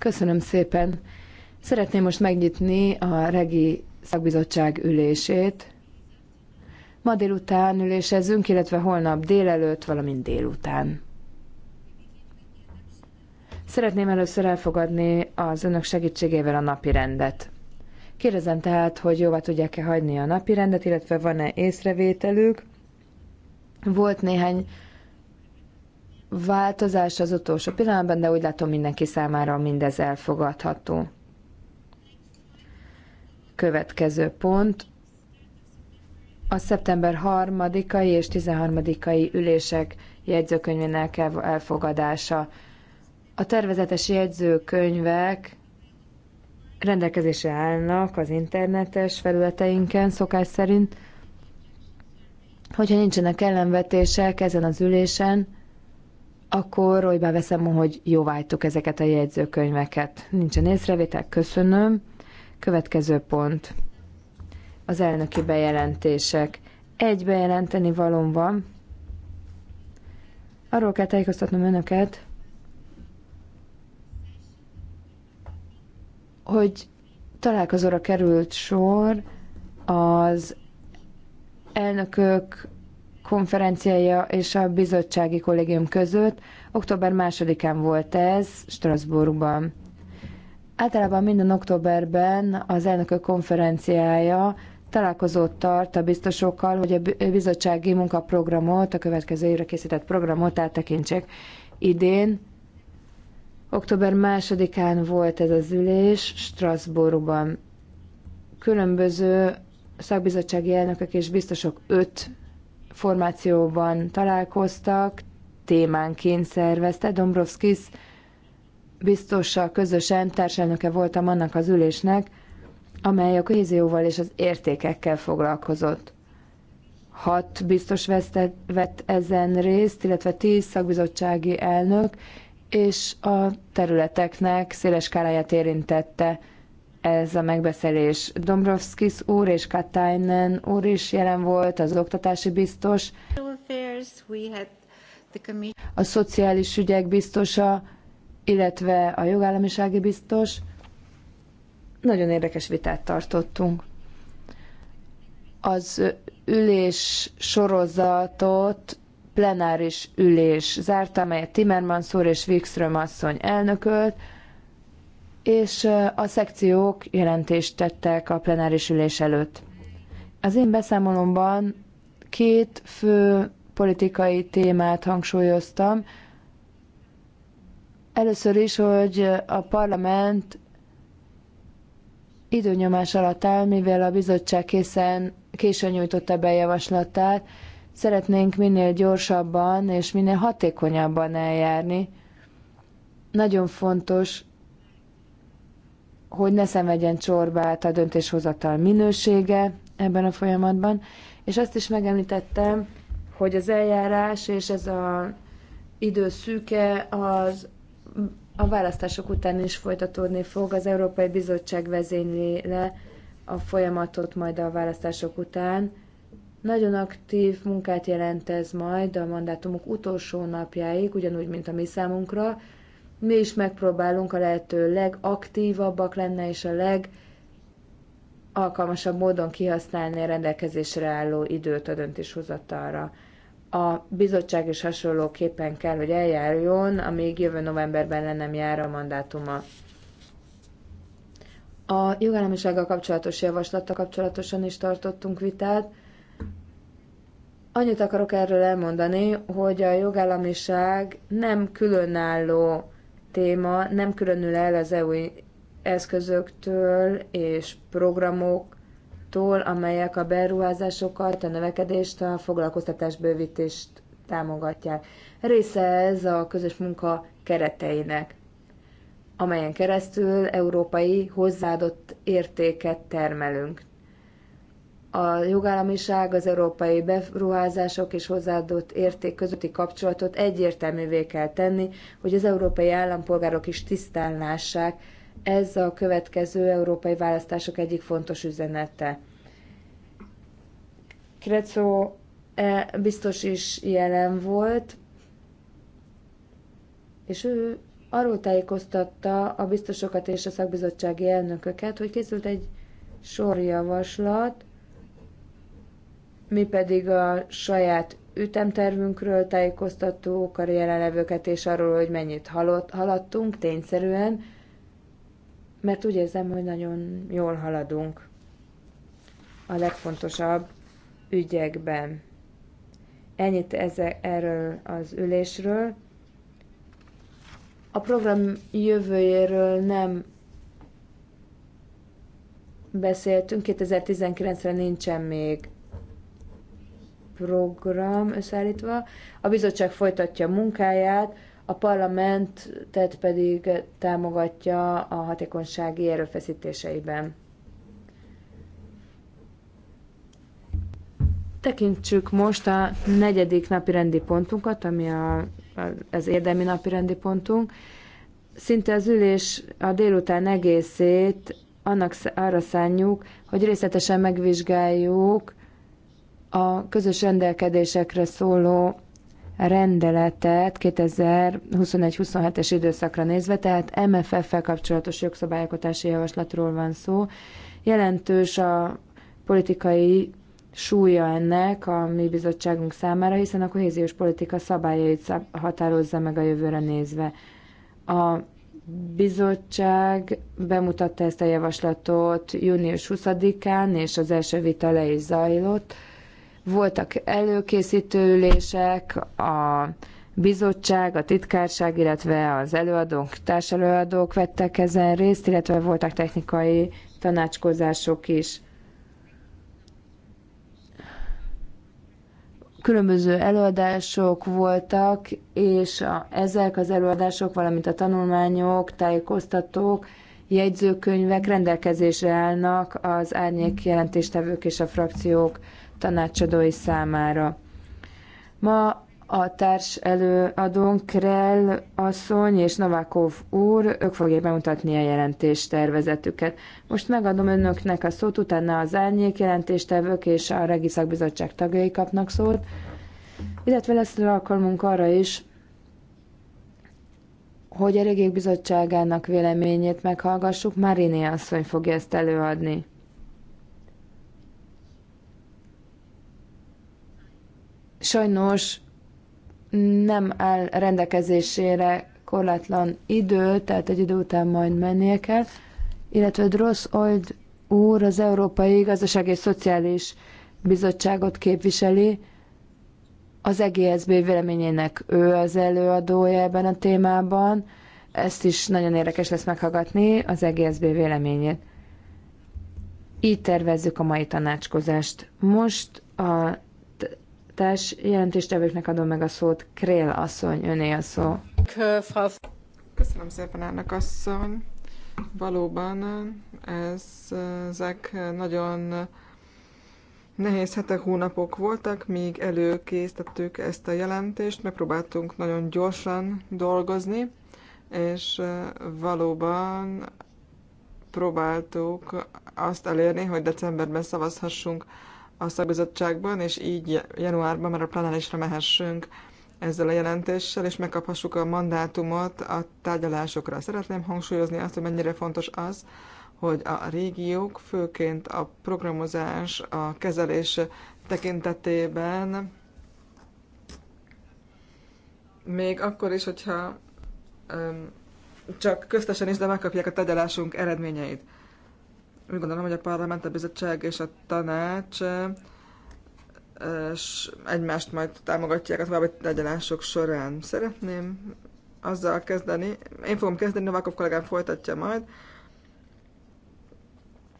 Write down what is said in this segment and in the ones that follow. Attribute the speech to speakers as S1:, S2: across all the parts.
S1: Köszönöm szépen. Szeretném most megnyitni a Regi Szakbizottság ülését. Ma délután ülésezünk, illetve holnap délelőtt, valamint délután. Szeretném először elfogadni az önök segítségével a napi rendet. Kérdezem tehát, hogy jóvá tudják-e hagyni a napi rendet, illetve van-e észrevételük. Volt néhány változás az utolsó pillanatban, de úgy látom mindenki számára mindez elfogadható. Következő pont. A szeptember 3-ai és 13-ai ülések jegyzőkönyvének elfogadása. A tervezetes jegyzőkönyvek rendelkezésre állnak az internetes felületeinken szokás szerint. Hogyha nincsenek ellenvetések ezen az ülésen, akkor hogy veszem, hogy jóvágytuk ezeket a jegyzőkönyveket. Nincsen észrevétel, köszönöm. Következő pont. Az elnöki bejelentések. Egy bejelenteni valom van. Arról kell tájékoztatnom önöket, hogy találkozóra került sor az elnökök konferenciája és a bizottsági kollégium között. Október másodikán volt ez Strasbourgban. Általában minden októberben az elnökök konferenciája találkozót tart a biztosokkal, hogy a bizottsági munkaprogramot, a következő évre készített programot áttekintsék. Idén október másodikán volt ez az ülés Strasbourgban. Különböző szakbizottsági elnökök és biztosok öt formációban találkoztak, témánként szervezte. Dombrovskis biztossal közösen társelnöke voltam annak az ülésnek, amely a kohézióval és az értékekkel foglalkozott. Hat biztos vesztett, vett ezen részt, illetve tíz szakbizottsági elnök, és a területeknek széles skáláját érintette ez a megbeszélés. Dombrovskis úr és Katainen úr is jelen volt, az oktatási biztos, a szociális ügyek biztosa, illetve a jogállamisági biztos. Nagyon érdekes vitát tartottunk. Az ülés sorozatot plenáris ülés zárta, amelyet Timmermans úr és Wikström asszony elnökölt, és a szekciók jelentést tettek a plenáris ülés előtt. Az én beszámolomban két fő politikai témát hangsúlyoztam. Először is, hogy a parlament időnyomás alatt áll, mivel a bizottság készen, későn nyújtotta be javaslatát, szeretnénk minél gyorsabban és minél hatékonyabban eljárni. Nagyon fontos, hogy ne szenvedjen csorbát a döntéshozatal minősége ebben a folyamatban, és azt is megemlítettem, hogy az eljárás és ez a időszűke az a választások után is folytatódni fog. Az Európai Bizottság vezényli le a folyamatot majd a választások után. Nagyon aktív munkát jelent ez majd a mandátumok utolsó napjáig, ugyanúgy, mint a mi számunkra, mi is megpróbálunk a lehető legaktívabbak lenne és a leg alkalmasabb módon kihasználni a rendelkezésre álló időt a döntéshozatalra. A bizottság is hasonlóképpen kell, hogy eljárjon, amíg jövő novemberben le nem jár a mandátuma. A jogállamisággal kapcsolatos javaslata kapcsolatosan is tartottunk vitát. Annyit akarok erről elmondani, hogy a jogállamiság nem különálló téma nem különül el az EU eszközöktől és programoktól, amelyek a beruházásokat, a növekedést, a foglalkoztatás bővítést támogatják. Része ez a közös munka kereteinek, amelyen keresztül európai hozzáadott értéket termelünk a jogállamiság, az európai beruházások és hozzáadott érték közötti kapcsolatot egyértelművé kell tenni, hogy az európai állampolgárok is tisztán lássák. Ez a következő európai választások egyik fontos üzenete. Kretszó e, biztos is jelen volt, és ő arról tájékoztatta a biztosokat és a szakbizottsági elnököket, hogy készült egy sorjavaslat, mi pedig a saját ütemtervünkről tájékoztattuk a jelenlevőket, és arról, hogy mennyit halott, haladtunk tényszerűen, mert úgy érzem, hogy nagyon jól haladunk a legfontosabb ügyekben. Ennyit eze, erről az ülésről. A program jövőjéről nem beszéltünk, 2019-re nincsen még program összeállítva. A bizottság folytatja a munkáját, a parlamentet pedig támogatja a hatékonysági erőfeszítéseiben. Tekintsük most a negyedik napi rendi pontunkat, ami a, az érdemi napi rendi pontunk. Szinte az ülés a délután egészét annak, arra szánjuk, hogy részletesen megvizsgáljuk a közös rendelkedésekre szóló rendeletet 2021-27-es időszakra nézve, tehát MFF-fel kapcsolatos jogszabályokatási javaslatról van szó. Jelentős a politikai súlya ennek a mi bizottságunk számára, hiszen a kohéziós politika szabályait határozza meg a jövőre nézve. A bizottság bemutatta ezt a javaslatot június 20-án, és az első vita le is zajlott. Voltak előkészítő ülések, a bizottság, a titkárság, illetve az előadók, társelőadók vettek ezen részt, illetve voltak technikai tanácskozások is. Különböző előadások voltak, és a, ezek az előadások, valamint a tanulmányok, tájékoztatók, jegyzőkönyvek rendelkezésre állnak az árnyék jelentéstevők és a frakciók tanácsadói számára. Ma a társ előadónk Krell asszony és Novákov úr, ők fogják bemutatni a tervezetüket. Most megadom önöknek a szót, utána az árnyék jelentéstevők és a Regiszakbizottság tagjai kapnak szót, illetve lesz alkalmunk arra is, hogy a Régiek Bizottságának véleményét meghallgassuk, Mariné asszony fogja ezt előadni. Sajnos nem áll rendelkezésére korlátlan idő, tehát egy idő után majd mennie kell, illetve Dross Old úr az Európai Gazdaság és Szociális Bizottságot képviseli, az EGSB véleményének ő az előadója ebben a témában, ezt is nagyon érdekes lesz meghallgatni, az EGSB véleményét. Így tervezzük a mai tanácskozást. Most a módosítás. Jelentéstevőknek adom meg a szót. Krél asszony, öné a szó.
S2: Köszönöm szépen, Árnak asszony. Valóban ez, ezek nagyon nehéz hetek, hónapok voltak, míg előkészítettük ezt a jelentést, megpróbáltunk nagyon gyorsan dolgozni, és valóban próbáltuk azt elérni, hogy decemberben szavazhassunk a szakbizottságban, és így januárban már a plenárisra mehessünk ezzel a jelentéssel, és megkaphassuk a mandátumot a tárgyalásokra. Szeretném hangsúlyozni azt, hogy mennyire fontos az, hogy a régiók, főként a programozás, a kezelés tekintetében, még akkor is, hogyha csak köztesen is, de megkapják a tegyelásunk eredményeit. Úgy gondolom, hogy a parlament, a bizottság és a tanács és egymást majd támogatják a további tárgyalások során. Szeretném azzal kezdeni, én fogom kezdeni, Novakov kollégám folytatja majd.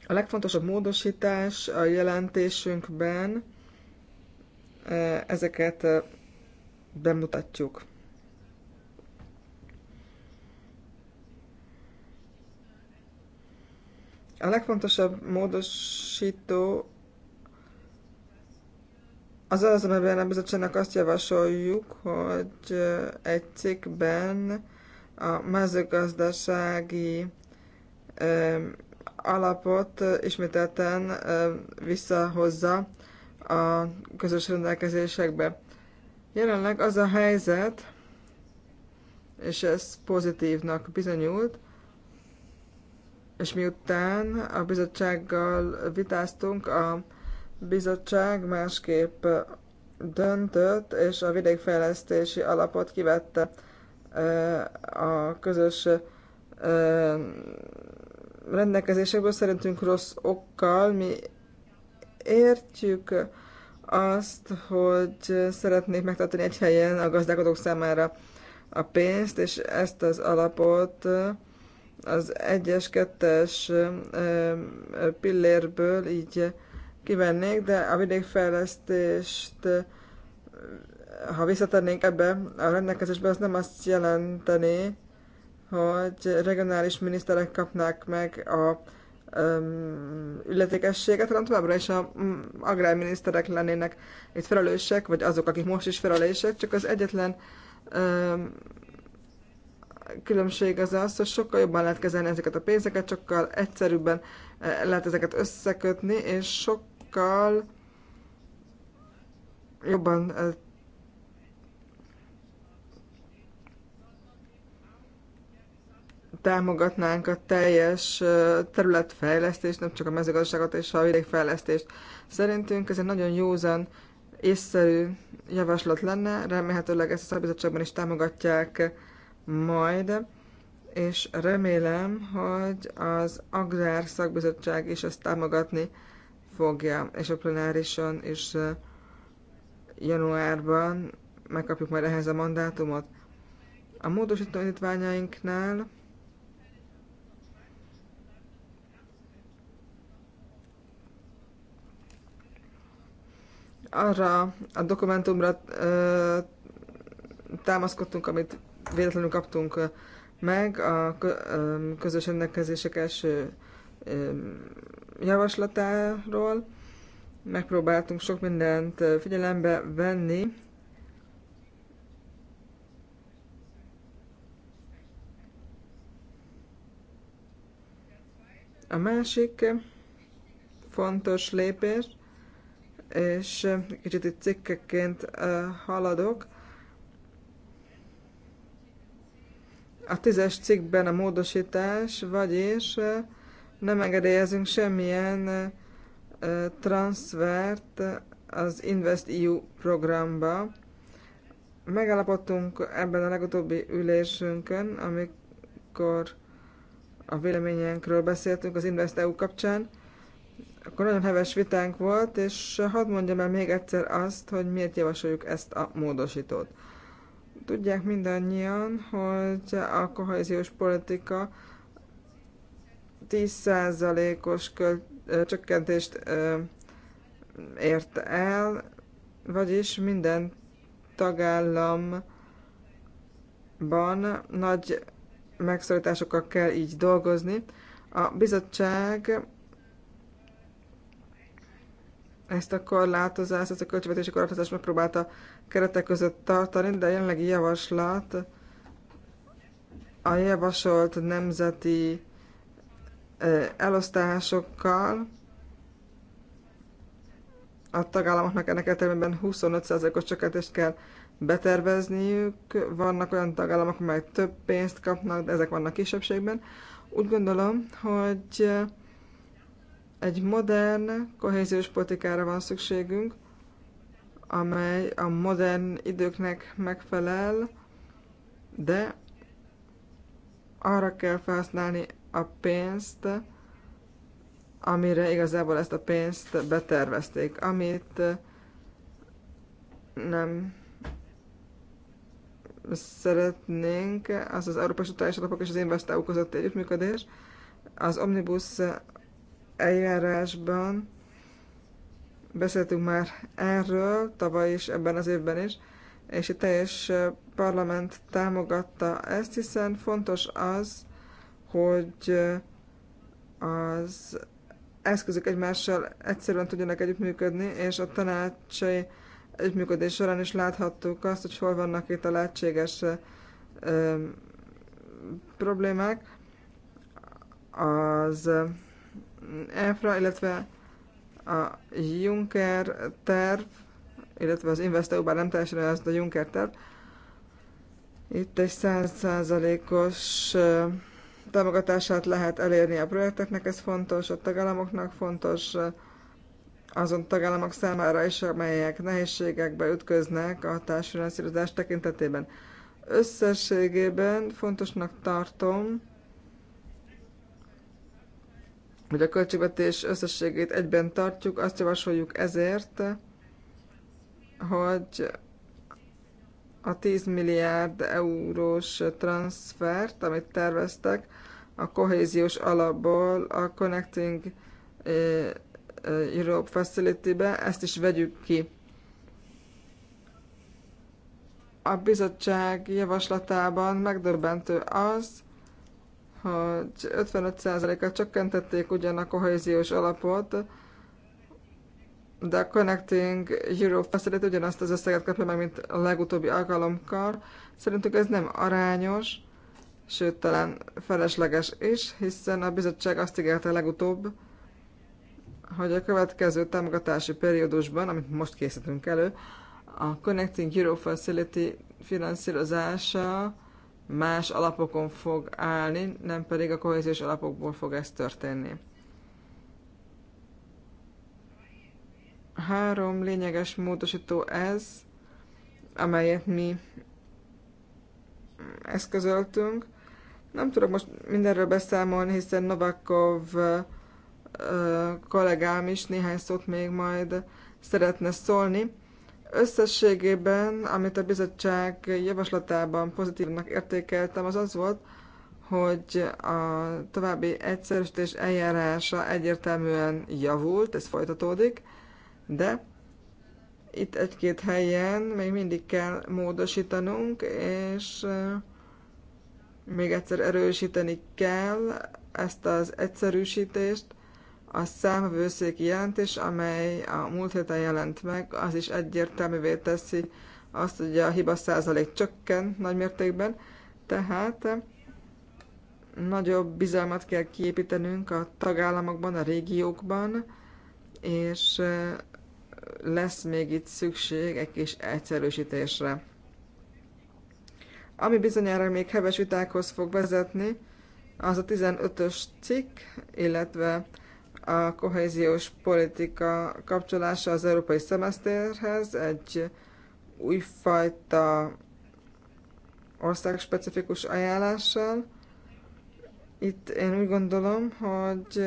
S2: A legfontosabb módosítás a jelentésünkben ezeket bemutatjuk. A legfontosabb módosító az az, amiben a bizottságnak azt javasoljuk, hogy egy cikkben a mezőgazdasági alapot ismételten visszahozza a közös rendelkezésekbe. Jelenleg az a helyzet, és ez pozitívnak bizonyult, és miután a bizottsággal vitáztunk, a bizottság másképp döntött, és a vidékfejlesztési alapot kivette a közös rendelkezésekből szerintünk rossz okkal. Mi értjük azt, hogy szeretnék megtartani egy helyen a gazdálkodók számára a pénzt, és ezt az alapot az egyes, kettes pillérből így kivennék, de a vidékfejlesztést, ha visszatennénk ebbe a rendelkezésbe, az nem azt jelenteni, hogy regionális miniszterek kapnák meg a ületékességet, hanem továbbra is a agrárminiszterek lennének itt felelősek, vagy azok, akik most is felelősek, csak az egyetlen különbség az az, hogy sokkal jobban lehet kezelni ezeket a pénzeket, sokkal egyszerűbben eh, lehet ezeket összekötni, és sokkal jobban eh, támogatnánk a teljes eh, területfejlesztést, nem csak a mezőgazdaságot és a vidékfejlesztést. Szerintünk ez egy nagyon józan, észszerű javaslat lenne, remélhetőleg ezt a szabizottságban is támogatják majd, és remélem, hogy az Agrár Szakbizottság is ezt támogatni fogja, és a plenárison is januárban megkapjuk majd ehhez a mandátumot. A módosító indítványainknál arra a dokumentumra ö, támaszkodtunk, amit véletlenül kaptunk meg a közös rendelkezések első javaslatáról. Megpróbáltunk sok mindent figyelembe venni, A másik fontos lépés, és kicsit itt cikkeként haladok, a tízes cikkben a módosítás, vagyis nem engedélyezünk semmilyen transfert az InvestEU programba. Megállapodtunk ebben a legutóbbi ülésünkön, amikor a véleményünkről beszéltünk az InvestEU kapcsán, akkor nagyon heves vitánk volt, és hadd mondjam el még egyszer azt, hogy miért javasoljuk ezt a módosítót. Tudják mindannyian, hogy a kohéziós politika 10%-os csökkentést ért el, vagyis minden tagállamban nagy megszorításokkal kell így dolgozni. A bizottság ezt a korlátozást, ezt a költségvetési korlátozást megpróbálta keretek között tartani, de a jelenlegi javaslat a javasolt nemzeti elosztásokkal a tagállamoknak ennek értelemben 25%-os csökkentést kell betervezniük. Vannak olyan tagállamok, amelyek több pénzt kapnak, de ezek vannak kisebbségben. Úgy gondolom, hogy egy modern kohéziós politikára van szükségünk, amely a modern időknek megfelel, de arra kell felhasználni a pénzt, amire igazából ezt a pénzt betervezték, amit nem szeretnénk, az az Európai Struktúrális Alapok és az Investáú közötti együttműködés. Az Omnibus eljárásban beszéltünk már erről tavaly is, ebben az évben is, és a teljes parlament támogatta ezt, hiszen fontos az, hogy az eszközök egymással egyszerűen tudjanak együttműködni, és a tanácsai együttműködés során is láthattuk azt, hogy hol vannak itt a lehetséges ö, problémák. Az EFRA, illetve a Juncker terv, illetve az InvestEU, bár nem teljesen az, a Juncker terv, itt egy százszázalékos támogatását lehet elérni a projekteknek, ez fontos, a tagállamoknak fontos, azon tagállamok számára is, amelyek nehézségekbe ütköznek a társfinanszírozás tekintetében. Összességében fontosnak tartom, hogy a költségvetés összességét egyben tartjuk, azt javasoljuk ezért, hogy a 10 milliárd eurós transfert, amit terveztek, a kohéziós alapból a Connecting eh, eh, Europe Facility-be, ezt is vegyük ki. A bizottság javaslatában megdöbbentő az, ha 55%-a csökkentették ugyan a kohéziós alapot, de a Connecting Europe Facility ugyanazt az összeget kapja meg, mint a legutóbbi alkalomkor. Szerintük ez nem arányos, sőt talán felesleges is, hiszen a bizottság azt ígérte legutóbb, hogy a következő támogatási periódusban, amit most készítünk elő, a Connecting Euro Facility finanszírozása más alapokon fog állni, nem pedig a kohéziós alapokból fog ez történni. Három lényeges módosító ez, amelyet mi eszközöltünk. Nem tudok most mindenről beszámolni, hiszen Novakov kollégám is néhány szót még majd szeretne szólni, Összességében, amit a bizottság javaslatában pozitívnak értékeltem, az az volt, hogy a további egyszerűsítés eljárása egyértelműen javult, ez folytatódik, de itt egy-két helyen még mindig kell módosítanunk, és még egyszer erősíteni kell ezt az egyszerűsítést, a számvőszéki jelentés, amely a múlt héten jelent meg, az is egyértelművé teszi azt, hogy a hiba százalék csökken nagymértékben, tehát nagyobb bizalmat kell kiépítenünk a tagállamokban, a régiókban, és lesz még itt szükség egy kis egyszerűsítésre. Ami bizonyára még heves vitákhoz fog vezetni, az a 15-ös cikk, illetve a kohéziós politika kapcsolása az európai szemeszterhez egy újfajta országspecifikus ajánlással. Itt én úgy gondolom, hogy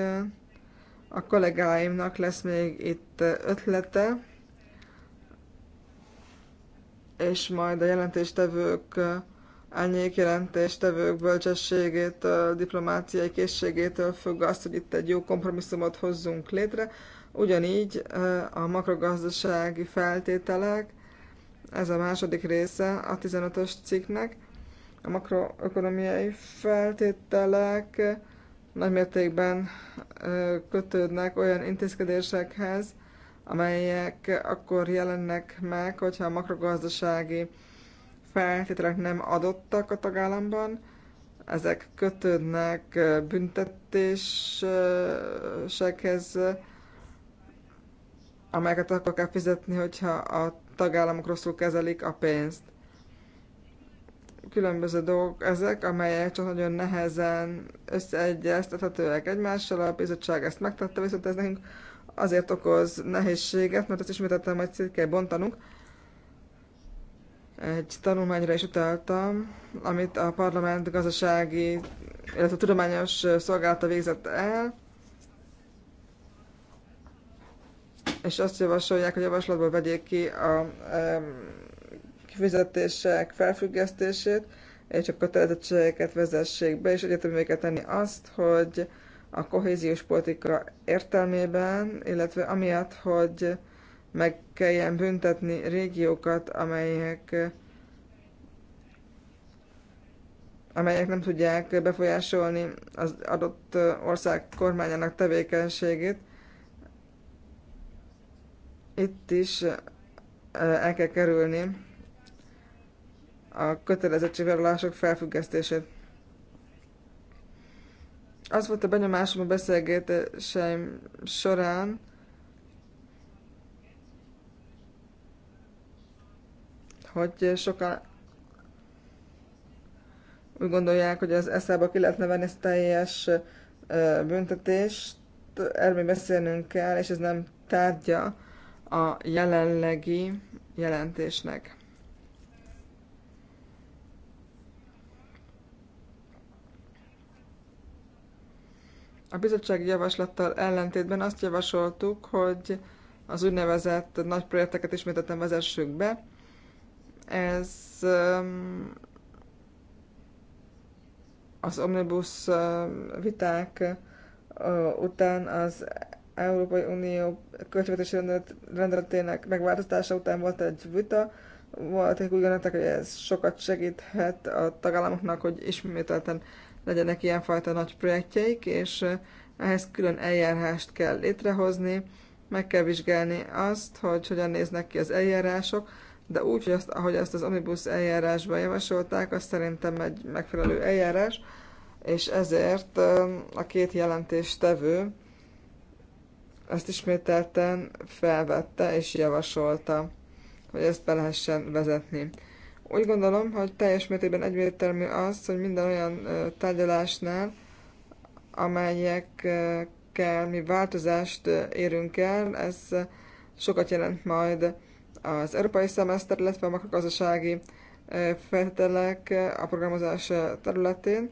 S2: a kollégáimnak lesz még itt ötlete, és majd a jelentéstevők árnyék jelentéstevők bölcsességétől, diplomáciai készségétől függ az, hogy itt egy jó kompromisszumot hozzunk létre. Ugyanígy eh, a makrogazdasági feltételek, ez a második része a 15-ös cikknek, a makroökonomiai feltételek nagymértékben eh, kötődnek olyan intézkedésekhez, amelyek akkor jelennek meg, hogyha a makrogazdasági feltételek nem adottak a tagállamban, ezek kötődnek büntetésekhez, amelyeket akkor kell fizetni, hogyha a tagállamok rosszul kezelik a pénzt. Különböző dolgok ezek, amelyek csak nagyon nehezen összeegyeztethetőek egymással, a bizottság ezt megtette, viszont ez nekünk azért okoz nehézséget, mert ezt ismételtem, hogy szét kell bontanunk, egy tanulmányra is utaltam, amit a parlament gazdasági, illetve tudományos szolgálata végzett el, és azt javasolják, hogy javaslatból vegyék ki a kifizetések felfüggesztését, és a kötelezettségeket vezessék be, és egyeteműeket tenni azt, hogy a kohéziós politika értelmében, illetve amiatt, hogy meg kelljen büntetni régiókat, amelyek amelyek nem tudják befolyásolni az adott ország kormányának tevékenységét. Itt is eh, el kell kerülni a kötelezettségvállalások felfüggesztését. Az volt a benyomásom a beszélgetéseim során, hogy sokan úgy gondolják, hogy az eszába ki lehetne venni ezt teljes büntetést, erről beszélnünk kell, és ez nem tárgya a jelenlegi jelentésnek. A bizottsági javaslattal ellentétben azt javasoltuk, hogy az úgynevezett nagy projekteket ismételten vezessük be, ez az omnibus viták után az Európai Unió költségvetési rendeletének megváltoztása után volt egy vita, volt, akik úgy gondoltak, hogy ez sokat segíthet a tagállamoknak, hogy ismételten legyenek ilyenfajta nagy projektjeik, és ehhez külön eljárást kell létrehozni, meg kell vizsgálni azt, hogy hogyan néznek ki az eljárások, de úgy, hogy azt, ahogy ezt az omnibus eljárásban javasolták, az szerintem egy megfelelő eljárás, és ezért a két jelentéstevő ezt ismételten felvette és javasolta, hogy ezt be lehessen vezetni. Úgy gondolom, hogy teljes mértékben egyértelmű az, hogy minden olyan tárgyalásnál, amelyekkel mi változást érünk el, ez sokat jelent majd az európai szemeszter, illetve a makrogazdasági feltételek a programozás területén.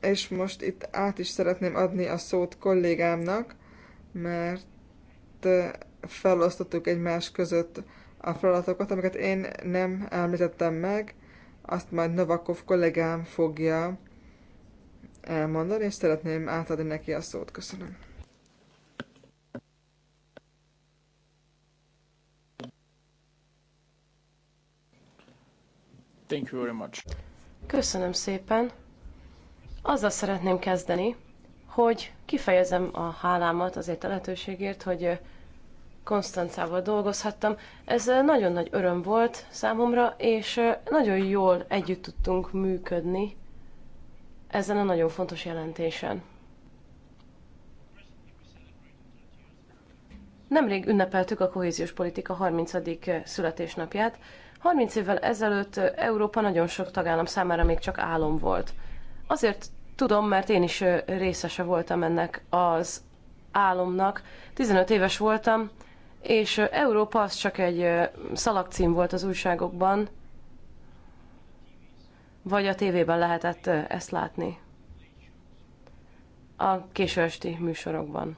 S2: És most itt át is szeretném adni a szót kollégámnak, mert felosztottuk egymás között a feladatokat, amiket én nem említettem meg, azt majd Novakov kollégám fogja elmondani, és szeretném átadni neki a szót. Köszönöm. Thank you very much.
S3: Köszönöm szépen. Azzal szeretném kezdeni, hogy kifejezem a hálámat azért a lehetőségért, hogy Konstancával dolgozhattam. Ez nagyon nagy öröm volt számomra, és nagyon jól együtt tudtunk működni ezen a nagyon fontos jelentésen. Nemrég ünnepeltük a kohéziós politika 30. születésnapját, 30 évvel ezelőtt Európa nagyon sok tagállam számára még csak álom volt. Azért tudom, mert én is részese voltam ennek az álomnak. 15 éves voltam, és Európa az csak egy szalagcím volt az újságokban, vagy a tévében lehetett ezt látni. A késő esti műsorokban.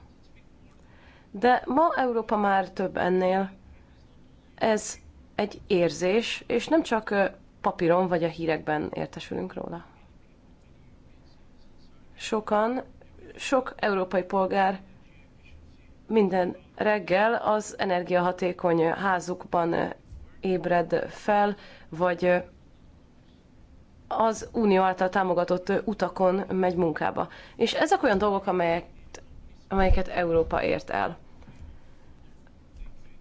S3: De ma Európa már több ennél. Ez egy érzés, és nem csak papíron vagy a hírekben értesülünk róla. Sokan, sok európai polgár minden reggel az energiahatékony házukban ébred fel, vagy az unió által támogatott utakon megy munkába. És ezek olyan dolgok, amelyek, amelyeket Európa ért el.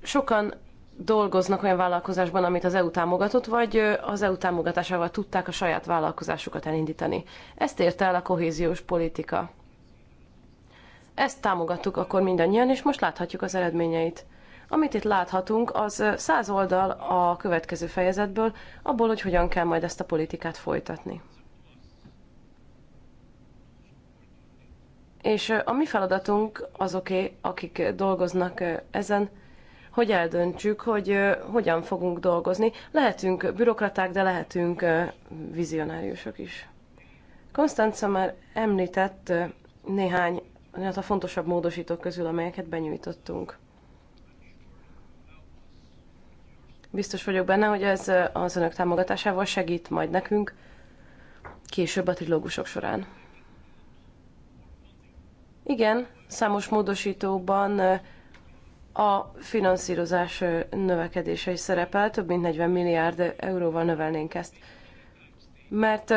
S3: Sokan dolgoznak olyan vállalkozásban, amit az EU támogatott, vagy az EU támogatásával tudták a saját vállalkozásukat elindítani. Ezt érte el a kohéziós politika. Ezt támogattuk akkor mindannyian, és most láthatjuk az eredményeit. Amit itt láthatunk, az száz oldal a következő fejezetből, abból, hogy hogyan kell majd ezt a politikát folytatni. És a mi feladatunk azoké, akik dolgoznak ezen, hogy eldöntsük, hogy hogyan fogunk dolgozni. Lehetünk bürokraták, de lehetünk vizionáriusok is. Konstanca már említett néhány hát a fontosabb módosítók közül, amelyeket benyújtottunk. Biztos vagyok benne, hogy ez az önök támogatásával segít majd nekünk később a trilógusok során. Igen, számos módosítóban a finanszírozás növekedése is szerepel, több mint 40 milliárd euróval növelnénk ezt. Mert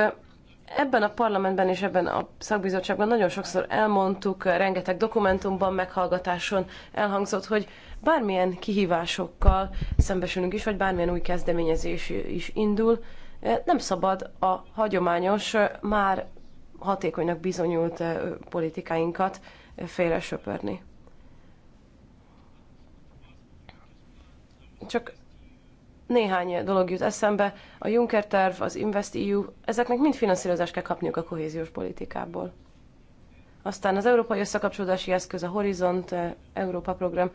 S3: ebben a parlamentben és ebben a szakbizottságban nagyon sokszor elmondtuk, rengeteg dokumentumban, meghallgatáson elhangzott, hogy bármilyen kihívásokkal szembesülünk is, vagy bármilyen új kezdeményezés is indul, nem szabad a hagyományos, már hatékonynak bizonyult politikáinkat félre söpörni. Csak néhány dolog jut eszembe. A Juncker terv, az InvestEU, ezeknek mind finanszírozást kell kapniuk a kohéziós politikából. Aztán az Európai Összekapcsolódási Eszköz, a Horizont eh, Európa program,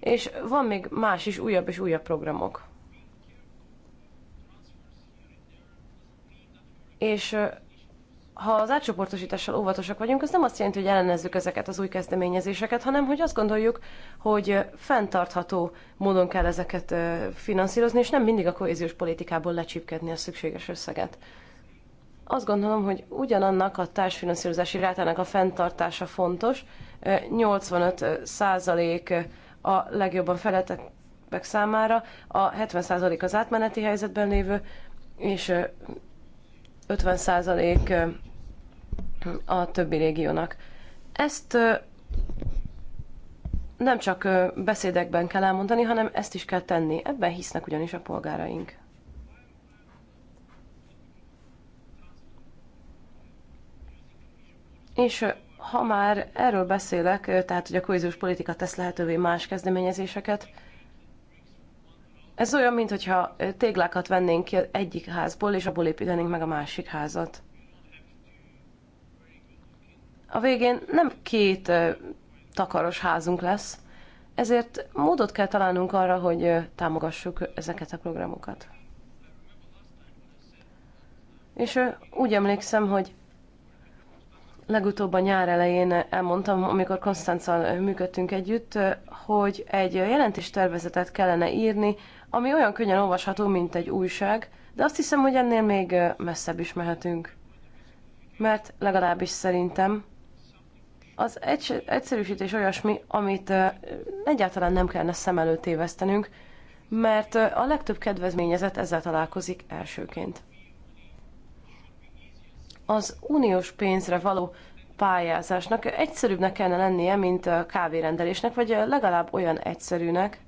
S3: és van még más is, újabb és újabb programok. És eh, ha az átcsoportosítással óvatosak vagyunk, az nem azt jelenti, hogy ellenezzük ezeket az új kezdeményezéseket, hanem hogy azt gondoljuk, hogy fenntartható módon kell ezeket finanszírozni, és nem mindig a kohéziós politikából lecsípkedni a szükséges összeget. Azt gondolom, hogy ugyanannak a társfinanszírozási rátának a fenntartása fontos. 85 százalék a legjobban felettek számára, a 70 százalék az átmeneti helyzetben lévő, és 50% a többi régiónak. Ezt nem csak beszédekben kell elmondani, hanem ezt is kell tenni. Ebben hisznek ugyanis a polgáraink. És ha már erről beszélek, tehát hogy a kohéziós politika tesz lehetővé más kezdeményezéseket, ez olyan, mintha téglákat vennénk ki egyik házból, és abból építenénk meg a másik házat. A végén nem két takaros házunk lesz, ezért módot kell találnunk arra, hogy támogassuk ezeket a programokat. És úgy emlékszem, hogy legutóbb a nyár elején elmondtam, amikor Konstanccal működtünk együtt, hogy egy jelentéstervezetet kellene írni ami olyan könnyen olvasható, mint egy újság, de azt hiszem, hogy ennél még messzebb is mehetünk. Mert legalábbis szerintem az egy, egyszerűsítés olyasmi, amit egyáltalán nem kellene szem előtt évesztenünk, mert a legtöbb kedvezményezett ezzel találkozik elsőként. Az uniós pénzre való pályázásnak egyszerűbbnek kellene lennie, mint a kávérendelésnek, vagy legalább olyan egyszerűnek,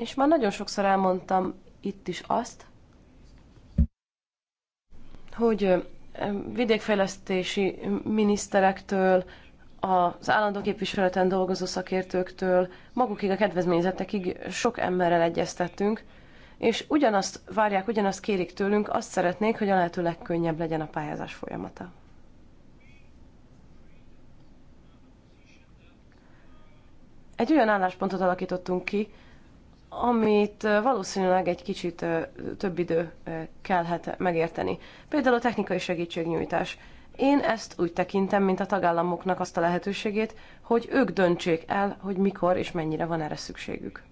S3: És már nagyon sokszor elmondtam itt is azt, hogy vidékfejlesztési miniszterektől, az állandó képviseleten dolgozó szakértőktől, magukig a kedvezményezettekig sok emberrel egyeztettünk, és ugyanazt várják, ugyanazt kérik tőlünk, azt szeretnék, hogy a lehető legkönnyebb legyen a pályázás folyamata. Egy olyan álláspontot alakítottunk ki, amit valószínűleg egy kicsit több idő kellhet megérteni. Például a technikai segítségnyújtás. Én ezt úgy tekintem, mint a tagállamoknak azt a lehetőségét, hogy ők döntsék el, hogy mikor és mennyire van erre szükségük.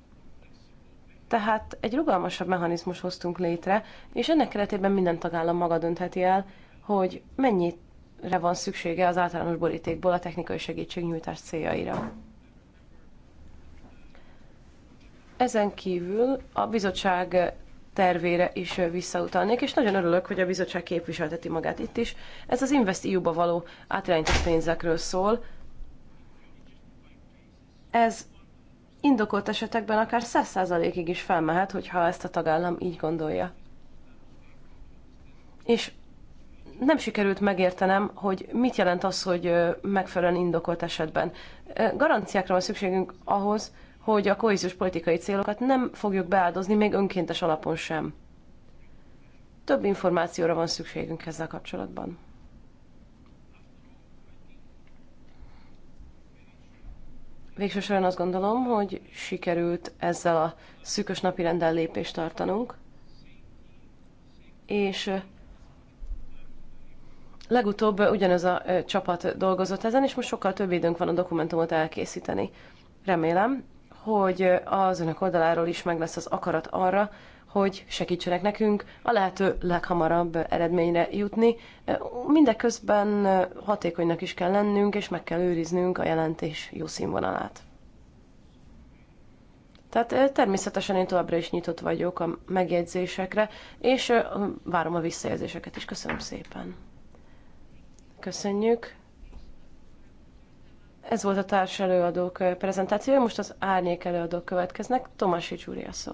S3: Tehát egy rugalmasabb mechanizmus hoztunk létre, és ennek keretében minden tagállam maga döntheti el, hogy mennyire van szüksége az általános borítékból a technikai segítségnyújtás céljaira. Ezen kívül a bizottság tervére is visszautalnék, és nagyon örülök, hogy a bizottság képviselteti magát itt is. Ez az InvestEU-ba való átirányított pénzekről szól. Ez indokolt esetekben akár 100%-ig is felmehet, hogyha ezt a tagállam így gondolja. És nem sikerült megértenem, hogy mit jelent az, hogy megfelelően indokolt esetben. Garanciákra van szükségünk ahhoz, hogy a kohéziós politikai célokat nem fogjuk beáldozni, még önkéntes alapon sem. Több információra van szükségünk ezzel kapcsolatban. Végső soron azt gondolom, hogy sikerült ezzel a szűkös napi rendel lépést tartanunk, és legutóbb ugyanaz a csapat dolgozott ezen, és most sokkal több időnk van a dokumentumot elkészíteni. Remélem, hogy az önök oldaláról is meg lesz az akarat arra, hogy segítsenek nekünk a lehető leghamarabb eredményre jutni. Mindeközben hatékonynak is kell lennünk, és meg kell őriznünk a jelentés jó színvonalát. Tehát eh, természetesen én továbbra is nyitott vagyok a megjegyzésekre, és eh, várom a visszajelzéseket is. Köszönöm szépen. Köszönjük. Ez volt a társ előadók prezentációja, most az árnyék előadók következnek. Tomasics úr a szó.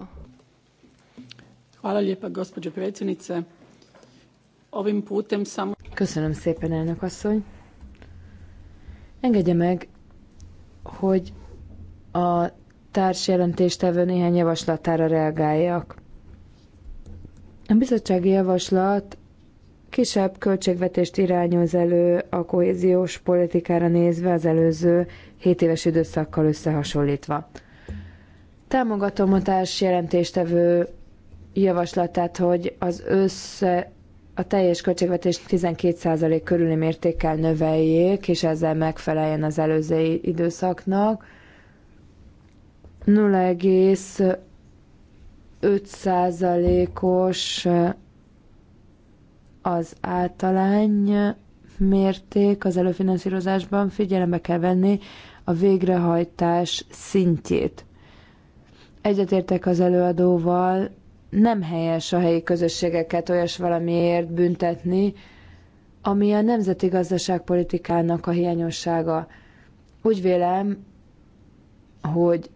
S2: Hvala lijepa, gospođo predsjednice.
S1: Köszönöm szépen, elnök asszony. Engedje meg, hogy a társ jelentéstevő néhány javaslatára reagáljak. A bizottsági javaslat kisebb költségvetést irányoz elő a kohéziós politikára nézve az előző 7 éves időszakkal összehasonlítva. Támogatom a társ jelentéstevő javaslatát, hogy az össze a teljes költségvetés 12% körüli mértékkel növeljék, és ezzel megfeleljen az előző időszaknak. 0,5%-os az általány mérték az előfinanszírozásban figyelembe kell venni a végrehajtás szintjét. Egyetértek az előadóval, nem helyes a helyi közösségeket olyas valamiért büntetni, ami a nemzeti gazdaságpolitikának a hiányossága. Úgy vélem, hogy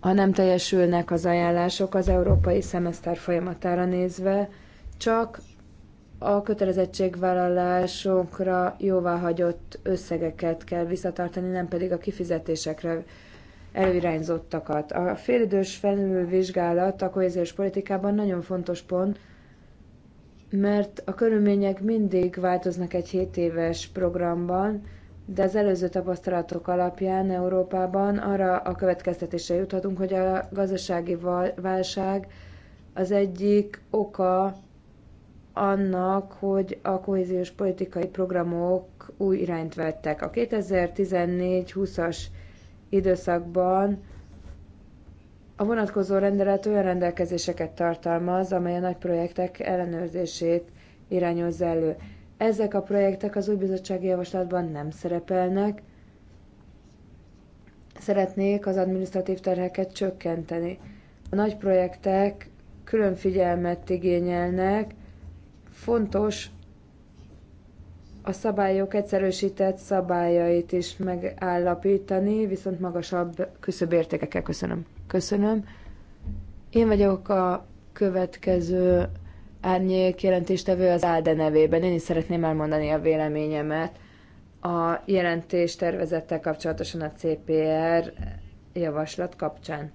S1: ha nem teljesülnek az ajánlások az európai szemeszter folyamatára nézve, csak a kötelezettségvállalásokra jóváhagyott összegeket kell visszatartani, nem pedig a kifizetésekre előirányzottakat. A félidős felülvizsgálat a kohéziós politikában nagyon fontos pont, mert a körülmények mindig változnak egy 7 éves programban, de az előző tapasztalatok alapján Európában arra a következtetésre juthatunk, hogy a gazdasági válság az egyik oka annak, hogy a kohéziós politikai programok új irányt vettek. A 2014-20-as időszakban a vonatkozó rendelet olyan rendelkezéseket tartalmaz, amely a nagy projektek ellenőrzését irányozza elő. Ezek a projektek az új bizottsági javaslatban nem szerepelnek. Szeretnék az adminisztratív terheket csökkenteni. A nagy projektek külön figyelmet igényelnek, Fontos a szabályok egyszerűsített szabályait is megállapítani, viszont magasabb küszöbértékekkel köszönöm. Köszönöm. Én vagyok a következő árnyék jelentéstevő az Álde nevében. Én is szeretném elmondani a véleményemet a jelentés tervezettel kapcsolatosan a CPR javaslat kapcsán.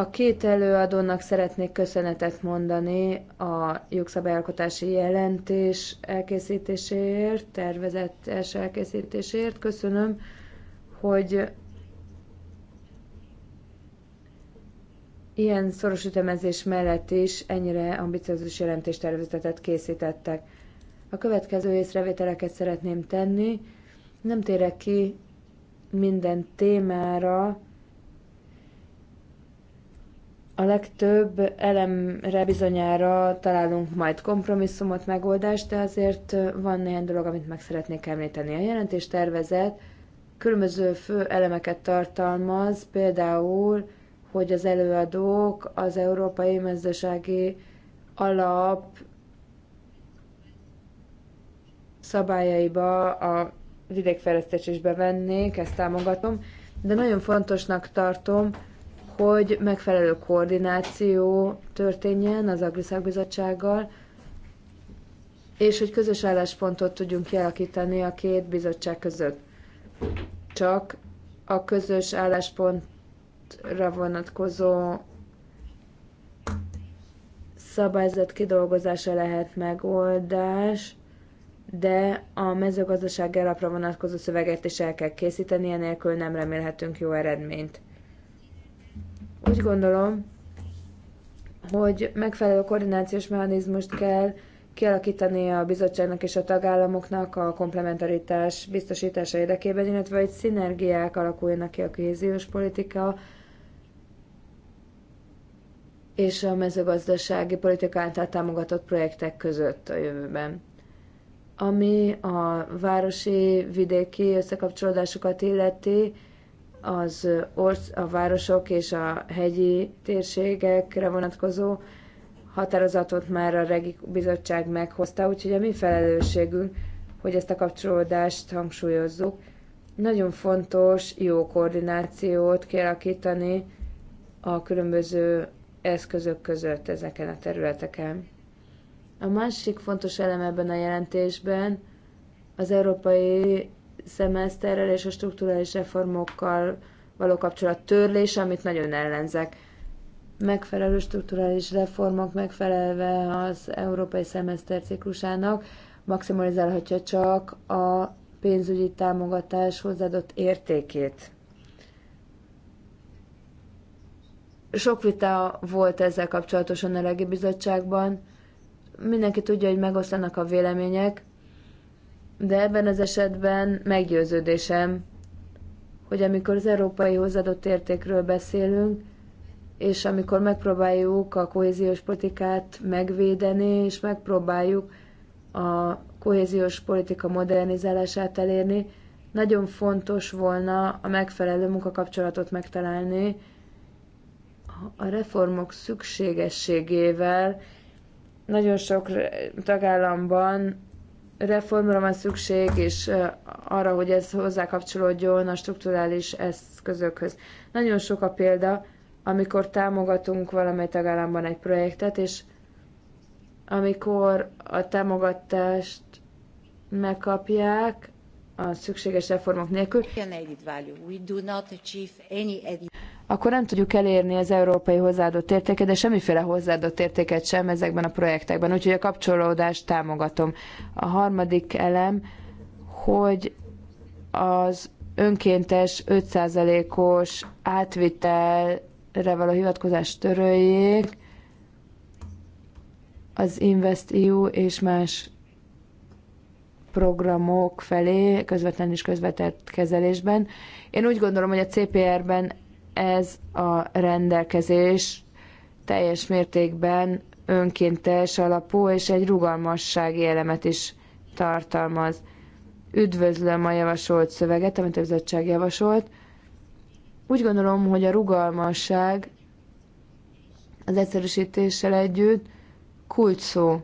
S1: A két előadónak szeretnék köszönetet mondani a jogszabályalkotási jelentés elkészítéséért, tervezetes elkészítéséért. Köszönöm, hogy ilyen szoros ütemezés mellett is ennyire ambiciózus jelentéstervezetet készítettek. A következő észrevételeket szeretném tenni. Nem térek ki minden témára, a legtöbb elemre bizonyára találunk majd kompromisszumot, megoldást, de azért van néhány dolog, amit meg szeretnék említeni. A jelentés tervezet különböző fő elemeket tartalmaz, például, hogy az előadók az Európai mezdősági Alap szabályaiba a vidékfejlesztés is bevennék, ezt támogatom, de nagyon fontosnak tartom, hogy megfelelő koordináció történjen az Agriszak Bizottsággal, és hogy közös álláspontot tudjunk kialakítani a két bizottság között. Csak a közös álláspontra vonatkozó szabályzat kidolgozása lehet megoldás, de a mezőgazdaság alapra vonatkozó szöveget is el kell készíteni, enélkül nem remélhetünk jó eredményt. Úgy gondolom, hogy megfelelő koordinációs mechanizmust kell kialakítani a bizottságnak és a tagállamoknak a komplementaritás biztosítása érdekében, illetve hogy szinergiák alakuljanak ki a kohéziós politika és a mezőgazdasági politika által támogatott projektek között a jövőben. Ami a városi vidéki összekapcsolódásokat illeti, az orsz, a városok és a hegyi térségekre vonatkozó határozatot már a Regi Bizottság meghozta, úgyhogy a mi felelősségünk, hogy ezt a kapcsolódást hangsúlyozzuk. Nagyon fontos jó koordinációt kialakítani a különböző eszközök között ezeken a területeken. A másik fontos elem ebben a jelentésben az Európai szemeszterrel és a strukturális reformokkal való kapcsolat törlése, amit nagyon ellenzek. Megfelelő strukturális reformok megfelelve az európai szemeszter ciklusának maximalizálhatja csak a pénzügyi támogatás hozzáadott értékét. Sok vita volt ezzel kapcsolatosan a Legi Bizottságban. Mindenki tudja, hogy megoszlanak a vélemények, de ebben az esetben meggyőződésem, hogy amikor az európai hozzáadott értékről beszélünk, és amikor megpróbáljuk a kohéziós politikát megvédeni, és megpróbáljuk a kohéziós politika modernizálását elérni, nagyon fontos volna a megfelelő munkakapcsolatot megtalálni a reformok szükségességével. Nagyon sok tagállamban reformra van szükség, és arra, hogy ez hozzákapcsolódjon a strukturális eszközökhöz. Nagyon sok a példa, amikor támogatunk valamely tagállamban egy projektet, és amikor a támogatást megkapják, a szükséges reformok nélkül, akkor nem tudjuk elérni az európai hozzáadott értéket, de semmiféle hozzáadott értéket sem ezekben a projektekben. Úgyhogy a kapcsolódást támogatom. A harmadik elem, hogy az önkéntes 5%-os átvitelre való hivatkozást töröljék, az InvestEU és más programok felé, közvetlen és közvetett kezelésben. Én úgy gondolom, hogy a CPR-ben ez a rendelkezés teljes mértékben önkéntes alapú, és egy rugalmassági elemet is tartalmaz. Üdvözlöm a javasolt szöveget, amit a bizottság javasolt. Úgy gondolom, hogy a rugalmasság az egyszerűsítéssel együtt kulcs szó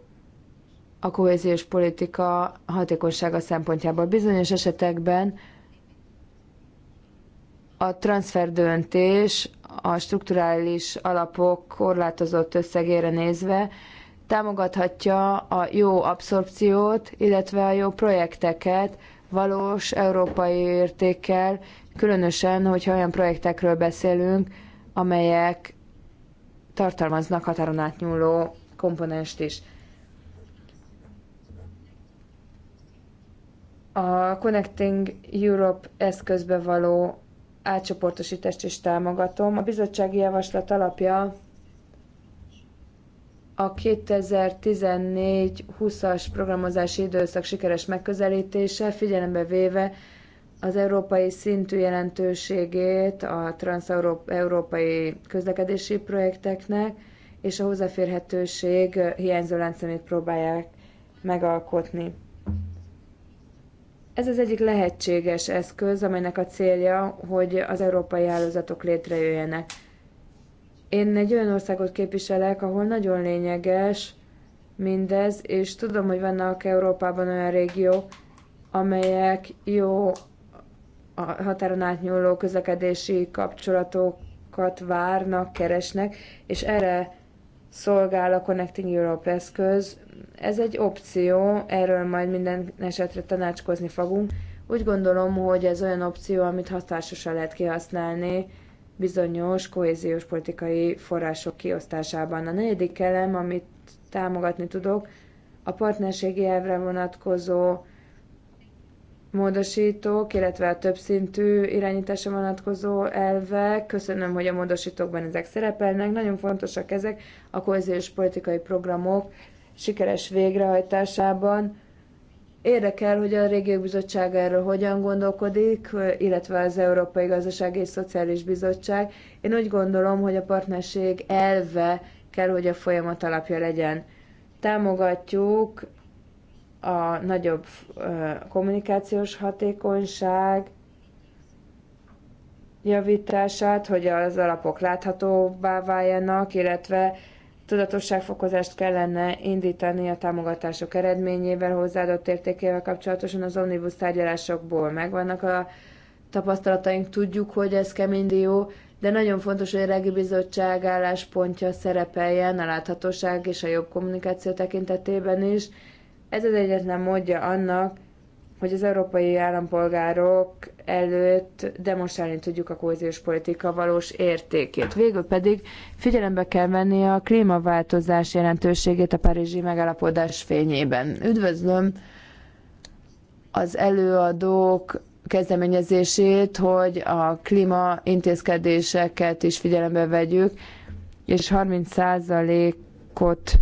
S1: a kohéziós politika hatékonysága szempontjából. Bizonyos esetekben a transferdöntés a strukturális alapok korlátozott összegére nézve támogathatja a jó abszorpciót, illetve a jó projekteket valós európai értékkel, különösen, hogyha olyan projektekről beszélünk, amelyek tartalmaznak határon átnyúló komponenst is. a Connecting Europe eszközbe való átcsoportosítást is támogatom. A bizottsági javaslat alapja a 2014-20-as programozási időszak sikeres megközelítése, figyelembe véve az európai szintű jelentőségét a transeurópai közlekedési projekteknek, és a hozzáférhetőség hiányzó láncszemét próbálják megalkotni. Ez az egyik lehetséges eszköz, amelynek a célja, hogy az európai hálózatok létrejöjjenek. Én egy olyan országot képviselek, ahol nagyon lényeges mindez, és tudom, hogy vannak Európában olyan régiók, amelyek jó a határon átnyúló közlekedési kapcsolatokat várnak, keresnek, és erre szolgál a Connecting Europe eszköz, ez egy opció, erről majd minden esetre tanácskozni fogunk. Úgy gondolom, hogy ez olyan opció, amit hatásosan lehet kihasználni bizonyos kohéziós politikai források kiosztásában. A negyedik elem, amit támogatni tudok, a partnerségi elvre vonatkozó módosítók, illetve a többszintű irányításra vonatkozó elvek. Köszönöm, hogy a módosítókban ezek szerepelnek. Nagyon fontosak ezek a kohéziós politikai programok sikeres végrehajtásában. Érdekel, hogy a Régiók Bizottság erről hogyan gondolkodik, illetve az Európai Gazdasági és Szociális Bizottság. Én úgy gondolom, hogy a partnerség elve kell, hogy a folyamat alapja legyen. Támogatjuk a nagyobb kommunikációs hatékonyság javítását, hogy az alapok láthatóbbá váljanak, illetve tudatosságfokozást kellene indítani a támogatások eredményével, hozzáadott értékével kapcsolatosan az omnibus tárgyalásokból. Megvannak a tapasztalataink, tudjuk, hogy ez kemény dió, de nagyon fontos, hogy a regi bizottság álláspontja szerepeljen a láthatóság és a jobb kommunikáció tekintetében is. Ez az egyetlen módja annak, hogy az európai állampolgárok előtt demonstrálni tudjuk a kohéziós politika valós értékét. Végül pedig figyelembe kell venni a klímaváltozás jelentőségét a párizsi megállapodás fényében. Üdvözlöm az előadók kezdeményezését, hogy a klíma intézkedéseket is figyelembe vegyük, és 30 ot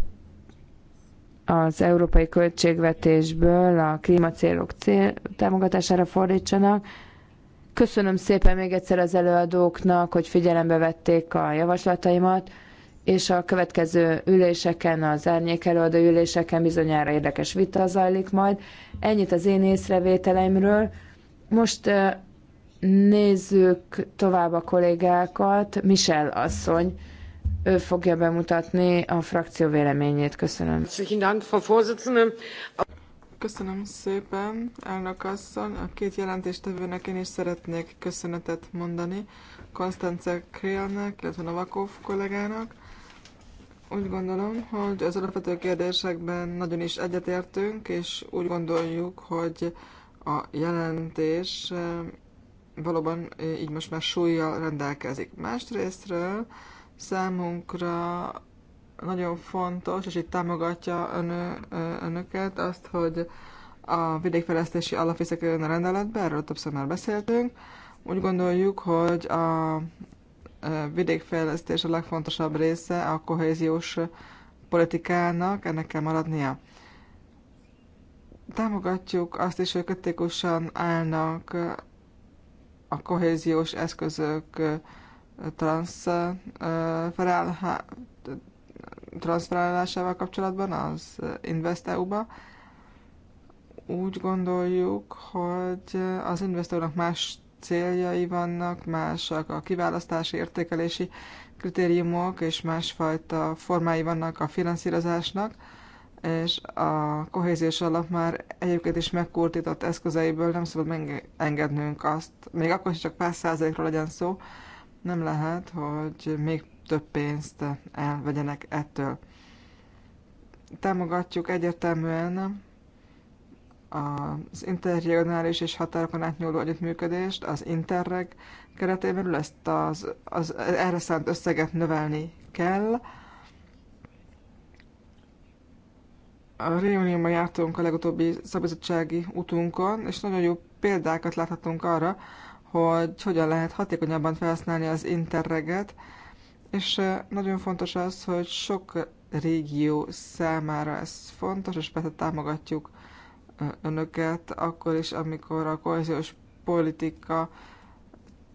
S1: az európai költségvetésből a klímacélok cél, támogatására fordítsanak. Köszönöm szépen még egyszer az előadóknak, hogy figyelembe vették a javaslataimat, és a következő üléseken, az árnyék előadó üléseken bizonyára érdekes vita zajlik majd. Ennyit az én észrevételeimről. Most nézzük tovább a kollégákat. Michel asszony ő fogja bemutatni a frakció véleményét. Köszönöm.
S2: Köszönöm szépen, elnök asszony. A két jelentéstevőnek én is szeretnék köszönetet mondani, Konstance Krélnek, illetve Novakov kollégának. Úgy gondolom, hogy az alapvető kérdésekben nagyon is egyetértünk, és úgy gondoljuk, hogy a jelentés eh, valóban eh, így most már súlyjal rendelkezik. Másrésztről Számunkra nagyon fontos, és itt támogatja ön, önöket azt, hogy a vidékfejlesztési alapvészek a rendeletbe, erről többször már beszéltünk. Úgy gondoljuk, hogy a vidékfejlesztés a legfontosabb része a kohéziós politikának, ennek kell maradnia. Támogatjuk azt is, hogy kritikusan állnak a kohéziós eszközök transferálásával kapcsolatban az InvestEU-ba. Úgy gondoljuk, hogy az investornak más céljai vannak, másak a kiválasztási, értékelési kritériumok, és másfajta formái vannak a finanszírozásnak, és a kohéziós alap már egyébként is megkurtított eszközeiből nem szabad megengednünk azt, még akkor is csak pár százalékról legyen szó, nem lehet, hogy még több pénzt elvegyenek ettől. Támogatjuk egyértelműen az interregionális és határokon átnyúló együttműködést, az Interreg keretében ezt az, az erre szánt összeget növelni kell. A Réunióban jártunk a legutóbbi szabizottsági utunkon, és nagyon jó példákat láthatunk arra, hogy hogyan lehet hatékonyabban felhasználni az interreget, és nagyon fontos az, hogy sok régió számára ez fontos, és persze támogatjuk önöket akkor is, amikor a kohéziós politika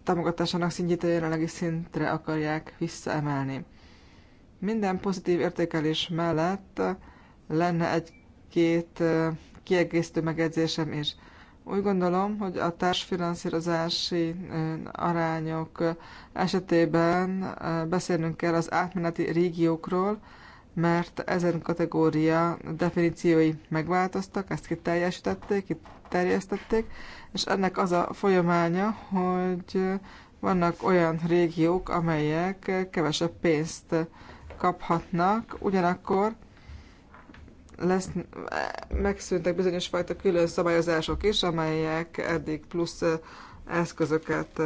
S2: támogatásának szintjét a jelenlegi szintre akarják visszaemelni. Minden pozitív értékelés mellett lenne egy-két kiegészítő megjegyzésem is. Úgy gondolom, hogy a társfinanszírozási arányok esetében beszélnünk kell az átmeneti régiókról, mert ezen kategória definíciói megváltoztak, ezt kiteljesítették, kiterjesztették, és ennek az a folyamánya, hogy vannak olyan régiók, amelyek kevesebb pénzt kaphatnak, ugyanakkor lesz, megszűntek bizonyos fajta külön szabályozások is, amelyek eddig plusz eszközöket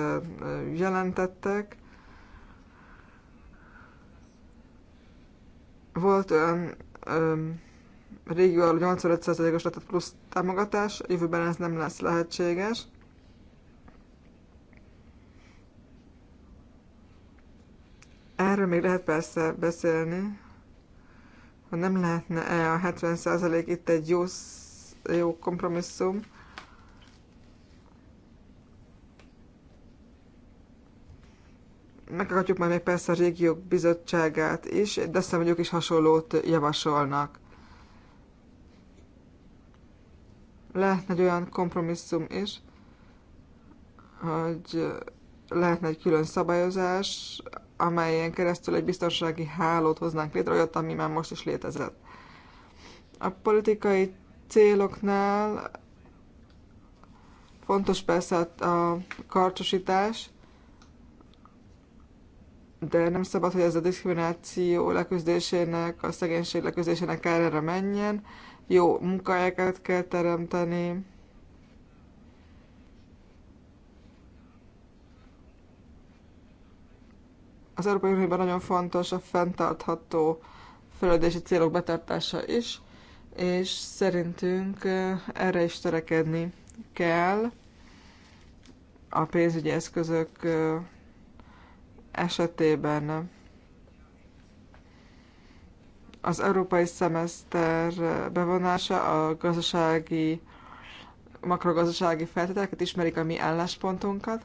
S2: jelentettek. Volt olyan régió, ahol 85%-os lett plusz támogatás, jövőben ez nem lesz lehetséges. Erről még lehet persze beszélni, ha nem lehetne-e a 70% itt egy jó, jó kompromisszum. Megakadjuk majd még persze a régiók bizottságát is, de azt hiszem, hogy ők is hasonlót javasolnak. Lehetne egy olyan kompromisszum is, hogy lehetne egy külön szabályozás amelyen keresztül egy biztonsági hálót hoznánk létre, olyat, ami már most is létezett. A politikai céloknál fontos persze a karcsosítás, de nem szabad, hogy ez a diszkrimináció leküzdésének, a szegénység leküzdésének kárára menjen. Jó munkahelyeket kell teremteni, Az Európai Unióban nagyon fontos a fenntartható fejlődési célok betartása is, és szerintünk erre is törekedni kell a pénzügyi eszközök esetében. Az európai szemeszter bevonása a gazdasági, makrogazdasági feltételeket ismerik a mi álláspontunkat,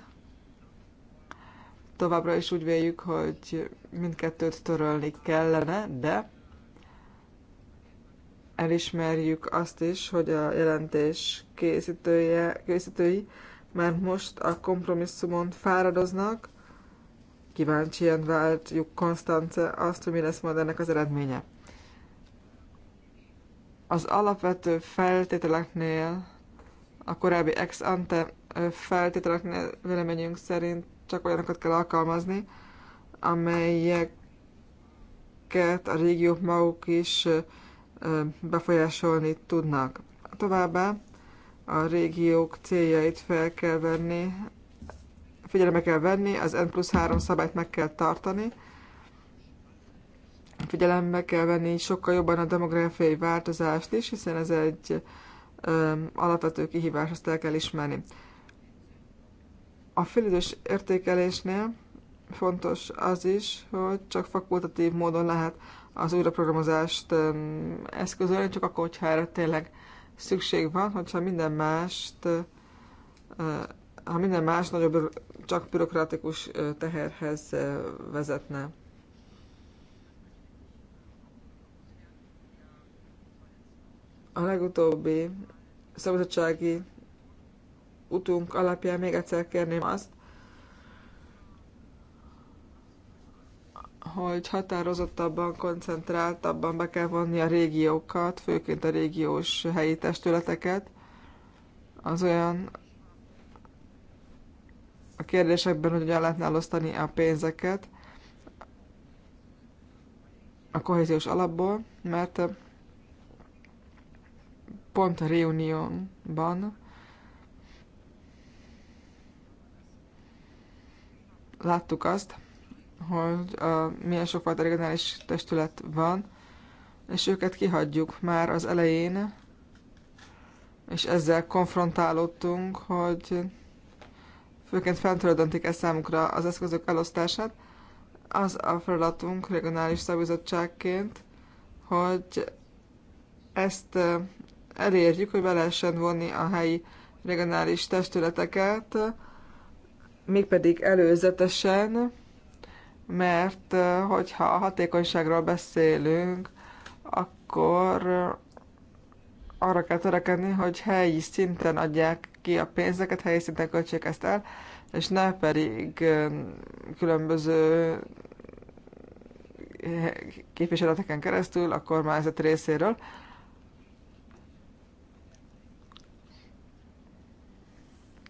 S2: továbbra is úgy véljük, hogy mindkettőt törölni kellene, de elismerjük azt is, hogy a jelentés készítője, készítői már most a kompromisszumon fáradoznak, kíváncsian váltjuk Konstance azt, hogy mi lesz majd ennek az eredménye. Az alapvető feltételeknél, a korábbi ex ante feltételeknél véleményünk szerint csak olyanokat kell alkalmazni, amelyeket a régiók maguk is befolyásolni tudnak. Továbbá a régiók céljait fel kell venni, figyelembe kell venni, az N plusz 3 szabályt meg kell tartani, figyelembe kell venni sokkal jobban a demográfiai változást is, hiszen ez egy ö, alapvető kihívás, azt el kell ismerni. A félidős értékelésnél fontos az is, hogy csak fakultatív módon lehet az újraprogramozást eszközölni, csak akkor, hogyha erre tényleg szükség van, hogyha minden mást, ha minden más nagyobb csak bürokratikus teherhez vezetne. A legutóbbi szabadsági utunk alapján még egyszer kérném azt, hogy határozottabban, koncentráltabban be kell vonni a régiókat, főként a régiós helyi testületeket, az olyan a kérdésekben, hogy hogyan lehetne elosztani a pénzeket a kohéziós alapból, mert pont a Reunionban láttuk azt, hogy milyen sokfajta regionális testület van, és őket kihagyjuk már az elején, és ezzel konfrontálódtunk, hogy főként fentöltöntik ezt számukra az eszközök elosztását. Az a feladatunk regionális szabizottságként, hogy ezt elérjük, hogy be lehessen vonni a helyi regionális testületeket, mégpedig előzetesen, mert hogyha a hatékonyságról beszélünk, akkor arra kell törekedni, hogy helyi szinten adják ki a pénzeket, helyi szinten költsék ezt el, és ne pedig különböző képviseleteken keresztül a kormányzat részéről.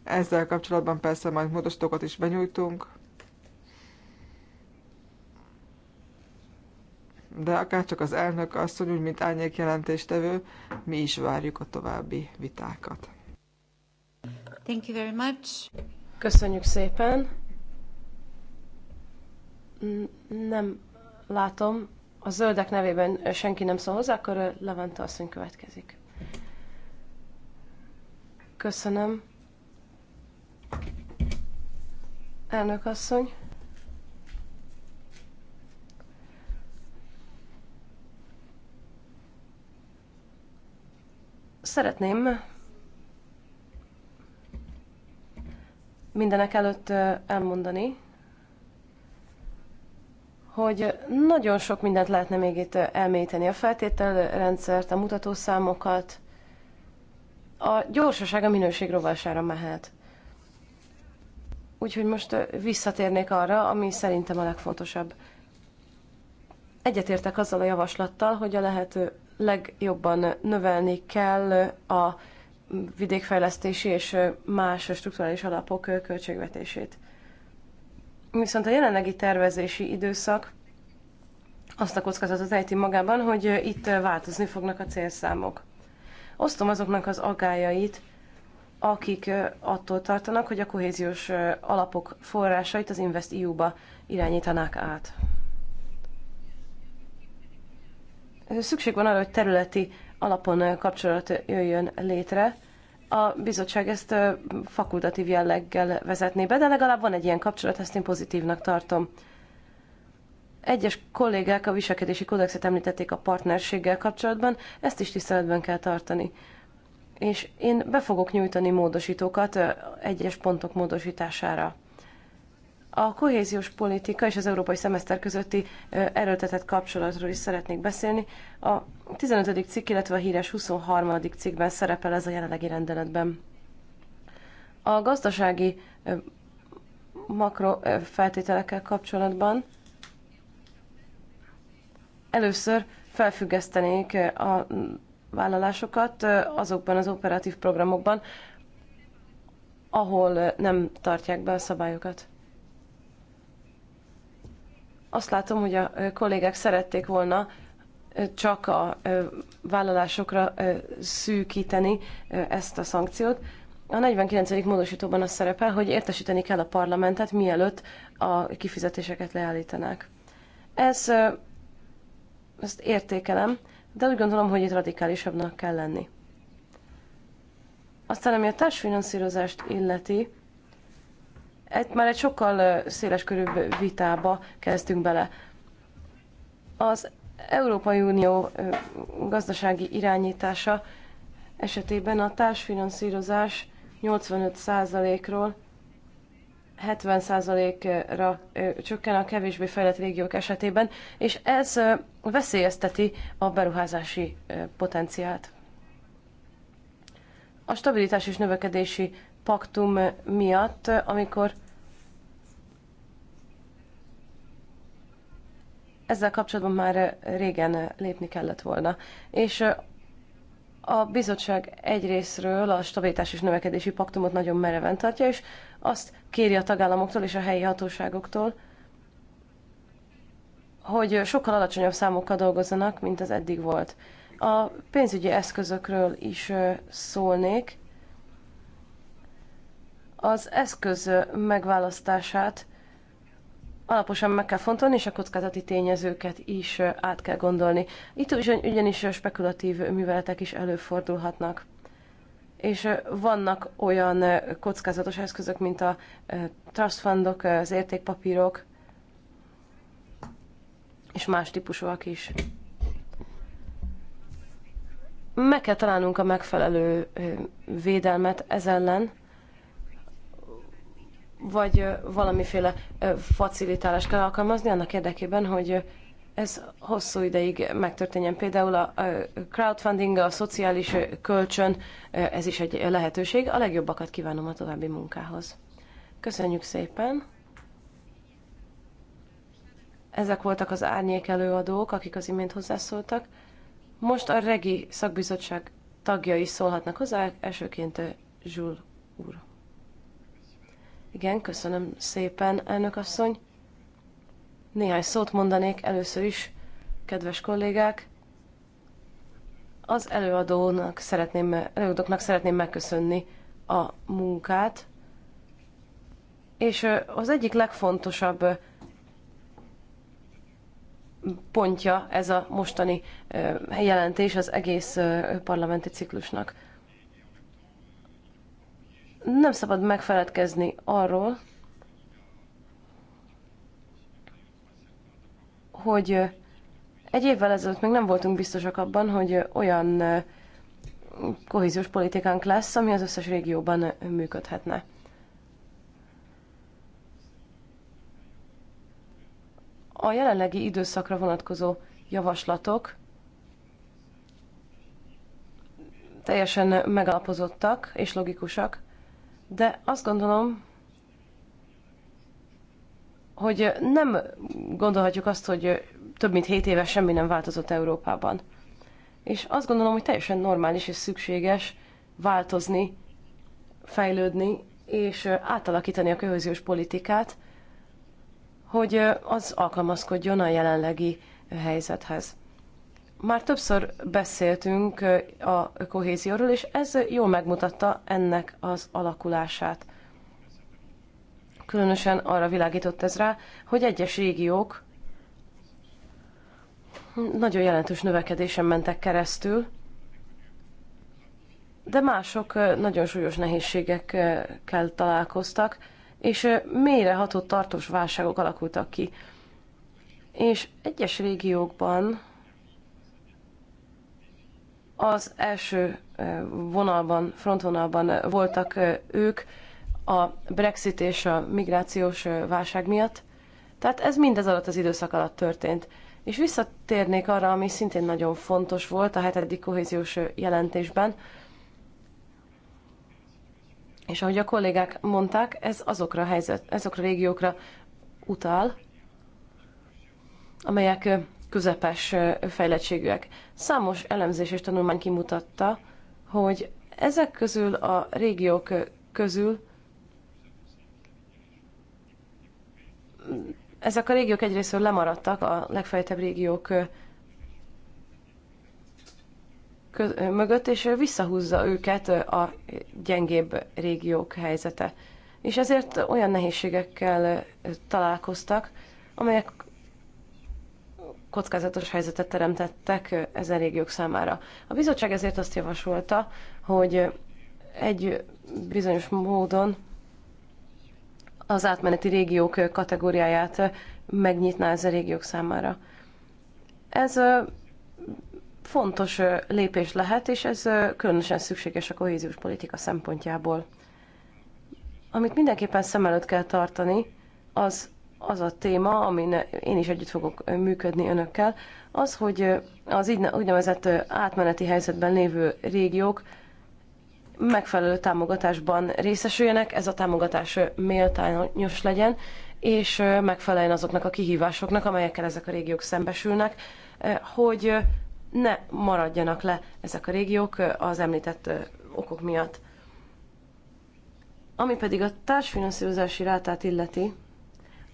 S2: Ezzel kapcsolatban persze majd módosítókat is benyújtunk, de akár csak az elnök asszony, úgy mint árnyék jelentéstevő, mi is várjuk a további vitákat.
S3: Thank you very much. Köszönjük szépen. Nem látom. A zöldek nevében senki nem szól hozzá, akkor Levente asszony következik. Köszönöm. Elnök asszony. Szeretném mindenek előtt elmondani, hogy nagyon sok mindent lehetne még itt elmélyíteni. A feltételrendszert, a mutatószámokat, a gyorsaság a minőség rovására mehet. Úgyhogy most visszatérnék arra, ami szerintem a legfontosabb. Egyetértek azzal a javaslattal, hogy a lehető legjobban növelni kell a vidékfejlesztési és más strukturális alapok költségvetését. Viszont a jelenlegi tervezési időszak azt a kockázatot ejti magában, hogy itt változni fognak a célszámok. Osztom azoknak az agájait, akik attól tartanak, hogy a kohéziós alapok forrásait az InvestEU-ba irányítanák át. Szükség van arra, hogy területi alapon kapcsolat jöjjön létre. A bizottság ezt fakultatív jelleggel vezetné be, de legalább van egy ilyen kapcsolat, ezt én pozitívnak tartom. Egyes kollégák a viselkedési kódexet említették a partnerséggel kapcsolatban, ezt is tiszteletben kell tartani és én be fogok nyújtani módosítókat egyes pontok módosítására. A kohéziós politika és az európai szemeszter közötti erőltetett kapcsolatról is szeretnék beszélni. A 15. cikk, illetve a híres 23. cikkben szerepel ez a jelenlegi rendeletben. A gazdasági makrofeltételekkel kapcsolatban először felfüggesztenék a vállalásokat azokban az operatív programokban, ahol nem tartják be a szabályokat. Azt látom, hogy a kollégák szerették volna csak a vállalásokra szűkíteni ezt a szankciót. A 49. módosítóban az szerepel, hogy értesíteni kell a parlamentet, mielőtt a kifizetéseket leállítanák. Ez, ezt értékelem, de úgy gondolom, hogy itt radikálisabbnak kell lenni. Aztán, ami a társfinanszírozást illeti, egy, már egy sokkal széles széleskörűbb vitába kezdtünk bele. Az Európai Unió gazdasági irányítása esetében a társfinanszírozás 85%-ról 70%-ra csökken a kevésbé fejlett régiók esetében, és ez veszélyezteti a beruházási potenciált. A stabilitás és növekedési paktum miatt, amikor ezzel kapcsolatban már régen lépni kellett volna. És a bizottság egyrésztről a stabilitás és növekedési paktumot nagyon mereven tartja, és azt kéri a tagállamoktól és a helyi hatóságoktól, hogy sokkal alacsonyabb számokkal dolgozzanak, mint az eddig volt. A pénzügyi eszközökről is szólnék. Az eszköz megválasztását alaposan meg kell fontolni, és a kockázati tényezőket is át kell gondolni. Itt ugyanis spekulatív műveletek is előfordulhatnak. És vannak olyan kockázatos eszközök, mint a trust fundok, az értékpapírok, és más típusúak is. Meg kell találnunk a megfelelő védelmet ez ellen, vagy valamiféle facilitálást kell alkalmazni annak érdekében, hogy ez hosszú ideig megtörténjen. Például a crowdfunding, a szociális kölcsön, ez is egy lehetőség. A legjobbakat kívánom a további munkához. Köszönjük szépen! Ezek voltak az árnyék előadók, akik az imént hozzászóltak. Most a Regi szakbizottság tagjai szólhatnak hozzá, elsőként Zsul úr. Igen, köszönöm szépen, elnök asszony. Néhány szót mondanék először is, kedves kollégák. Az előadónak szeretném, előadóknak szeretném megköszönni a munkát, és az egyik legfontosabb pontja ez a mostani jelentés az egész parlamenti ciklusnak nem szabad megfeledkezni arról, hogy egy évvel ezelőtt még nem voltunk biztosak abban, hogy olyan kohéziós politikánk lesz, ami az összes régióban működhetne. A jelenlegi időszakra vonatkozó javaslatok teljesen megalapozottak és logikusak, de azt gondolom, hogy nem gondolhatjuk azt, hogy több mint 7 éve semmi nem változott Európában. És azt gondolom, hogy teljesen normális és szükséges változni, fejlődni és átalakítani a kohéziós politikát, hogy az alkalmazkodjon a jelenlegi helyzethez. Már többször beszéltünk a kohézióról, és ez jól megmutatta ennek az alakulását. Különösen arra világított ez rá, hogy egyes régiók nagyon jelentős növekedésen mentek keresztül, de mások nagyon súlyos nehézségekkel találkoztak, és mélyreható tartós válságok alakultak ki. És egyes régiókban az első vonalban, frontvonalban voltak ők a Brexit és a migrációs válság miatt. Tehát ez mindez alatt az időszak alatt történt. És visszatérnék arra, ami szintén nagyon fontos volt a hetedik kohéziós jelentésben, és ahogy a kollégák mondták, ez azokra a, helyzet, azokra a régiókra utal, amelyek közepes fejlettségűek. Számos elemzés és tanulmány kimutatta, hogy ezek közül a régiók közül ezek a régiók egyrészt lemaradtak a legfejlettebb régiók mögött, és visszahúzza őket a gyengébb régiók helyzete. És ezért olyan nehézségekkel találkoztak, amelyek kockázatos helyzetet teremtettek ezen régiók számára. A bizottság ezért azt javasolta, hogy egy bizonyos módon az átmeneti régiók kategóriáját megnyitná ezen régiók számára. Ez fontos lépés lehet, és ez különösen szükséges a kohéziós politika szempontjából. Amit mindenképpen szem előtt kell tartani, az az a téma, amin én is együtt fogok működni önökkel, az, hogy az úgynevezett átmeneti helyzetben lévő régiók megfelelő támogatásban részesüljenek, ez a támogatás méltányos legyen, és megfeleljen azoknak a kihívásoknak, amelyekkel ezek a régiók szembesülnek, hogy ne maradjanak le ezek a régiók az említett okok miatt. Ami pedig a társfinanszírozási rátát illeti,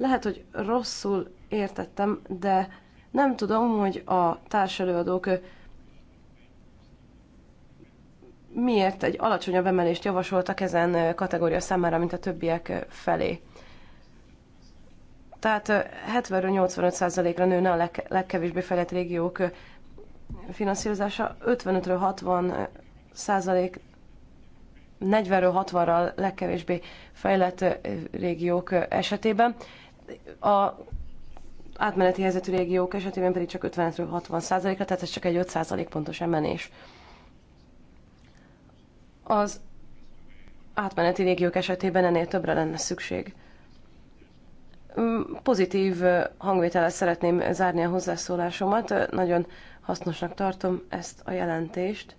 S3: lehet, hogy rosszul értettem, de nem tudom, hogy a társelőadók miért egy alacsonyabb emelést javasoltak ezen kategória számára, mint a többiek felé. Tehát 70-85%-ra nőne a leg, legkevésbé fejlett régiók finanszírozása, 55-60 40-60-ra a legkevésbé fejlett régiók esetében, a átmeneti helyzetű régiók esetében pedig csak 50 60 százalékra, tehát ez csak egy 5 százalék pontos emelés. Az átmeneti régiók esetében ennél többre lenne szükség. Mm, pozitív hangvétellel szeretném zárni a hozzászólásomat. Nagyon hasznosnak tartom ezt a jelentést.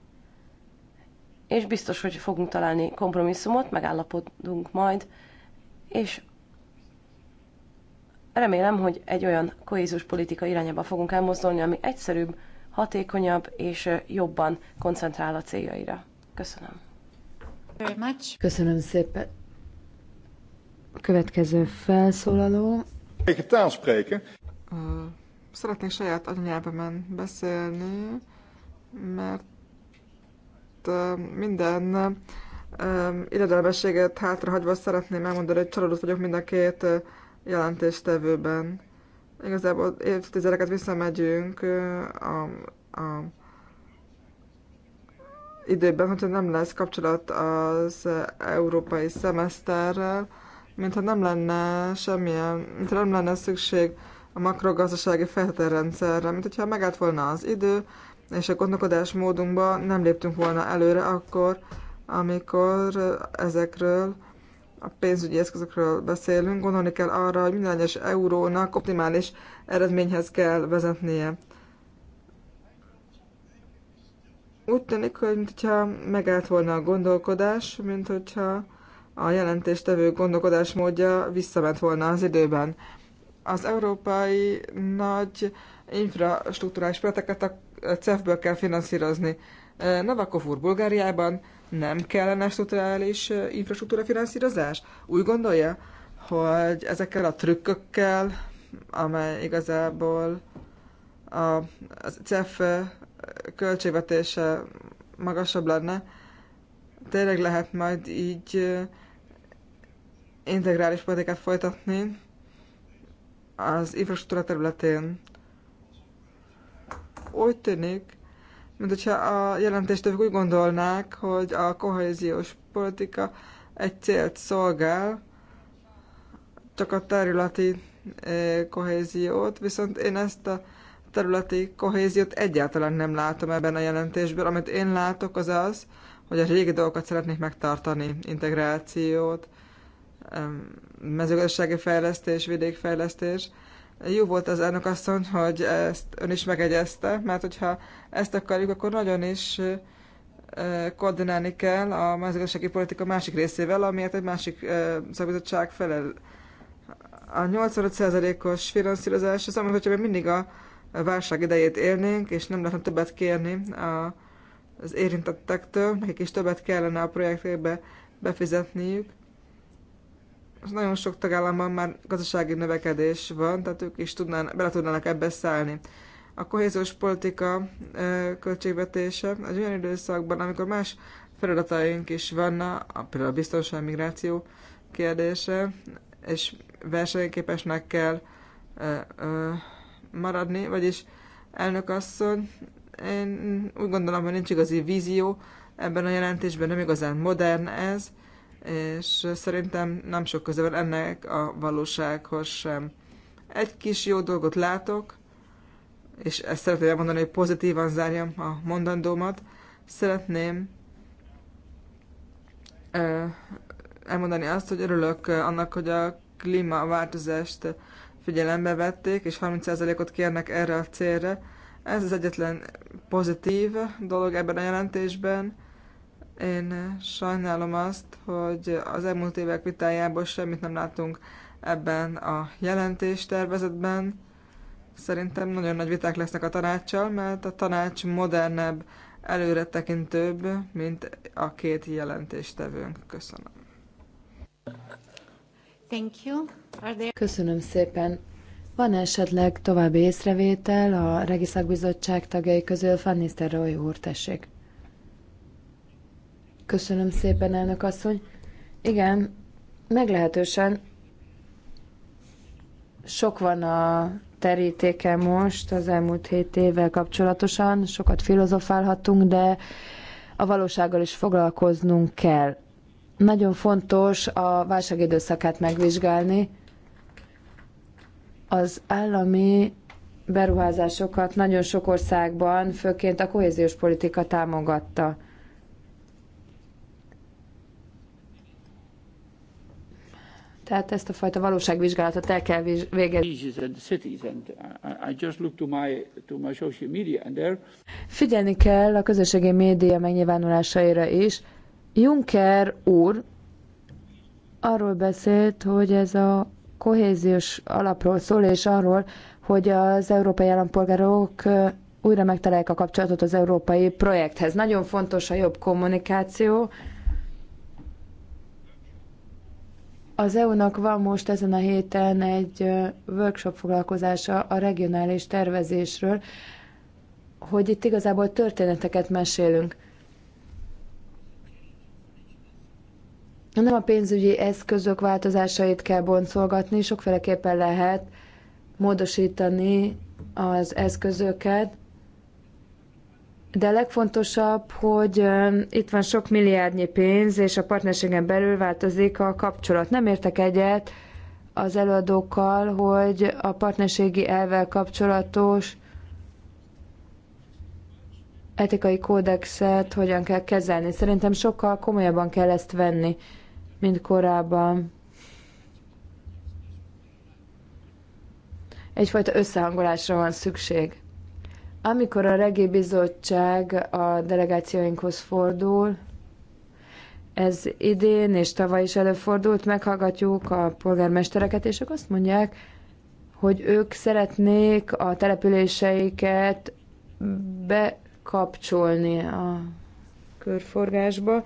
S3: És biztos, hogy fogunk találni kompromisszumot, megállapodunk majd, és Remélem, hogy egy olyan kohézus politika irányába fogunk elmozdulni, ami egyszerűbb, hatékonyabb és jobban koncentrál a céljaira. Köszönöm.
S1: Köszönöm szépen. Következő
S2: felszólaló. Szeretnék saját anyanyelvemen beszélni, mert minden irodalmességet hátrahagyva szeretném elmondani, hogy csalódott vagyok mind a két jelentéstevőben. Igazából évtizedeket visszamegyünk a, a időben, hogyha nem lesz kapcsolat az európai szemeszterrel, mintha nem lenne semmilyen, mintha nem lenne szükség a makrogazdasági feltételrendszerre, mint hogyha megállt volna az idő, és a gondolkodásmódunkba nem léptünk volna előre akkor, amikor ezekről a pénzügyi eszközökről beszélünk, gondolni kell arra, hogy minden egyes eurónak optimális eredményhez kell vezetnie. Úgy tűnik, hogy mintha megállt volna a gondolkodás, mint hogyha a jelentéstevő gondolkodásmódja visszament volna az időben. Az európai nagy infrastruktúrális projekteket a CEF-ből kell finanszírozni. Navakov úr Bulgáriában nem kellene strukturális infrastruktúra finanszírozás? Úgy gondolja, hogy ezekkel a trükkökkel, amely igazából a, a CEF költségvetése magasabb lenne, tényleg lehet majd így integrális politikát folytatni az infrastruktúra területén. Úgy tűnik, mint hogyha a jelentéstevők úgy gondolnák, hogy a kohéziós politika egy célt szolgál, csak a területi eh, kohéziót, viszont én ezt a területi kohéziót egyáltalán nem látom ebben a jelentésben. Amit én látok, az az, hogy a régi dolgokat szeretnék megtartani, integrációt, mezőgazdasági fejlesztés, vidékfejlesztés, jó volt az elnök asszony, hogy ezt ön is megegyezte, mert hogyha ezt akarjuk, akkor nagyon is koordinálni kell a mezőgazdasági politika másik részével, amiért egy másik szakbizottság felel. A 85%-os finanszírozás az, hogyha még mindig a válság idejét élnénk, és nem lehetne többet kérni az érintettektől, nekik is többet kellene a projektekbe befizetniük az nagyon sok tagállamban már gazdasági növekedés van, tehát ők is tudnán, bele tudnának ebbe szállni. A kohéziós politika költségvetése az olyan időszakban, amikor más feladataink is vannak, például a biztonság, migráció kérdése, és versenyképesnek kell maradni, vagyis elnök asszony, én úgy gondolom, hogy nincs igazi vízió ebben a jelentésben, nem igazán modern ez, és szerintem nem sok köze van ennek a valósághoz sem. Egy kis jó dolgot látok, és ezt szeretném mondani, hogy pozitívan zárjam a mondandómat. Szeretném elmondani azt, hogy örülök annak, hogy a klímaváltozást figyelembe vették, és 30%-ot kérnek erre a célra. Ez az egyetlen pozitív dolog ebben a jelentésben. Én sajnálom azt, hogy az elmúlt évek vitájából semmit nem látunk ebben a jelentés tervezetben. Szerintem nagyon nagy viták lesznek a tanácssal, mert a tanács modernebb, előretekintőbb, mint a két jelentéstevőnk. Köszönöm. Thank you.
S1: there... Köszönöm szépen. Van esetleg további észrevétel a Regiszakbizottság tagjai közül? Fannister Roy úr, tessék. Köszönöm szépen, elnök asszony. Igen, meglehetősen sok van a terítéke most az elmúlt hét évvel kapcsolatosan, sokat filozofálhatunk, de a valósággal is foglalkoznunk kell. Nagyon fontos a válságidőszakát megvizsgálni. Az állami beruházásokat nagyon sok országban, főként a kohéziós politika támogatta. Tehát ezt a fajta valóságvizsgálatot el kell végezni. Figyelni kell a közösségi média megnyilvánulásaira is. Juncker úr arról beszélt, hogy ez a kohéziós alapról szól, és arról, hogy az európai állampolgárok újra megtalálják a kapcsolatot az európai projekthez. Nagyon fontos a jobb kommunikáció, Az EU-nak van most ezen a héten egy workshop foglalkozása a regionális tervezésről, hogy itt igazából történeteket mesélünk. Nem a pénzügyi eszközök változásait kell boncolgatni, sokféleképpen lehet módosítani az eszközöket, de a legfontosabb, hogy itt van sok milliárdnyi pénz, és a partnerségen belül változik a kapcsolat. Nem értek egyet az előadókkal, hogy a partnerségi elvel kapcsolatos etikai kódexet hogyan kell kezelni. Szerintem sokkal komolyabban kell ezt venni, mint korábban. Egyfajta összehangolásra van szükség. Amikor a Regi Bizottság a delegációinkhoz fordul, ez idén és tavaly is előfordult, meghallgatjuk a polgármestereket, és ők azt mondják, hogy ők szeretnék a településeiket bekapcsolni a körforgásba.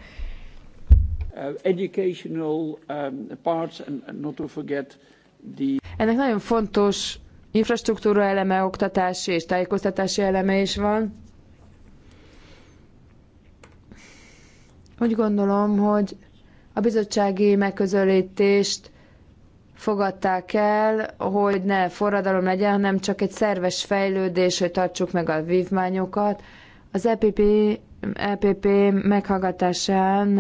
S2: Uh, educational um, parts, and not to forget the...
S1: Ennek nagyon fontos infrastruktúra eleme, oktatási és tájékoztatási eleme is van. Úgy gondolom, hogy a bizottsági megközelítést fogadták el, hogy ne forradalom legyen, hanem csak egy szerves fejlődés, hogy tartsuk meg a vívmányokat. Az EPP, EPP meghallgatásán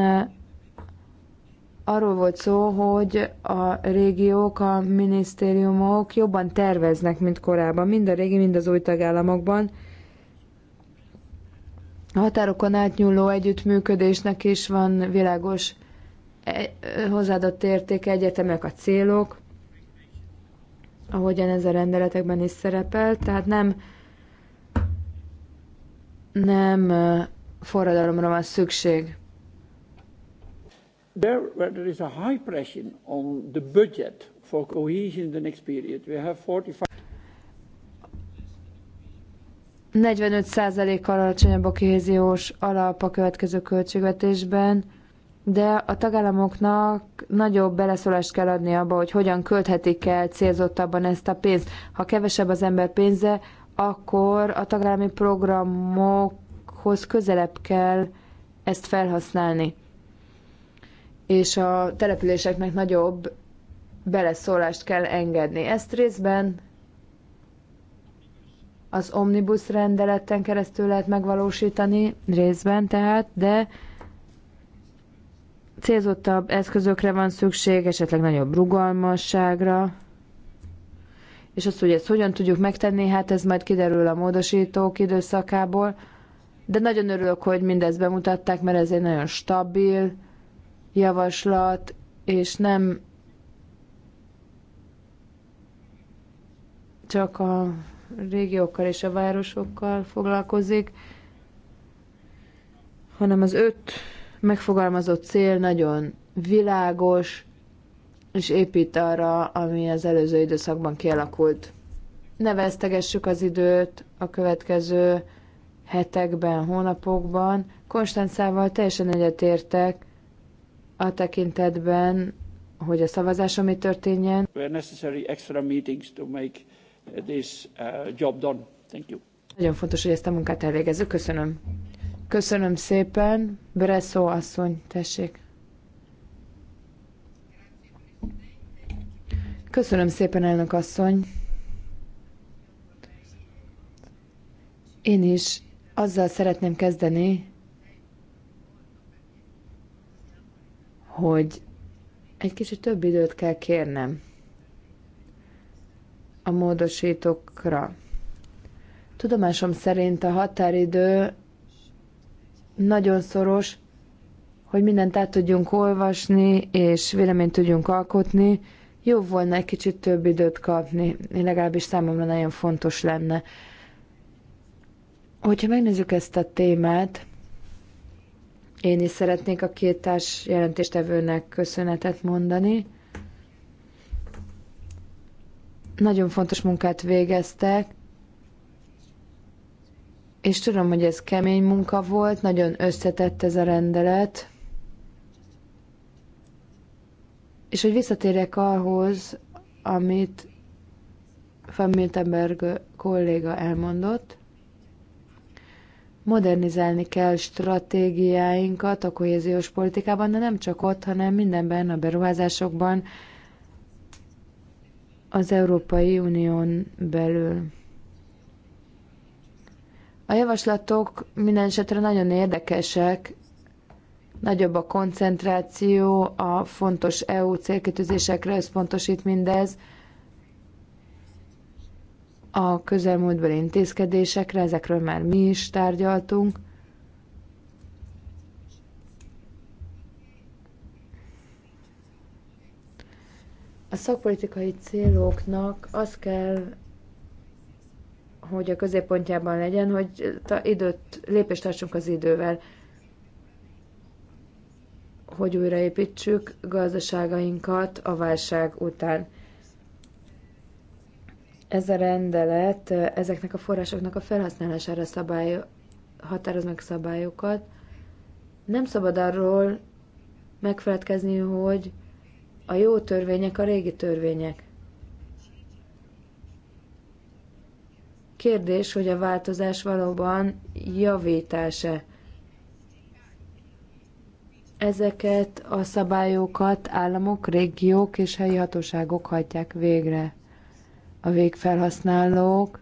S1: arról volt szó, hogy a régiók, a minisztériumok jobban terveznek, mint korábban, mind a régi, mind az új tagállamokban. A határokon átnyúló együttműködésnek is van világos e, hozzáadott értéke, egyetemek a célok, ahogyan ez a rendeletekben is szerepel, tehát nem nem forradalomra van szükség
S2: there where there is a high pressure on the budget for cohesion in the next period. We have 45
S1: 45%-kal alacsonyabb a kohéziós alap a következő költségvetésben, de a tagállamoknak nagyobb beleszólást kell adni abba, hogy hogyan költhetik el célzottabban ezt a pénzt. Ha kevesebb az ember pénze, akkor a tagállami programokhoz közelebb kell ezt felhasználni és a településeknek nagyobb beleszólást kell engedni. Ezt részben az omnibus rendeleten keresztül lehet megvalósítani, részben tehát, de célzottabb eszközökre van szükség, esetleg nagyobb rugalmasságra. És azt, hogy ezt hogyan tudjuk megtenni, hát ez majd kiderül a módosítók időszakából. De nagyon örülök, hogy mindezt bemutatták, mert ez egy nagyon stabil, javaslat, és nem csak a régiókkal és a városokkal foglalkozik, hanem az öt megfogalmazott cél nagyon világos, és épít arra, ami az előző időszakban kialakult. Ne vesztegessük az időt a következő hetekben, hónapokban. Konstancával teljesen egyetértek, a tekintetben, hogy a szavazás, ami történjen.
S2: necessary extra meetings to make uh, this uh, job done. Thank you.
S1: Nagyon fontos, hogy ezt a munkát elvégezzük. Köszönöm. Köszönöm szépen. Bresso asszony, tessék. Köszönöm szépen, elnök asszony. Én is azzal szeretném kezdeni, hogy egy kicsit több időt kell kérnem a módosítókra. Tudomásom szerint a határidő nagyon szoros, hogy mindent át tudjunk olvasni, és véleményt tudjunk alkotni, jó volna egy kicsit több időt kapni, legalábbis számomra nagyon fontos lenne. Hogyha megnézzük ezt a témát, én is szeretnék a két társ jelentéstevőnek köszönetet mondani. Nagyon fontos munkát végeztek, és tudom, hogy ez kemény munka volt, nagyon összetett ez a rendelet. És hogy visszatérjek ahhoz, amit Van Miltenberg kolléga elmondott, modernizálni kell stratégiáinkat a kohéziós politikában, de nem csak ott, hanem mindenben, a beruházásokban, az Európai Unión belül. A javaslatok minden esetre nagyon érdekesek, nagyobb a koncentráció, a fontos EU célkitűzésekre összpontosít mindez, a közelmúltbeli intézkedésekre, ezekről már mi is tárgyaltunk. A szakpolitikai céloknak az kell, hogy a középpontjában legyen, hogy időt, lépést tartsunk az idővel, hogy újraépítsük gazdaságainkat a válság után. Ez a rendelet ezeknek a forrásoknak a felhasználására szabály, határoz meg szabályokat. Nem szabad arról megfeledkezni, hogy a jó törvények a régi törvények. Kérdés, hogy a változás valóban javítása. Ezeket a szabályokat államok, régiók és helyi hatóságok hajtják végre a végfelhasználók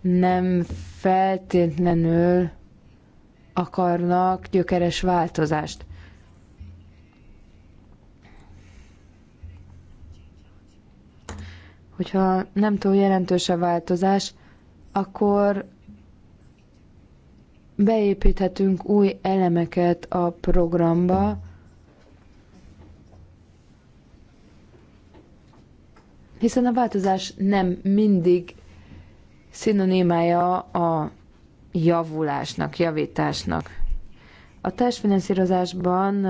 S1: nem feltétlenül akarnak gyökeres változást. Hogyha nem túl jelentős a változás, akkor beépíthetünk új elemeket a programba, hiszen a változás nem mindig szinonimája a javulásnak, javításnak. A társfinanszírozásban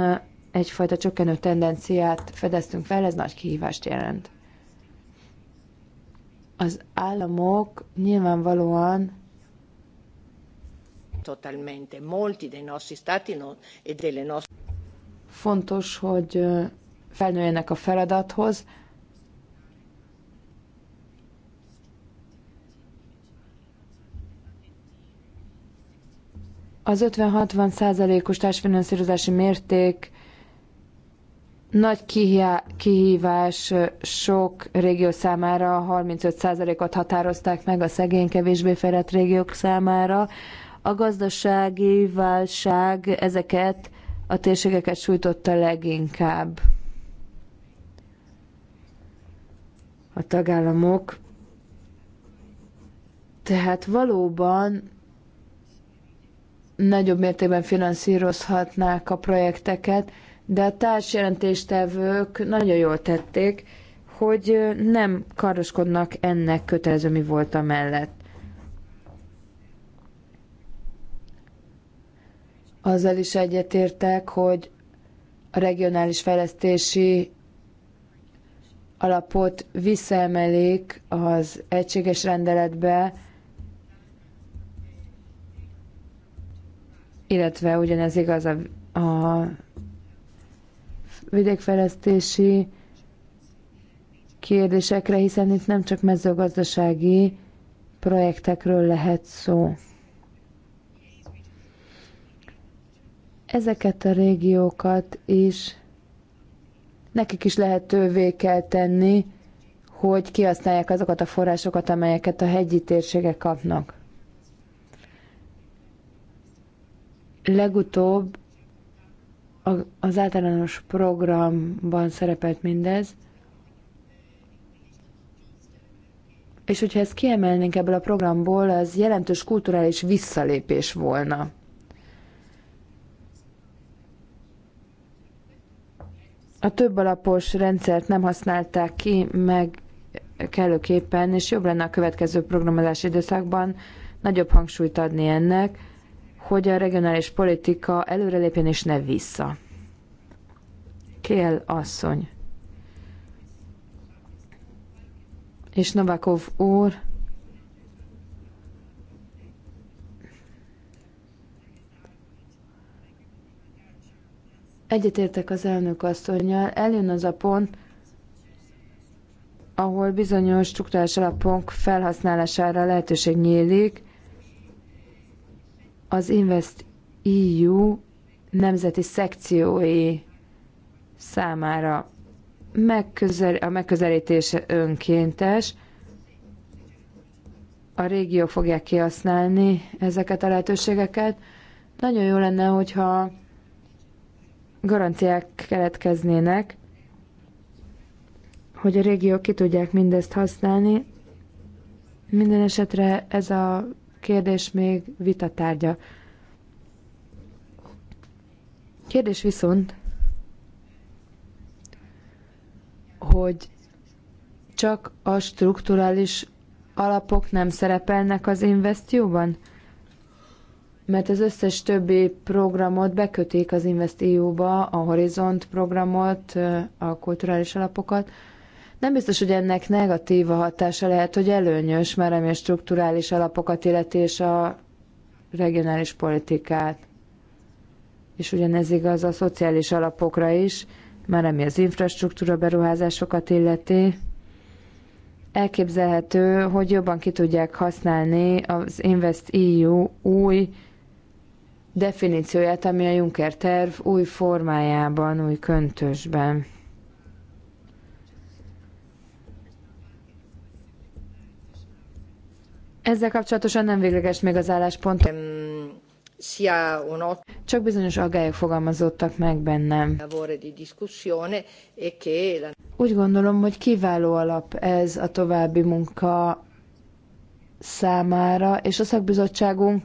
S1: egyfajta csökkenő tendenciát fedeztünk fel, ez nagy kihívást jelent. Az államok nyilvánvalóan totalmente molti dei nostri stati non, e delle nostre fontos, hogy felnőjenek a feladathoz, Az 50-60 százalékos társfinanszírozási mérték nagy kihívás sok régió számára, 35 százalékot határozták meg a szegény, kevésbé fejlett régiók számára. A gazdasági válság ezeket a térségeket sújtotta leginkább. A tagállamok tehát valóban nagyobb mértékben finanszírozhatnák a projekteket, de a társjelentéstevők nagyon jól tették, hogy nem kardoskodnak ennek kötelező mi volt a mellett. Azzal is egyetértek, hogy a regionális fejlesztési alapot visszaemelik az egységes rendeletbe, illetve ugyanez igaz a, a vidékfejlesztési kérdésekre, hiszen itt nem csak mezőgazdasági projektekről lehet szó. Ezeket a régiókat is nekik is lehetővé kell tenni, hogy kihasználják azokat a forrásokat, amelyeket a hegyi térségek kapnak. Legutóbb az általános programban szerepelt mindez, és hogyha ezt kiemelnénk ebből a programból, az jelentős kulturális visszalépés volna. A több alapos rendszert nem használták ki meg kellőképpen, és jobb lenne a következő programozási időszakban nagyobb hangsúlyt adni ennek, hogy a regionális politika előrelépjen és ne vissza. Kél asszony. És Novakov úr. Egyetértek az elnök asszonynal, eljön az a pont, ahol bizonyos struktúrás alapok felhasználására lehetőség nyílik, az Invest EU nemzeti szekciói számára megközel, a megközelítés önkéntes, a régiók fogják kihasználni ezeket a lehetőségeket. Nagyon jó lenne, hogyha garanciák keletkeznének, hogy a régiók ki tudják mindezt használni. Minden esetre ez a kérdés még vitatárgya. Kérdés viszont, hogy csak a strukturális alapok nem szerepelnek az investióban, Mert az összes többi programot bekötik az investióba, a Horizont programot, a kulturális alapokat, nem biztos, hogy ennek negatív a hatása lehet, hogy előnyös, mert ami a strukturális alapokat illeti és a regionális politikát. És ugyanez igaz a szociális alapokra is, már ami az infrastruktúra beruházásokat illeti. Elképzelhető, hogy jobban ki tudják használni az Invest EU új definícióját, ami a Juncker terv új formájában, új köntösben. Ezzel kapcsolatosan nem végleges még az álláspont. Csak bizonyos aggályok fogalmazódtak meg bennem. E Úgy gondolom, hogy kiváló alap ez a további munka számára, és a szakbizottságunk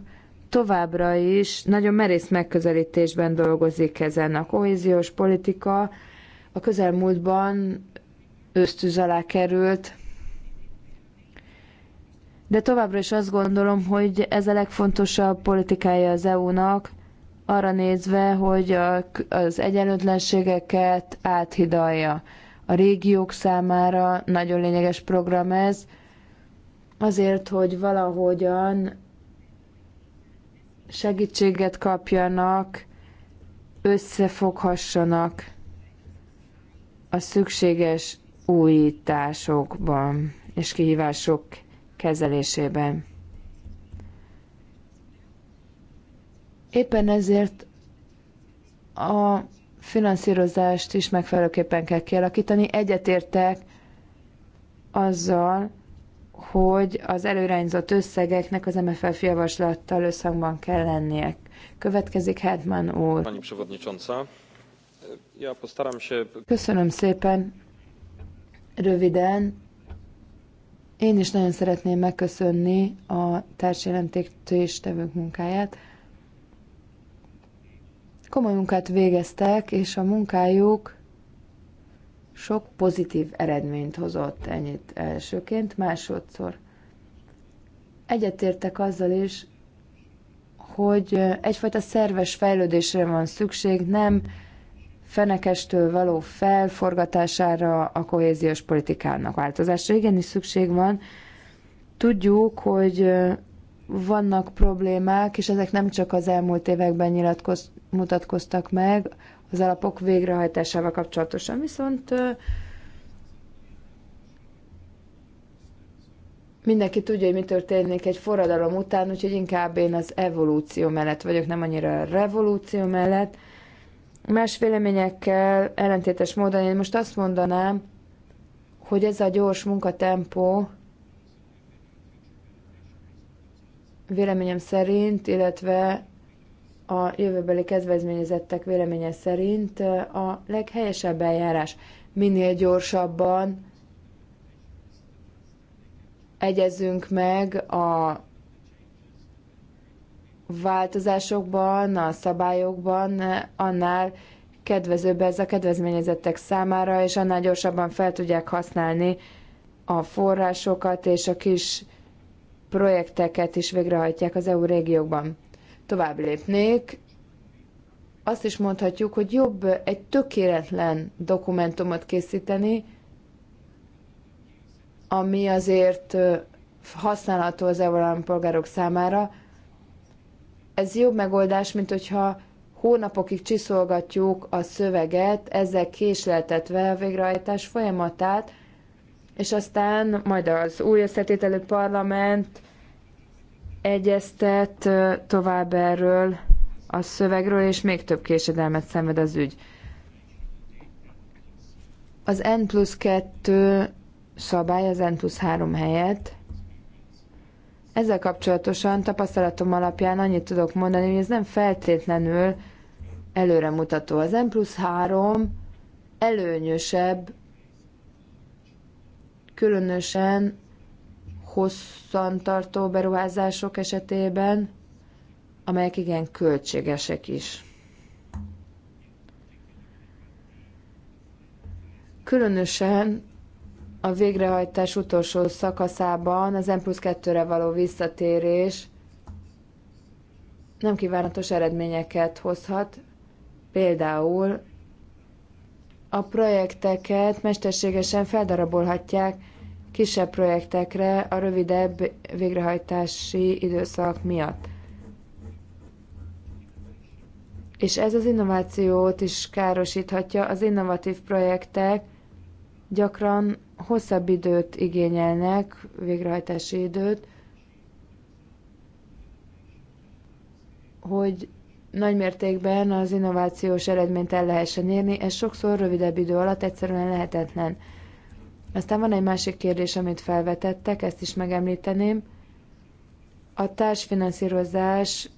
S1: továbbra is nagyon merész megközelítésben dolgozik ezen. A kohéziós politika a közelmúltban ősztűz alá került, de továbbra is azt gondolom, hogy ez a legfontosabb politikája az EU-nak, arra nézve, hogy az egyenlőtlenségeket áthidalja. A régiók számára nagyon lényeges program ez, azért, hogy valahogyan segítséget kapjanak, összefoghassanak a szükséges újításokban és kihívások kezelésében. Éppen ezért a finanszírozást is megfelelőképpen kell kialakítani. Egyetértek azzal, hogy az előrányzott összegeknek az MFF javaslattal összhangban kell lennie. Következik Hetman úr. Köszönöm szépen. Röviden én is nagyon szeretném megköszönni a és tevők munkáját. Komoly munkát végeztek, és a munkájuk sok pozitív eredményt hozott, ennyit elsőként, másodszor. Egyetértek azzal is, hogy egyfajta szerves fejlődésre van szükség, nem fenekestől való felforgatására a kohéziós politikának változásra igenis szükség van. Tudjuk, hogy vannak problémák, és ezek nem csak az elmúlt években nyilatkoz, mutatkoztak meg az alapok végrehajtásával kapcsolatosan, viszont mindenki tudja, hogy mi történik egy forradalom után, úgyhogy inkább én az evolúció mellett vagyok, nem annyira a revolúció mellett. Más véleményekkel ellentétes módon én most azt mondanám, hogy ez a gyors munkatempó véleményem szerint, illetve a jövőbeli kedvezményezettek véleménye szerint a leghelyesebb eljárás. Minél gyorsabban egyezünk meg a változásokban, a szabályokban, annál kedvezőbb ez a kedvezményezettek számára, és annál gyorsabban fel tudják használni a forrásokat, és a kis projekteket is végrehajtják az EU régiókban. Tovább lépnék, azt is mondhatjuk, hogy jobb egy tökéletlen dokumentumot készíteni, ami azért használható az EU polgárok számára, ez jobb megoldás, mint hogyha hónapokig csiszolgatjuk a szöveget, ezzel késleltetve a végrehajtás folyamatát, és aztán majd az új összetételő parlament egyeztet tovább erről a szövegről, és még több késedelmet szenved az ügy. Az N plusz 2 szabály az N plusz 3 helyett ezzel kapcsolatosan tapasztalatom alapján annyit tudok mondani, hogy ez nem feltétlenül előremutató. Az M plusz 3 előnyösebb, különösen hosszantartó beruházások esetében, amelyek igen költségesek is. Különösen a végrehajtás utolsó szakaszában az M plusz 2-re való visszatérés nem kívánatos eredményeket hozhat, például a projekteket mesterségesen feldarabolhatják kisebb projektekre a rövidebb végrehajtási időszak miatt. És ez az innovációt is károsíthatja, az innovatív projektek gyakran hosszabb időt igényelnek, végrehajtási időt, hogy nagymértékben az innovációs eredményt el lehessen érni, ez sokszor rövidebb idő alatt egyszerűen lehetetlen. Aztán van egy másik kérdés, amit felvetettek, ezt is megemlíteném. A társfinanszírozás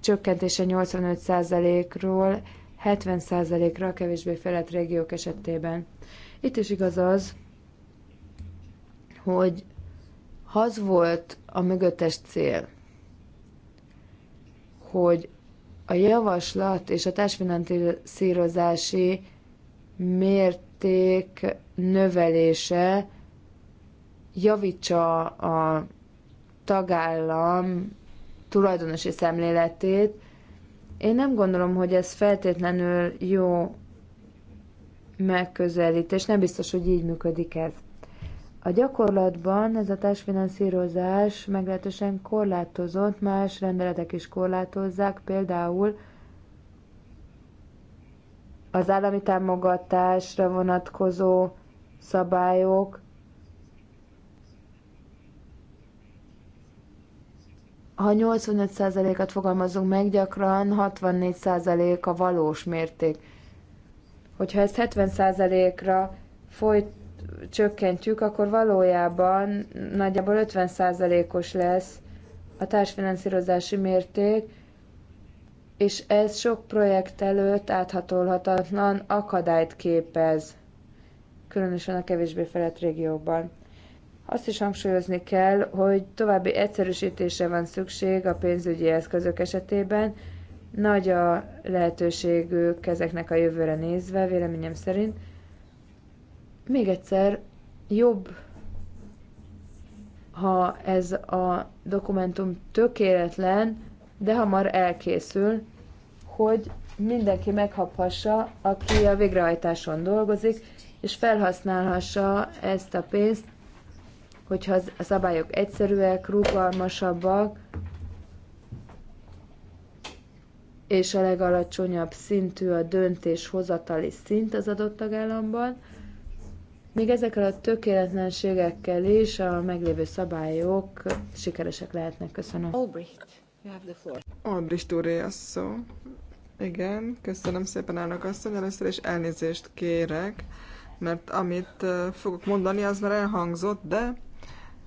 S1: csökkentése 85%-ról 70%-ra a kevésbé fejlett régiók esetében. Itt is igaz az, hogy az volt a mögöttes cél, hogy a javaslat és a társfinanszírozási mérték növelése javítsa a tagállam tulajdonosi szemléletét. Én nem gondolom, hogy ez feltétlenül jó megközelítés. Nem biztos, hogy így működik ez. A gyakorlatban ez a társfinanszírozás meglehetősen korlátozott, más rendeletek is korlátozzák, például az állami támogatásra vonatkozó szabályok, ha 85%-at fogalmazunk meg, gyakran 64% a valós mérték hogyha ezt 70%-ra folyt, csökkentjük, akkor valójában nagyjából 50%-os lesz a társfinanszírozási mérték, és ez sok projekt előtt áthatolhatatlan akadályt képez, különösen a kevésbé felett régiókban. Azt is hangsúlyozni kell, hogy további egyszerűsítésre van szükség a pénzügyi eszközök esetében, nagy a lehetőségük ezeknek a jövőre nézve, véleményem szerint. Még egyszer, jobb, ha ez a dokumentum tökéletlen, de hamar elkészül, hogy mindenki meghaphassa, aki a végrehajtáson dolgozik, és felhasználhassa ezt a pénzt, hogyha a szabályok egyszerűek, rugalmasabbak, és a legalacsonyabb szintű a döntéshozatali szint az adott tagállamban, még ezekkel a tökéletlenségekkel
S2: is a meglévő szabályok sikeresek lehetnek. Köszönöm. Albrecht, you have the floor. Albrecht úré szó. Igen, köszönöm szépen elnök asszony. Először is elnézést kérek, mert amit fogok mondani, az már elhangzott, de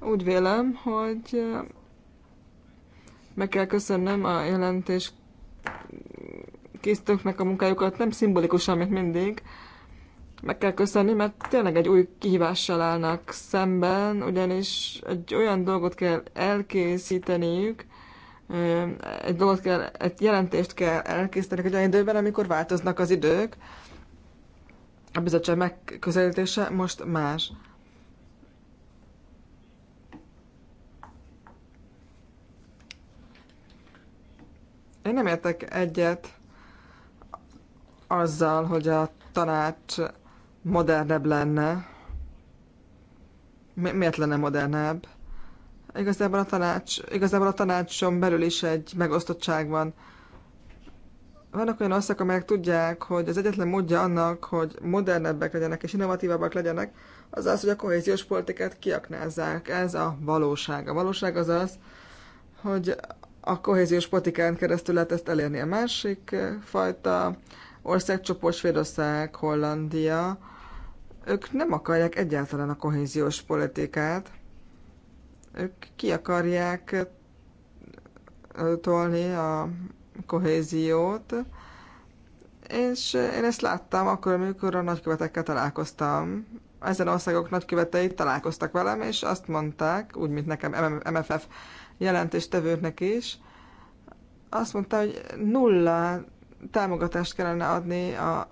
S2: úgy vélem, hogy meg kell köszönnöm a jelentés készítőknek a munkájukat, nem szimbolikusan, mint mindig. Meg kell köszönni, mert tényleg egy új kihívással állnak szemben, ugyanis egy olyan dolgot kell elkészíteniük, egy dolgot kell, egy jelentést kell elkészíteni egy olyan időben, amikor változnak az idők. A bizottság megközelítése most más. Én nem értek egyet azzal, hogy a tanács modernebb lenne. Mi- miért lenne modernebb? Igazából a, tanács, igazából a tanácson belül is egy megosztottság van. Vannak olyan országok, amelyek tudják, hogy az egyetlen módja annak, hogy modernebbek legyenek és innovatívabbak legyenek, az az, hogy a kohéziós politikát kiaknázzák. Ez a valóság. A valóság az az, hogy a kohéziós politikán keresztül lehet ezt elérni. A másik eh, fajta országcsoport Svédország, Hollandia, ők nem akarják egyáltalán a kohéziós politikát, ők ki akarják eh, tolni a kohéziót, és eh, én ezt láttam akkor, amikor a nagykövetekkel találkoztam. Ezen országok nagykövetei találkoztak velem, és azt mondták, úgy, mint nekem MFF jelentéstevőknek is, azt mondta, hogy nulla támogatást kellene adni a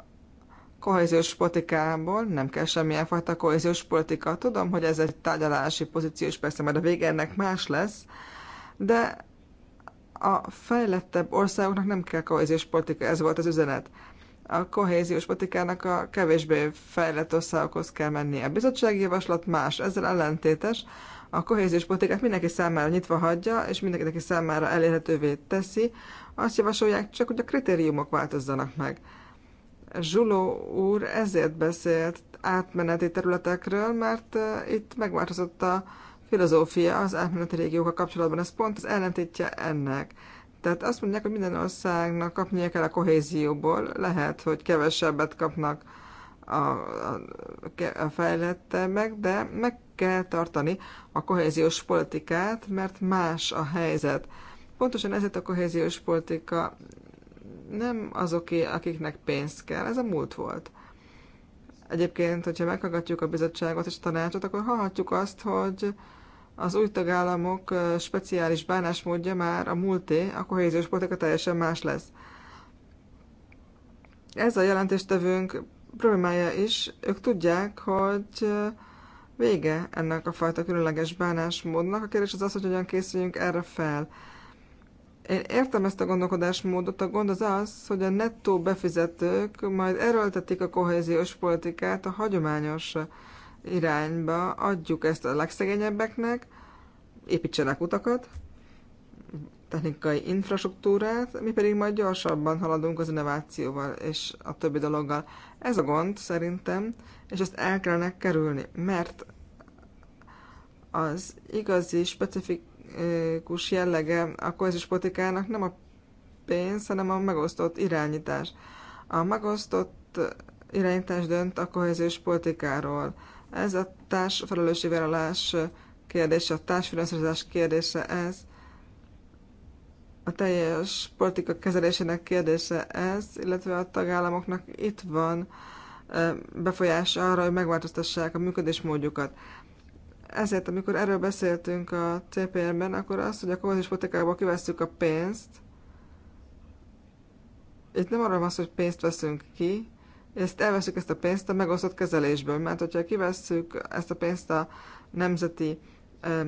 S2: kohéziós politikából, nem kell semmilyen fajta kohéziós politika. Tudom, hogy ez egy tárgyalási pozíció, és persze majd a vége ennek más lesz, de a fejlettebb országoknak nem kell kohéziós politika, ez volt az üzenet. A kohéziós politikának a kevésbé fejlett országokhoz kell mennie. A bizottsági javaslat más, ezzel ellentétes, a kohéziós politikát mindenki számára nyitva hagyja, és mindenki számára elérhetővé teszi, azt javasolják csak, hogy a kritériumok változzanak meg. Zsuló úr ezért beszélt átmeneti területekről, mert eh, itt megváltozott a filozófia az átmeneti régiókkal kapcsolatban. Ez pont az ellentétje ennek. Tehát azt mondják, hogy minden országnak kapnia kell a kohézióból, lehet, hogy kevesebbet kapnak a, a, a fejlettebbek, de meg kell tartani a kohéziós politikát, mert más a helyzet. Pontosan ezért a kohéziós politika nem azoké, akiknek pénzt kell. Ez a múlt volt. Egyébként, hogyha meghallgatjuk a bizottságot és a tanácsot, akkor hallhatjuk azt, hogy az új tagállamok speciális bánásmódja már a múlté, a kohéziós politika teljesen más lesz. Ez a jelentéstevőnk problémája is. Ők tudják, hogy vége ennek a fajta különleges bánásmódnak. A kérdés az az, hogy hogyan készüljünk erre fel. Én értem ezt a gondolkodásmódot, a gond az az, hogy a nettó befizetők majd erőltetik a kohéziós politikát a hagyományos irányba, adjuk ezt a legszegényebbeknek, építsenek utakat, technikai infrastruktúrát, mi pedig majd gyorsabban haladunk az innovációval és a többi dologgal. Ez a gond szerintem, és ezt el kellene kerülni, mert az igazi, specifikus jellege a kohéziós politikának nem a pénz, hanem a megosztott irányítás. A megosztott irányítás dönt a kohéziós politikáról. Ez a társfelelősségvállalás kérdése, a társfinanszírozás kérdése ez, a teljes politika kezelésének kérdése ez, illetve a tagállamoknak itt van befolyása arra, hogy megváltoztassák a működésmódjukat. Ezért, amikor erről beszéltünk a CPR-ben, akkor az, hogy a kohéziós politikából kivesszük a pénzt, itt nem arról van szó, hogy pénzt veszünk ki, ezt elveszük ezt a pénzt a megosztott kezelésből, mert hogyha kivesszük ezt a pénzt a nemzeti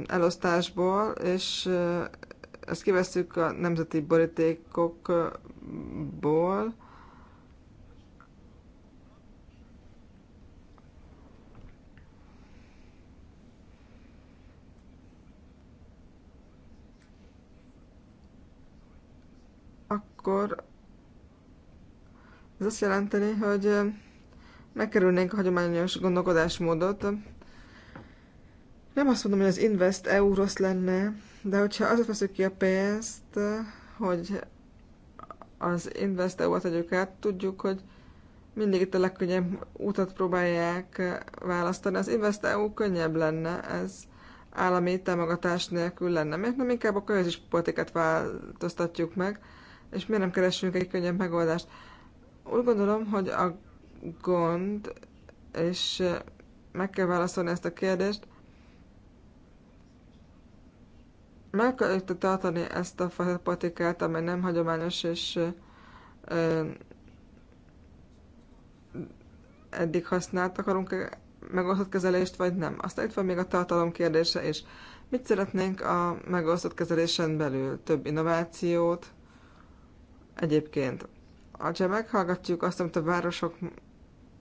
S2: elosztásból, és ezt kivesszük a nemzeti borítékokból, akkor ez azt jelenteni, hogy megkerülnénk a hagyományos gondolkodásmódot. Nem azt mondom, hogy az Invest EU rossz lenne, de hogyha azért veszük ki a pénzt, hogy az investeóba tegyük át, tudjuk, hogy mindig itt a legkönnyebb utat próbálják választani. Az investeó könnyebb lenne, ez állami támogatás nélkül lenne. Miért nem inkább a közös politikát változtatjuk meg, és miért nem keresünk egy könnyebb megoldást? Úgy gondolom, hogy a gond, és meg kell válaszolni ezt a kérdést, meg kell tartani ezt a fajta patikát, amely nem hagyományos és eddig használt, akarunk -e megosztott kezelést, vagy nem. Aztán itt van még a tartalom kérdése is. Mit szeretnénk a megosztott kezelésen belül? Több innovációt? Egyébként, ha meghallgatjuk azt, amit a városok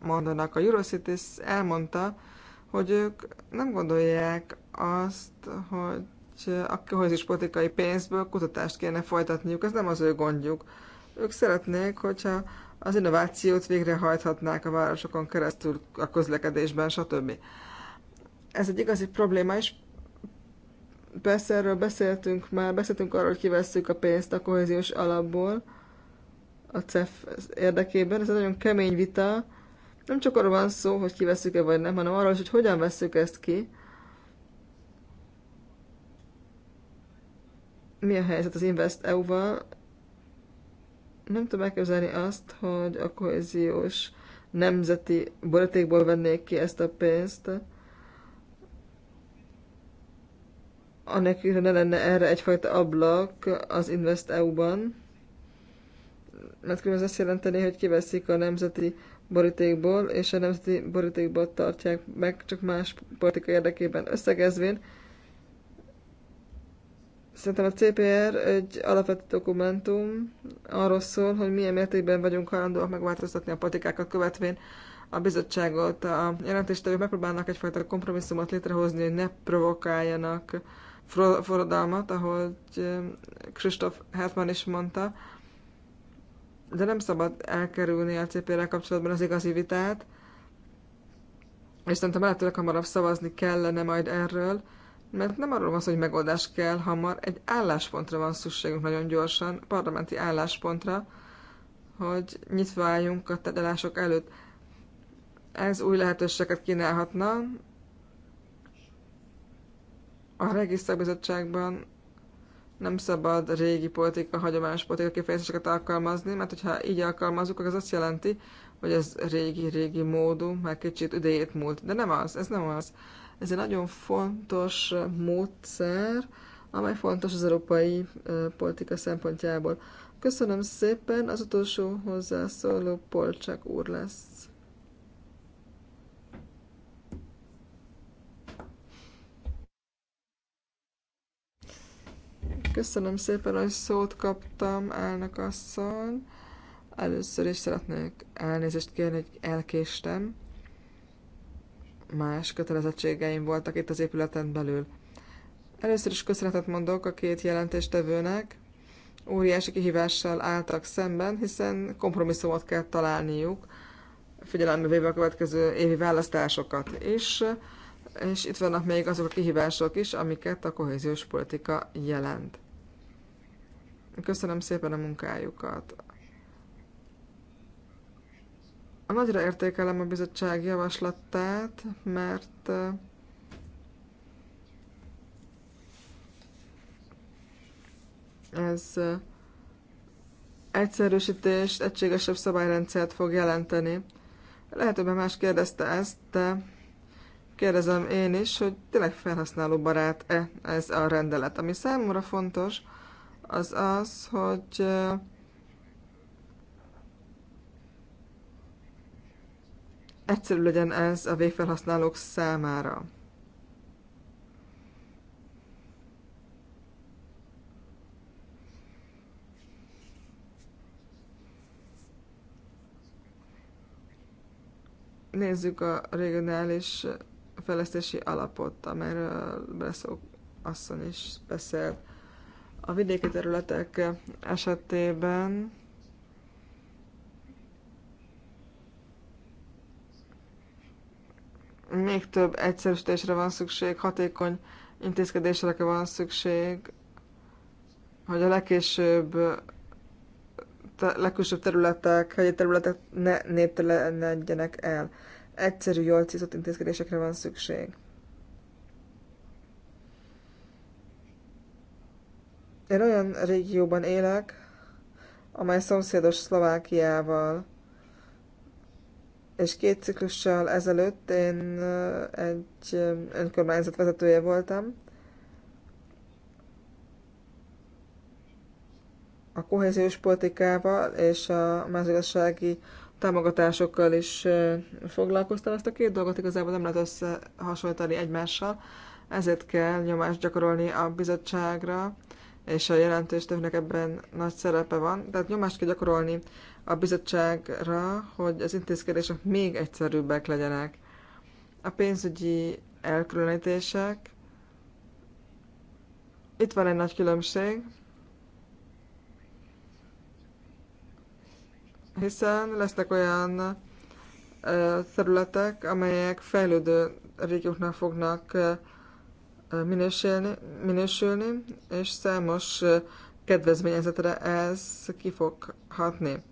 S2: mondanak, a Eurocities elmondta, hogy ők nem gondolják azt, hogy a kohézis politikai pénzből kutatást kéne folytatniuk. Ez nem az ő gondjuk. Ők szeretnék, hogyha az innovációt végrehajthatnák a városokon keresztül, a közlekedésben, stb. Ez egy igazi probléma, és persze erről beszéltünk már, beszéltünk arról, hogy kivesszük a pénzt a kohéziós alapból a CEF érdekében. Ez egy nagyon kemény vita. Nem csak arról van szó, hogy kivesszük-e vagy nem, hanem arról is, hogy hogyan vesszük ezt ki. mi a helyzet az Invest EU-val. Nem tudom elképzelni azt, hogy a kohéziós nemzeti borítékból vennék ki ezt a pénzt, anélkül, hogy ne lenne erre egyfajta ablak az Invest EU-ban. Mert különben ez azt jelenteni, hogy kiveszik a nemzeti borítékból, és a nemzeti borítékból tartják meg, csak más politika érdekében összegezvén. Szerintem a CPR egy alapvető dokumentum arról szól, hogy milyen mértékben vagyunk hajlandóak megváltoztatni a politikákat követvén a bizottságot. A jelentéstevők megpróbálnak egyfajta kompromisszumot létrehozni, hogy ne provokáljanak forradalmat, ahogy eh, Christoph Hetman is mondta, de nem szabad elkerülni a CPR-rel kapcsolatban az igazi vitát, és szerintem lehetőleg hamarabb szavazni kellene majd erről, mert nem arról van szó, hogy megoldás kell hamar, egy álláspontra van szükségünk nagyon gyorsan, parlamenti álláspontra, hogy nyitva álljunk a tedelások előtt. Ez új lehetőséget kínálhatna. A regiszterbizottságban nem szabad régi politika, hagyományos politika kifejezéseket alkalmazni, mert hogyha így alkalmazzuk, akkor az azt jelenti, hogy ez régi-régi módú, már kicsit idejét múlt. De nem az, ez nem az. Ez egy nagyon fontos módszer, amely fontos az európai politika szempontjából. Köszönöm szépen, az utolsó hozzászóló Polcsák úr lesz. Köszönöm szépen, hogy szót kaptam, elnök asszony. Először is szeretnék elnézést kérni, hogy elkéstem más kötelezettségeim voltak itt az épületen belül. Először is köszönetet mondok a két jelentéstevőnek, óriási kihívással álltak szemben, hiszen kompromisszumot kell találniuk, figyelembe véve a következő évi választásokat is, és itt vannak még azok a kihívások is, amiket a kohéziós politika jelent. Köszönöm szépen a munkájukat. Nagyra értékelem a bizottság javaslatát, mert ez egyszerűsítést, egységesebb szabályrendszert fog jelenteni. Lehet, hogy más kérdezte ezt, de kérdezem én is, hogy tényleg felhasználóbarát-e ez a rendelet. Ami számomra fontos, az az, hogy egyszerű legyen ez a végfelhasználók számára. Nézzük a regionális fejlesztési alapot, amelyről beszok asszony is beszélt. A vidéki területek esetében még több egyszerűsítésre van szükség, hatékony intézkedésekre van szükség, hogy a legkésőbb legkülsőbb területek, helyi területek ne néptelenedjenek el. Egyszerű, jól cízott intézkedésekre van szükség. Én olyan régióban élek, amely szomszédos Szlovákiával és két ciklussal ezelőtt én egy önkormányzat vezetője voltam. A kohéziós politikával és a mezőgazdasági támogatásokkal is foglalkoztam. Ezt a két dolgot igazából nem lehet összehasonlítani egymással, ezért kell nyomást gyakorolni a bizottságra, és a jelentéstevőnek ebben nagy szerepe van. Tehát nyomást kell gyakorolni a bizottságra, hogy az intézkedések még egyszerűbbek legyenek. A pénzügyi elkülönítések. Itt van egy nagy különbség, hiszen lesznek olyan területek, amelyek fejlődő régióknak fognak minősülni, minősülni és számos kedvezményezetre ez ki fog hatni.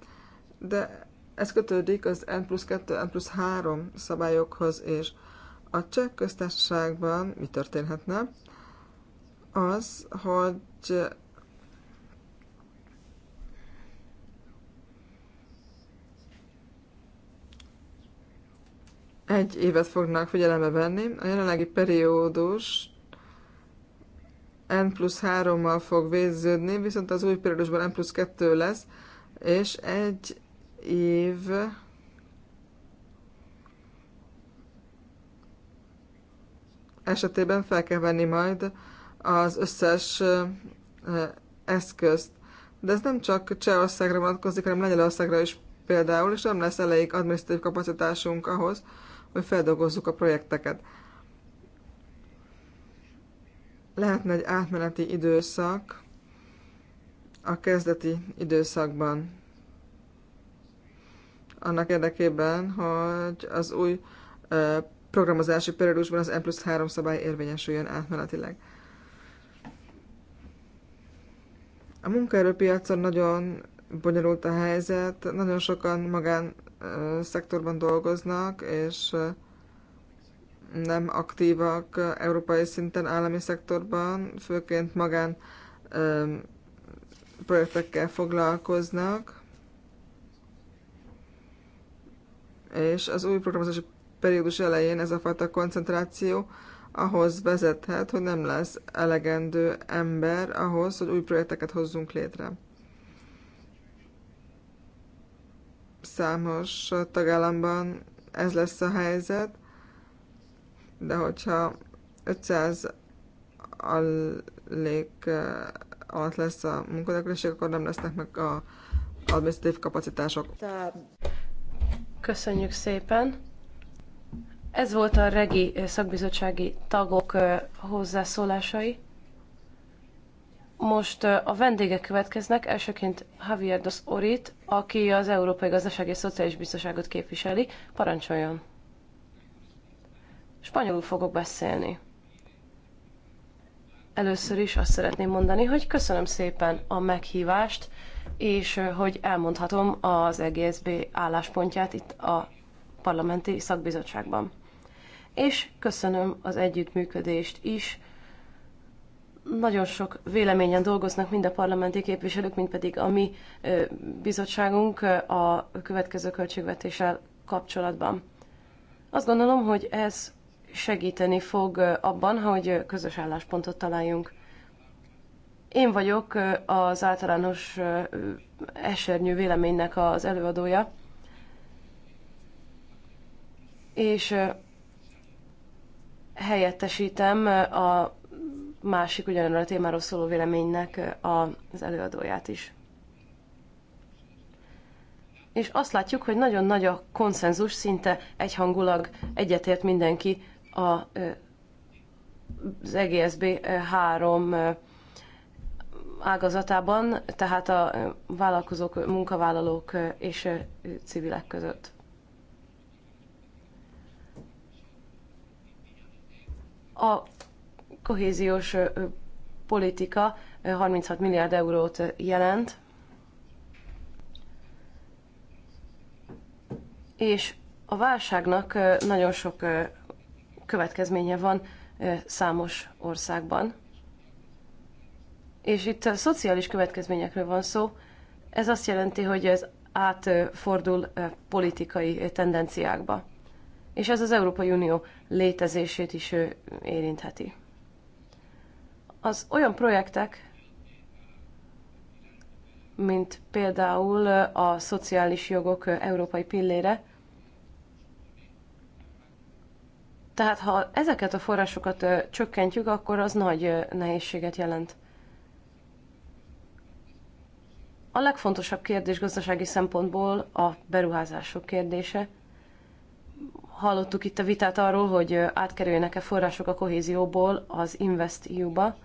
S2: De ez kötődik az N plusz 2, N plusz 3 szabályokhoz, és a cseh köztársaságban mi történhetne? Az, hogy egy évet fognak figyelembe venni. A jelenlegi periódus. N plusz 3-mal fog végződni, viszont az új periódusban N plusz 2 lesz, és egy év esetében fel kell venni majd az összes eszközt. De ez nem csak Csehországra vonatkozik, hanem Lengyelországra is például, és nem lesz elejék adminisztratív kapacitásunk ahhoz, hogy feldolgozzuk a projekteket. Lehetne egy átmeneti időszak a kezdeti időszakban. Annak érdekében, hogy az új ö, programozási periódusban az N plusz 3 szabály érvényesüljön átmenetileg. A munkaerőpiacon nagyon bonyolult a helyzet, nagyon sokan magán szektorban dolgoznak, és nem aktívak európai szinten, állami szektorban, főként magán projektekkel foglalkoznak, és az új programozási periódus elején ez a fajta koncentráció ahhoz vezethet, hogy nem lesz elegendő ember ahhoz, hogy új projekteket hozzunk létre. Számos tagállamban ez lesz a helyzet, de hogyha 500 alék alatt lesz a munkanélküliség, akkor nem lesznek meg a administratív kapacitások. Köszönjük szépen!
S3: Ez volt a regi szakbizottsági tagok hozzászólásai. Most a vendégek következnek, elsőként Javier Dos Orit, aki az Európai Gazdasági és Szociális biztoságot képviseli. Parancsoljon! Spanyolul fogok beszélni. Először is azt szeretném mondani, hogy köszönöm szépen a meghívást, és hogy elmondhatom az EGSB álláspontját itt a parlamenti szakbizottságban. És köszönöm az együttműködést is. Nagyon sok véleményen dolgoznak mind a parlamenti képviselők, mind pedig a mi bizottságunk a következő költségvetéssel kapcsolatban. Azt gondolom, hogy ez segíteni fog abban, hogy közös álláspontot találjunk. Én vagyok az általános esernyő véleménynek az előadója, és helyettesítem a másik ugyanarra a témáról szóló véleménynek az előadóját is. És azt látjuk, hogy nagyon nagy a konszenzus, szinte egyhangulag egyetért mindenki a, az EGSB három ágazatában, tehát a vállalkozók, munkavállalók és civilek között. A kohéziós politika 36 milliárd eurót jelent, és a válságnak nagyon sok következménye van számos országban. És itt a szociális következményekről van szó. Ez azt jelenti, hogy ez átfordul politikai tendenciákba. És ez az Európai Unió létezését is érintheti. Az olyan projektek, mint például a szociális jogok európai pillére, Tehát ha ezeket a forrásokat csökkentjük, akkor az nagy nehézséget jelent. A legfontosabb kérdés gazdasági szempontból a beruházások kérdése. Hallottuk itt a vitát arról, hogy átkerüljenek-e források a kohézióból az InvestEU-ba.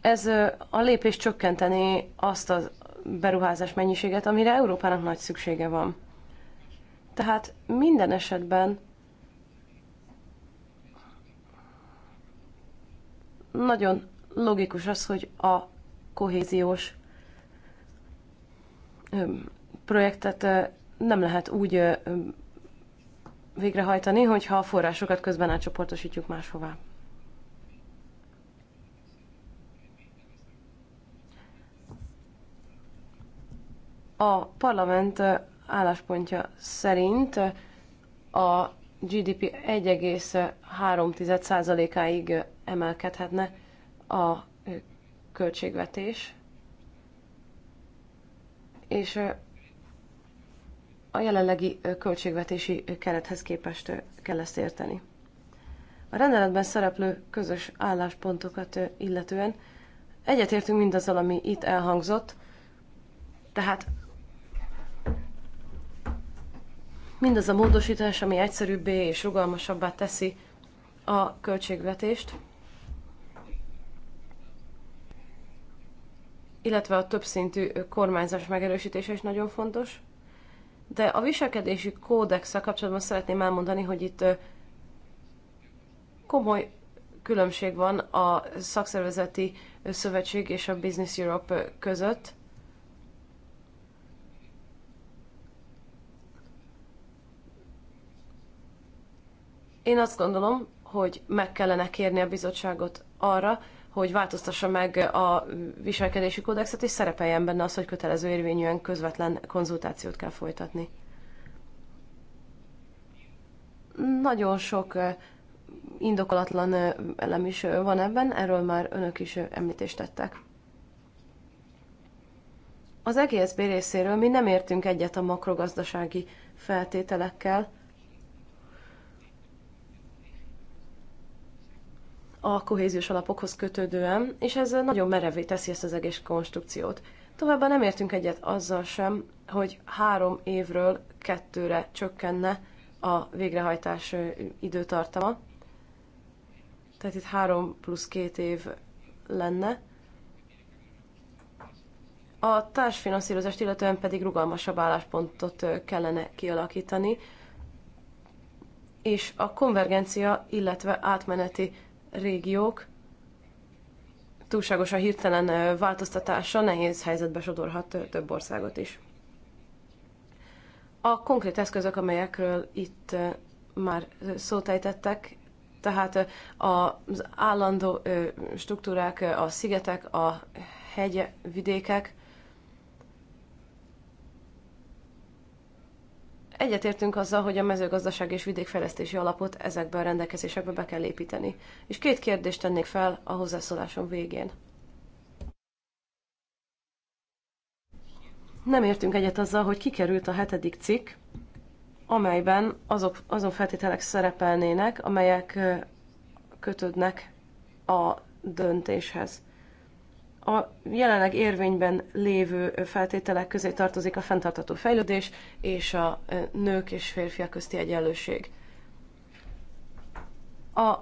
S3: Ez a lépés csökkenteni azt a beruházás mennyiséget, amire Európának nagy szüksége van. Tehát minden esetben nagyon logikus az, hogy a kohéziós projektet nem lehet úgy végrehajtani, hogyha a forrásokat közben átcsoportosítjuk máshová. A parlament álláspontja szerint a GDP 1,3%-áig emelkedhetne a költségvetés, és a jelenlegi költségvetési kerethez képest kell ezt érteni. A rendeletben szereplő közös álláspontokat illetően egyetértünk mindazzal, ami itt elhangzott, tehát mindaz a módosítás, ami egyszerűbbé és rugalmasabbá teszi a költségvetést, illetve a többszintű kormányzás megerősítése is nagyon fontos. De a viselkedési kódexsel kapcsolatban szeretném elmondani, hogy itt komoly különbség van a szakszervezeti szövetség és a Business Europe között. Én azt gondolom, hogy meg kellene kérni a bizottságot arra, hogy változtassa meg a viselkedési kódexet, és szerepeljen benne az, hogy kötelező érvényűen közvetlen konzultációt kell folytatni. Nagyon sok indokolatlan elem is van ebben, erről már önök is említést tettek. Az egész részéről mi nem értünk egyet a makrogazdasági feltételekkel, a kohéziós alapokhoz kötődően, és ez nagyon merevé teszi ezt az egész konstrukciót. Továbbá nem értünk egyet azzal sem, hogy három évről kettőre csökkenne a végrehajtás időtartama. Tehát itt három plusz két év lenne. A társfinanszírozást illetően pedig rugalmasabb álláspontot kellene kialakítani, és a konvergencia, illetve átmeneti régiók túlságos a hirtelen változtatása nehéz helyzetbe sodorhat több országot is. A konkrét eszközök, amelyekről itt már szótejtettek, tehát az állandó struktúrák, a szigetek, a hegyvidékek, Egyetértünk azzal, hogy a mezőgazdaság és vidékfejlesztési alapot ezekben a rendelkezésekbe be kell építeni. És két kérdést tennék fel a hozzászólásom végén. Nem értünk egyet azzal, hogy kikerült a hetedik cikk, amelyben azok, azon feltételek szerepelnének, amelyek kötődnek a döntéshez. A jelenleg érvényben lévő feltételek közé tartozik a fenntartható fejlődés és a nők és férfiak közti egyenlőség. A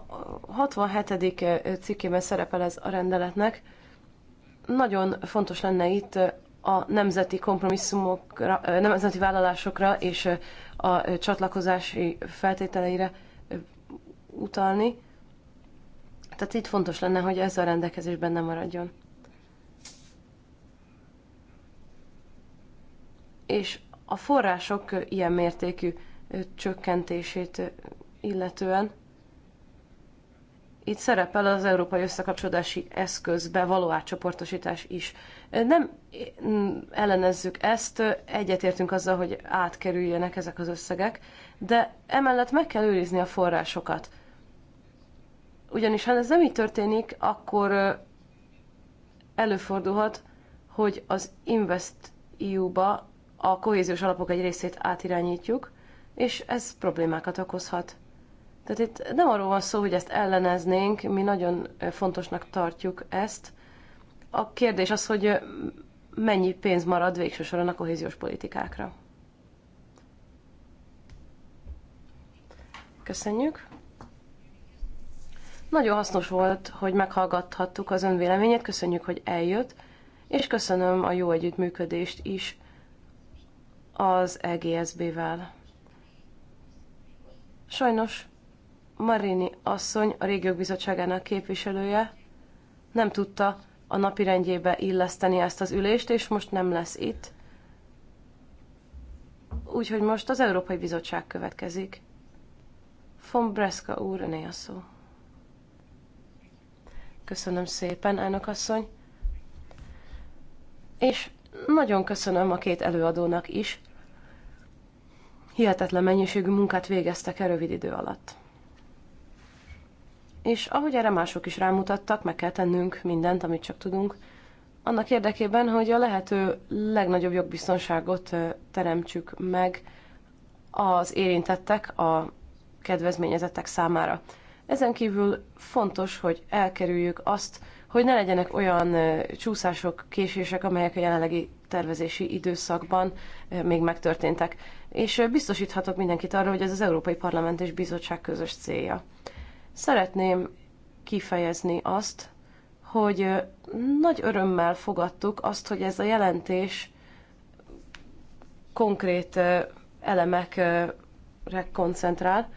S3: 67. cikkében szerepel ez a rendeletnek. Nagyon fontos lenne itt a nemzeti kompromisszumokra, nemzeti vállalásokra és a csatlakozási feltételeire utalni. Tehát itt fontos lenne, hogy ez a rendelkezésben nem maradjon. és a források ilyen mértékű csökkentését illetően itt szerepel az Európai Összekapcsolódási Eszközbe való átcsoportosítás is. Nem ellenezzük ezt, egyetértünk azzal, hogy átkerüljenek ezek az összegek, de emellett meg kell őrizni a forrásokat. Ugyanis ha ez nem így történik, akkor előfordulhat, hogy az investeu ba a kohéziós alapok egy részét átirányítjuk, és ez problémákat okozhat. Tehát itt nem arról van szó, hogy ezt elleneznénk, mi nagyon fontosnak tartjuk ezt. A kérdés az, hogy mennyi pénz marad végső soron a kohéziós politikákra. Köszönjük. Nagyon hasznos volt, hogy meghallgathattuk az ön véleményét, köszönjük, hogy eljött, és köszönöm a jó együttműködést is az EGSB-vel. Sajnos Marini asszony, a régiók bizottságának képviselője, nem tudta a napirendjébe illeszteni ezt az ülést, és most nem lesz itt. Úgyhogy most az Európai Bizottság következik. Von Breska úr, öné a szó. Köszönöm szépen, elnök asszony. És nagyon köszönöm a két előadónak is. Hihetetlen mennyiségű munkát végeztek el rövid idő alatt. És ahogy erre mások is rámutattak, meg kell tennünk mindent, amit csak tudunk, annak érdekében, hogy a lehető legnagyobb jogbiztonságot teremtsük meg az érintettek, a kedvezményezettek számára. Ezen kívül fontos, hogy elkerüljük azt, hogy ne legyenek olyan csúszások, késések, amelyek a jelenlegi tervezési időszakban még megtörténtek. És biztosíthatok mindenkit arra, hogy ez az Európai Parlament és Bizottság közös célja. Szeretném kifejezni azt, hogy nagy örömmel fogadtuk azt, hogy ez a jelentés konkrét elemekre koncentrál,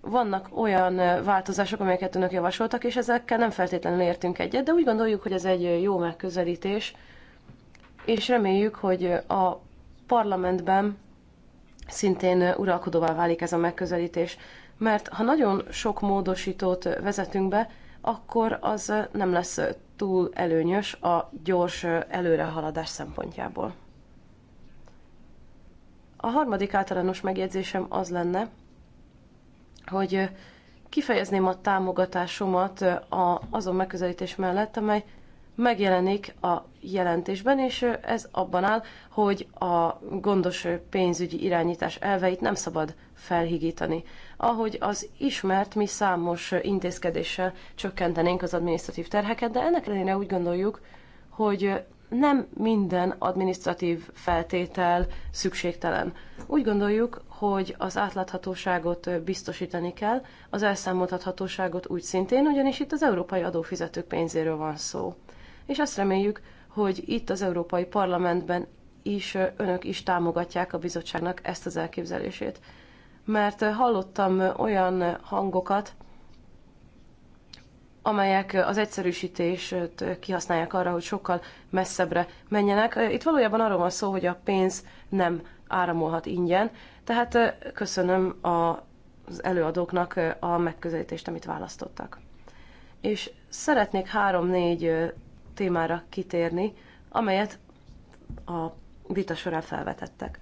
S3: vannak olyan változások, amelyeket önök javasoltak, és ezekkel nem feltétlenül értünk egyet, de úgy gondoljuk, hogy ez egy jó megközelítés, és reméljük, hogy a parlamentben szintén uralkodóvá válik ez a megközelítés. Mert ha nagyon sok módosítót vezetünk be, akkor az nem lesz túl előnyös a gyors előrehaladás szempontjából. A harmadik általános megjegyzésem az lenne, hogy kifejezném a támogatásomat azon megközelítés mellett, amely megjelenik a jelentésben, és ez abban áll, hogy a gondos pénzügyi irányítás elveit nem szabad felhigítani. Ahogy az ismert, mi számos intézkedéssel csökkentenénk az adminisztratív terheket, de ennek ellenére úgy gondoljuk, hogy nem minden adminisztratív feltétel szükségtelen. Úgy gondoljuk, hogy az átláthatóságot biztosítani kell, az elszámoltathatóságot úgy szintén, ugyanis itt az európai adófizetők pénzéről van szó. És azt reméljük, hogy itt az Európai Parlamentben is önök is támogatják a bizottságnak ezt az elképzelését. Mert hallottam olyan hangokat, amelyek az egyszerűsítést kihasználják arra, hogy sokkal messzebbre menjenek. Itt valójában arról van szó, hogy a pénz nem áramolhat ingyen, tehát köszönöm az előadóknak a megközelítést, amit választottak. És szeretnék három-négy témára kitérni, amelyet a vita során felvetettek.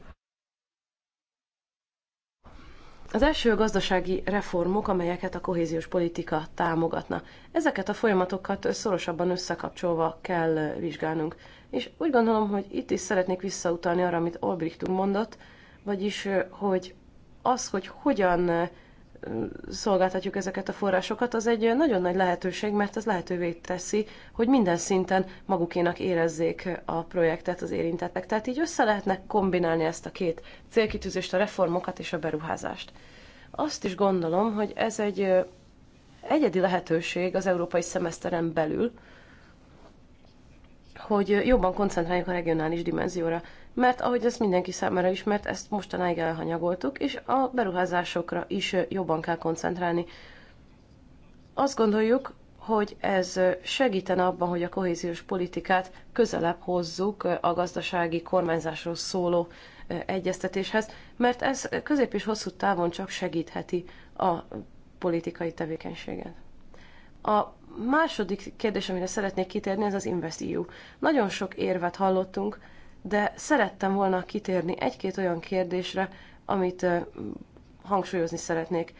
S3: Az első gazdasági reformok, amelyeket a kohéziós politika támogatna. Ezeket a folyamatokat szorosabban összekapcsolva kell vizsgálnunk. És úgy gondolom, hogy itt is szeretnék visszautalni arra, amit Olbricht úr mondott, vagyis hogy az, hogy hogyan szolgáltatjuk ezeket a forrásokat, az egy nagyon nagy lehetőség, mert ez lehetővé teszi, hogy minden szinten magukénak érezzék a projektet az érintettek. Tehát így össze lehetnek kombinálni ezt a két célkitűzést, a reformokat és a beruházást. Azt is gondolom, hogy ez egy egyedi lehetőség az európai szemeszteren belül, hogy jobban koncentráljuk a regionális dimenzióra mert ahogy ez mindenki számára ismert, ezt mostanáig elhanyagoltuk, és a beruházásokra is jobban kell koncentrálni. Azt gondoljuk, hogy ez segítene abban, hogy a kohéziós politikát közelebb hozzuk a gazdasági kormányzásról szóló egyeztetéshez, mert ez közép és hosszú távon csak segítheti a politikai tevékenységet. A második kérdés, amire szeretnék kitérni, ez az InvestEU. Nagyon sok érvet hallottunk, de szerettem volna kitérni egy-két olyan kérdésre, amit hangsúlyozni szeretnék.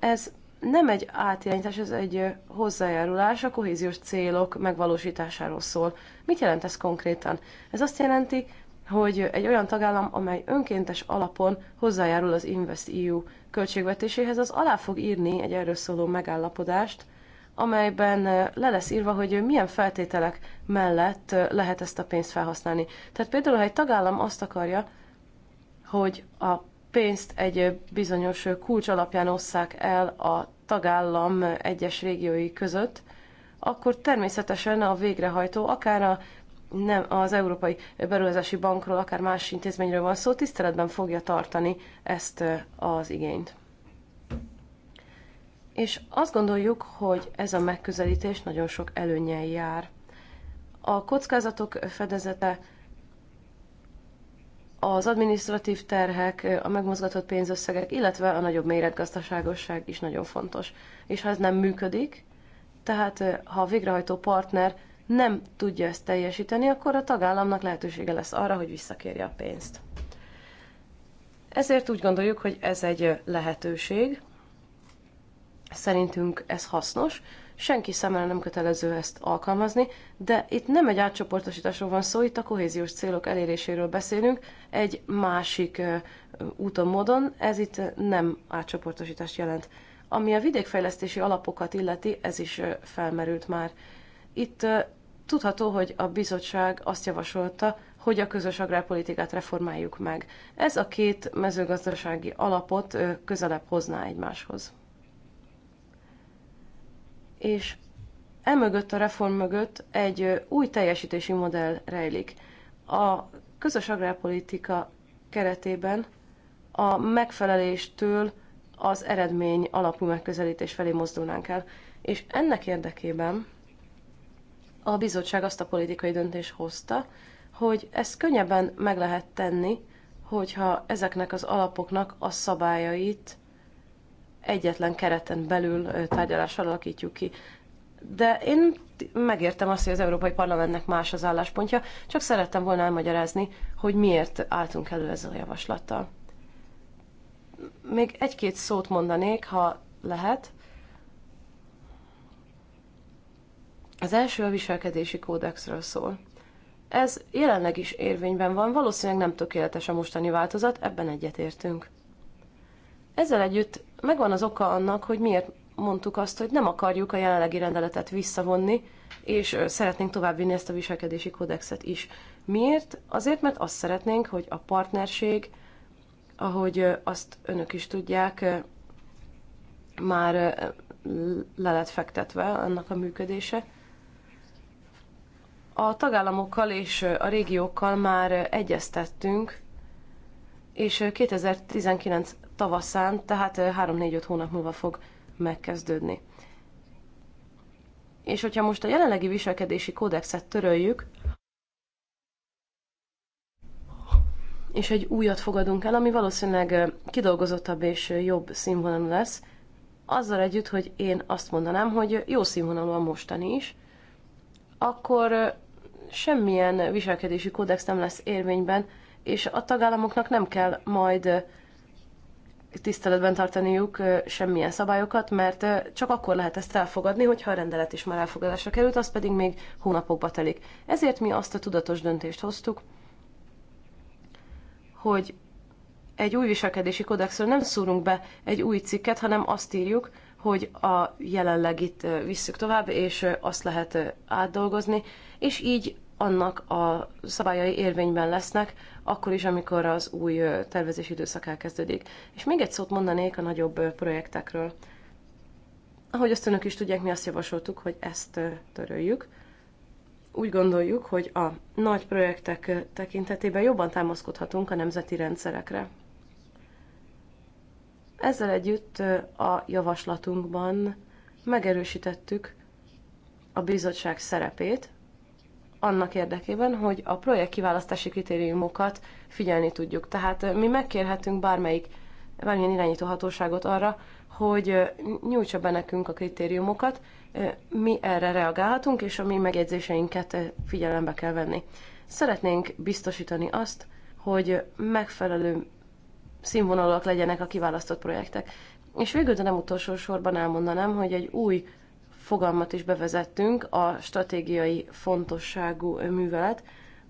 S3: Ez nem egy átirányítás, ez egy hozzájárulás a kohéziós célok megvalósításáról szól. Mit jelent ez konkrétan? Ez azt jelenti, hogy egy olyan tagállam, amely önkéntes alapon hozzájárul az InvestEU költségvetéséhez, az alá fog írni egy erről szóló megállapodást, amelyben le lesz írva, hogy milyen feltételek mellett lehet ezt a pénzt felhasználni. Tehát például, ha egy tagállam azt akarja, hogy a pénzt egy bizonyos kulcs alapján osszák el a tagállam egyes régiói között, akkor természetesen a végrehajtó, akár a, nem, az Európai Beruházási Bankról, akár más intézményről van szó, tiszteletben fogja tartani ezt az igényt és azt gondoljuk, hogy ez a megközelítés nagyon sok előnyel jár. A kockázatok fedezete, az administratív terhek, a megmozgatott pénzösszegek, illetve a nagyobb méretgazdaságosság is nagyon fontos. És ha ez nem működik, tehát eh, ha a végrehajtó partner nem tudja ezt teljesíteni, akkor a tagállamnak lehetősége lesz arra, hogy visszakérje a pénzt. Ezért úgy gondoljuk, hogy ez egy eh, lehetőség, Szerintünk ez hasznos, senki számára nem kötelező ezt alkalmazni, de itt nem egy átcsoportosításról van szó, itt a kohéziós célok eléréséről beszélünk, egy másik úton, módon, ez itt nem átcsoportosítást jelent. Ami a vidékfejlesztési alapokat illeti, ez is felmerült már. Itt tudható, hogy a bizottság azt javasolta, hogy a közös agrárpolitikát reformáljuk meg. Ez a két mezőgazdasági alapot közelebb hozná egymáshoz és emögött a reform mögött egy új teljesítési modell rejlik. A közös agrárpolitika keretében a megfeleléstől az eredmény alapú megközelítés felé mozdulnánk el. És ennek érdekében a bizottság azt a politikai döntést hozta, hogy ezt könnyebben meg lehet tenni, hogyha ezeknek az alapoknak a szabályait egyetlen kereten belül tárgyalással alakítjuk ki. De én megértem azt, hogy az Európai Parlamentnek más az álláspontja, csak szerettem volna elmagyarázni, hogy miért álltunk elő ezzel a javaslattal. Még egy-két szót mondanék, ha lehet. Az első a viselkedési kódexről szól. Ez jelenleg is érvényben van, valószínűleg nem tökéletes a mostani változat, ebben egyetértünk. Ezzel együtt megvan az oka annak, hogy miért mondtuk azt, hogy nem akarjuk a jelenlegi rendeletet visszavonni, és szeretnénk továbbvinni ezt a viselkedési kódexet is. Miért? Azért, mert azt szeretnénk, hogy a partnerség, ahogy azt önök is tudják, már le lett fektetve annak a működése. A tagállamokkal és a régiókkal már egyeztettünk, és 2019 tavaszán, tehát 3-4-5 hónap múlva fog megkezdődni. És hogyha most a jelenlegi viselkedési kódexet töröljük, és egy újat fogadunk el, ami valószínűleg kidolgozottabb és jobb színvonalú lesz, azzal együtt, hogy én azt mondanám, hogy jó színvonalú a mostani is, akkor semmilyen viselkedési kódex nem lesz érvényben, és a tagállamoknak nem kell majd tiszteletben tartaniuk semmilyen szabályokat, mert csak akkor lehet ezt elfogadni, hogyha a rendelet is már elfogadásra került, az pedig még hónapokba telik. Ezért mi azt a tudatos döntést hoztuk, hogy egy új viselkedési kodexről nem szúrunk be egy új cikket, hanem azt írjuk, hogy a jelenlegit visszük tovább, és azt lehet átdolgozni, és így annak a szabályai érvényben lesznek, akkor is, amikor az új tervezési időszak elkezdődik. És még egy szót mondanék a nagyobb projektekről. Ahogy azt önök is tudják, mi azt javasoltuk, hogy ezt töröljük. Úgy gondoljuk, hogy a nagy projektek tekintetében jobban támaszkodhatunk a nemzeti rendszerekre. Ezzel együtt a javaslatunkban megerősítettük a bizottság szerepét, annak érdekében, hogy a projekt kiválasztási kritériumokat figyelni tudjuk. Tehát mi megkérhetünk bármelyik, bármilyen irányító hatóságot arra, hogy nyújtsa be nekünk a kritériumokat, mi erre reagálhatunk, és a mi megjegyzéseinket figyelembe kell venni. Szeretnénk biztosítani azt, hogy megfelelő színvonalak legyenek a kiválasztott projektek. És végül, de nem utolsó sorban elmondanám, hogy egy új fogalmat is bevezettünk, a stratégiai fontosságú művelet,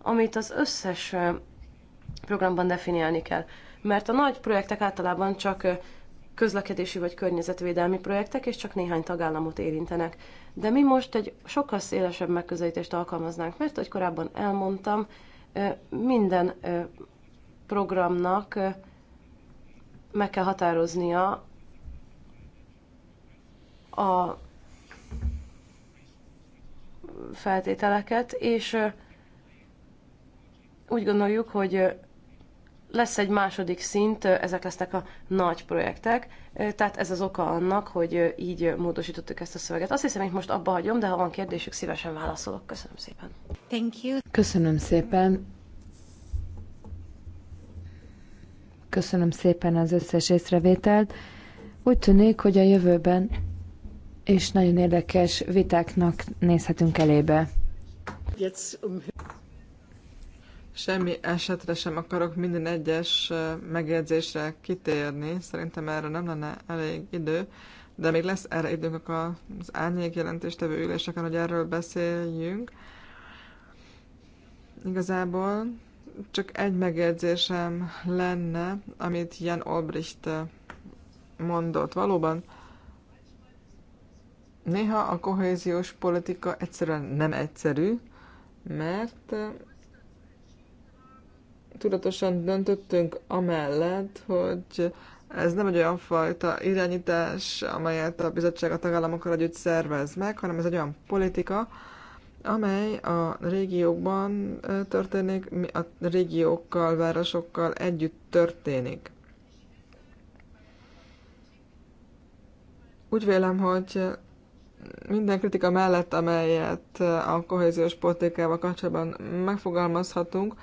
S3: amit az összes programban definiálni kell. Mert a nagy projektek általában csak közlekedési vagy környezetvédelmi projektek, és csak néhány tagállamot érintenek. De mi most egy sokkal szélesebb megközelítést alkalmaznánk, mert ahogy korábban elmondtam, minden programnak meg kell határoznia a feltételeket, és úgy gondoljuk, hogy lesz egy második szint, ezek lesznek a nagy projektek, tehát ez az oka annak, hogy így módosítottuk ezt a szöveget. Azt hiszem, hogy most abba hagyom, de ha van kérdésük, szívesen válaszolok. Köszönöm szépen.
S2: Thank you.
S1: Köszönöm szépen. Köszönöm szépen az összes észrevételt. Úgy tűnik, hogy a jövőben és nagyon érdekes vitáknak nézhetünk elébe.
S2: Um- Semmi esetre sem akarok minden egyes megjegyzésre kitérni, szerintem erre nem lenne elég idő, de még lesz erre időnk az árnyék jelentéstevő üléseken, hogy erről beszéljünk. Igazából csak egy megjegyzésem lenne, amit Jan Olbricht mondott. Valóban Néha a kohéziós politika egyszerűen nem egyszerű, mert eh, tudatosan döntöttünk amellett, hogy ez nem egy olyan fajta irányítás, amelyet a bizottság a tagállamokkal együtt szervez meg, hanem ez egy olyan politika, amely a régiókban eh, történik, a régiókkal, városokkal együtt történik. Úgy vélem, hogy minden kritika mellett, amelyet a kohéziós politikával kapcsolatban megfogalmazhatunk,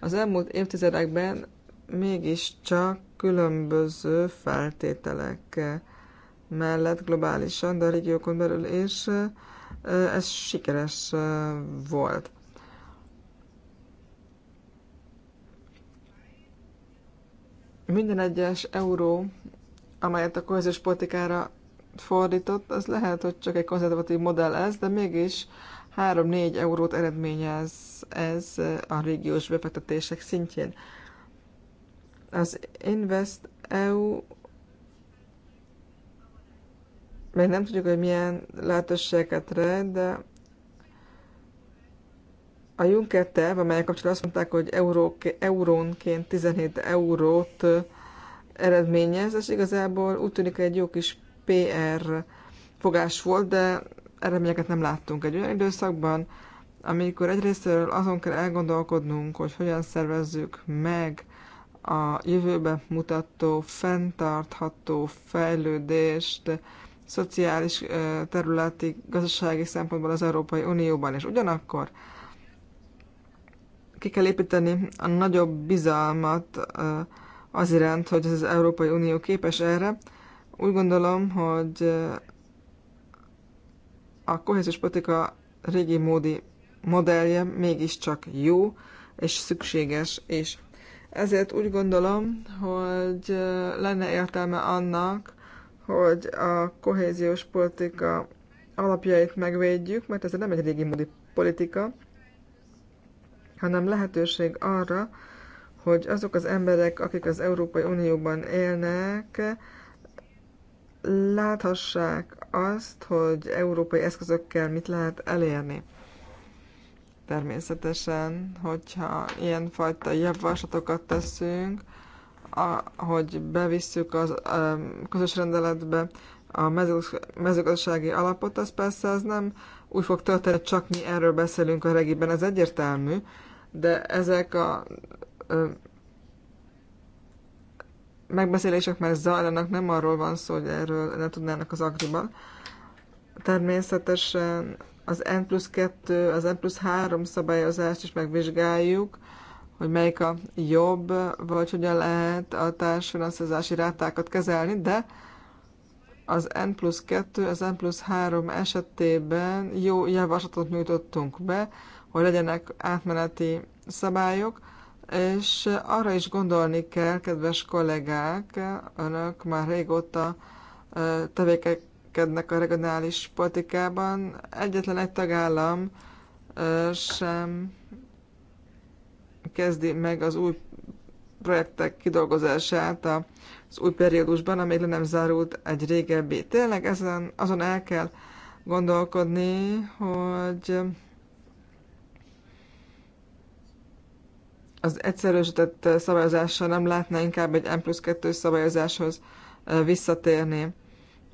S2: az elmúlt évtizedekben mégiscsak különböző feltételek mellett globálisan, de a régiókon belül is ez sikeres volt. Minden egyes euró, amelyet a kohéziós politikára fordított, az lehet, hogy csak egy konzervatív modell ez, de mégis 3-4 eurót eredményez ez a régiós befektetések szintjén. Az Invest EU még nem tudjuk, hogy milyen lehetőségeket rejt, de a Juncker terv, amelyek kapcsolatban azt mondták, hogy euró, eurónként 17 eurót eredményez, és igazából úgy tűnik egy jó kis PR fogás volt, de eredményeket nem láttunk egy olyan időszakban, amikor egyrésztről azon kell elgondolkodnunk, hogy hogyan szervezzük meg a jövőbe mutató, fenntartható fejlődést szociális, területi, gazdasági szempontból az Európai Unióban, és ugyanakkor ki kell építeni a nagyobb bizalmat az iránt, hogy az Európai Unió képes erre, úgy gondolom, hogy eh, a kohéziós politika régi módi modellje mégiscsak jó és szükséges, és ezért úgy gondolom, hogy eh, lenne értelme annak, hogy a kohéziós politika alapjait megvédjük, mert ez nem egy régi módi politika, hanem lehetőség arra, hogy azok az emberek, akik az Európai Unióban élnek, láthassák azt, hogy európai eszközökkel mit lehet elérni. Természetesen, hogyha ilyenfajta javaslatokat teszünk, a, hogy bevisszük az a közös rendeletbe a mezőgazdasági alapot, az persze az nem úgy fog történni, csak mi erről beszélünk a regiben, ez egyértelmű, de ezek a megbeszélések már zajlanak, nem arról van szó, hogy erről ne tudnának az agriba. Természetesen az N plusz 2, az N plusz 3 szabályozást is megvizsgáljuk, hogy melyik a jobb, vagy hogyan lehet a társfinanszírozási rátákat kezelni, de az N plusz 2, az N plusz 3 esetében jó javaslatot nyújtottunk be, hogy legyenek átmeneti szabályok, és arra is gondolni kell, kedves kollégák, önök már régóta tevékenykednek a regionális politikában. Egyetlen egy tagállam sem kezdi meg az új projektek kidolgozását az új periódusban, amíg le nem zárult egy régebbi. Tényleg ezen, azon el kell gondolkodni, hogy az egyszerűsített szabályozással nem lehetne inkább egy M plusz 2 szabályozáshoz visszatérni.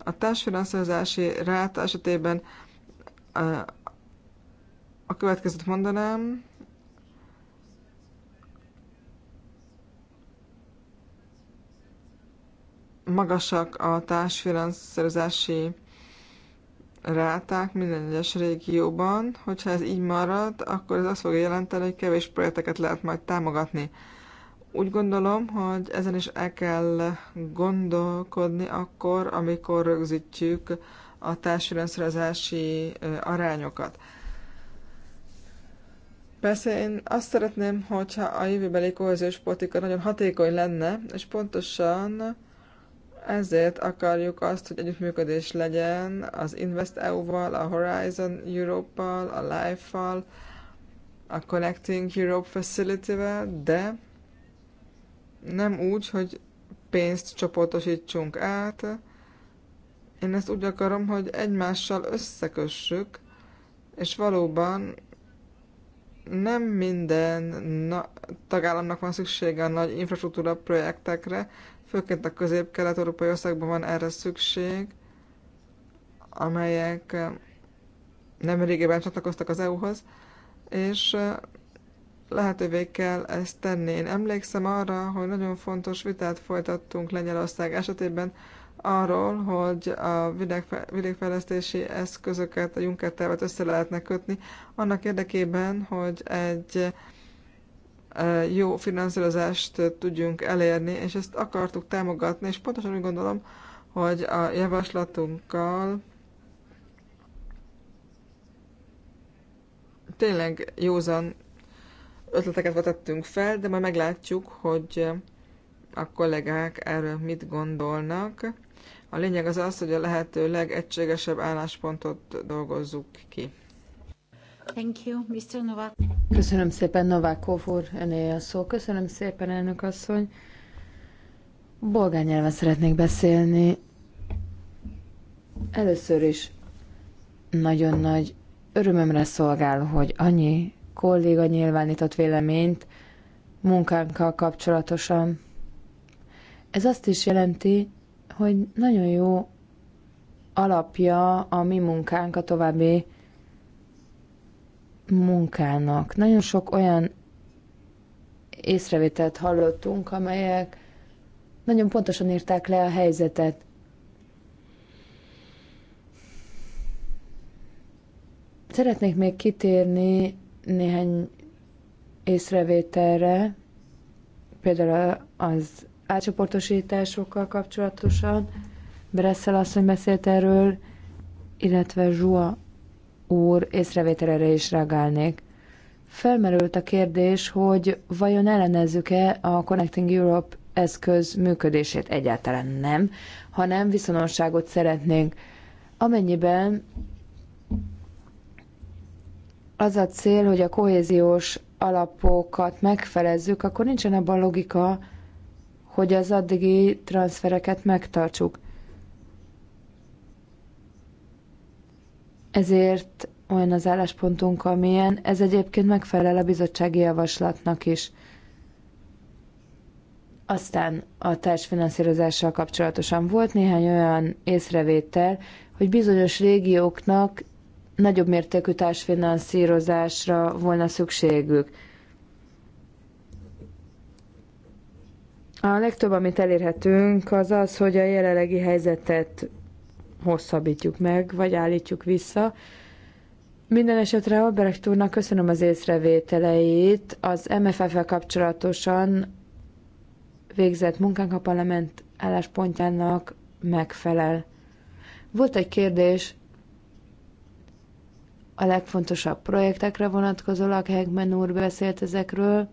S2: A társfinanszírozási ráta esetében a következőt mondanám. Magasak a társfinanszírozási ráták minden egyes régióban. Hogyha ez így marad, akkor ez azt fogja jelenteni, hogy kevés projekteket lehet majd támogatni. Úgy gondolom, hogy ezen is el kell gondolkodni akkor, amikor rögzítjük a társadalmi arányokat. Persze én azt szeretném, hogyha a jövőbeli kohéziós politika nagyon hatékony lenne, és pontosan ezért akarjuk azt, hogy együttműködés legyen az InvestEU-val, a Horizon Europe-val, a LIFE-val, a Connecting Europe Facility-vel, de nem úgy, hogy pénzt csoportosítsunk át. Én ezt úgy akarom, hogy egymással összekössük, és valóban nem minden tagállamnak van szüksége a nagy infrastruktúra projektekre, Főként a közép-kelet-európai országban van erre szükség, amelyek eh, nem régében csatlakoztak az EU-hoz, és eh, lehetővé kell ezt tenni. Én emlékszem arra, hogy nagyon fontos vitát folytattunk Lengyelország esetében arról, hogy a vidékfejlesztési eszközöket, a Juncker tervet össze lehetne kötni, annak érdekében, hogy egy jó finanszírozást tudjunk elérni, és ezt akartuk támogatni, és pontosan úgy gondolom, hogy a javaslatunkkal tényleg józan ötleteket vetettünk fel, de majd meglátjuk, hogy a kollégák erről mit gondolnak. A lényeg az az, hogy a lehető legegységesebb álláspontot dolgozzuk ki. Thank you, Mr. Novak.
S1: Köszönöm szépen, Novákov úr, öné a szó. Köszönöm szépen, elnök asszony. Bolgár nyelven szeretnék beszélni. Először is nagyon nagy örömömre szolgál, hogy annyi kolléga nyilvánított véleményt munkánkkal kapcsolatosan. Ez azt is jelenti, hogy nagyon jó alapja a mi munkánk a további munkának. Nagyon sok olyan észrevételt hallottunk, amelyek nagyon pontosan írták le a helyzetet. Szeretnék még kitérni néhány észrevételre, például az átcsoportosításokkal kapcsolatosan. Bresszel asszony beszélt erről, illetve Zsua úr észrevételére is reagálnék. Felmerült a kérdés, hogy vajon ellenezzük-e a Connecting Europe eszköz működését egyáltalán nem, hanem viszonosságot szeretnénk. Amennyiben az a cél, hogy a kohéziós alapokat megfelezzük, akkor nincsen abban logika, hogy az addigi transfereket megtartsuk. Ezért olyan az álláspontunk, amilyen, ez egyébként megfelel a bizottsági javaslatnak is. Aztán a társfinanszírozással kapcsolatosan volt néhány olyan észrevétel, hogy bizonyos régióknak nagyobb mértékű társfinanszírozásra volna szükségük. A legtöbb, amit elérhetünk, az az, hogy a jelenlegi helyzetet hosszabbítjuk meg, vagy állítjuk vissza. Minden esetre Albrecht úrnak köszönöm az észrevételeit. Az mff kapcsolatosan végzett munkánk a parlament álláspontjának megfelel. Volt egy kérdés a legfontosabb projektekre vonatkozólag, Hegmen úr beszélt ezekről.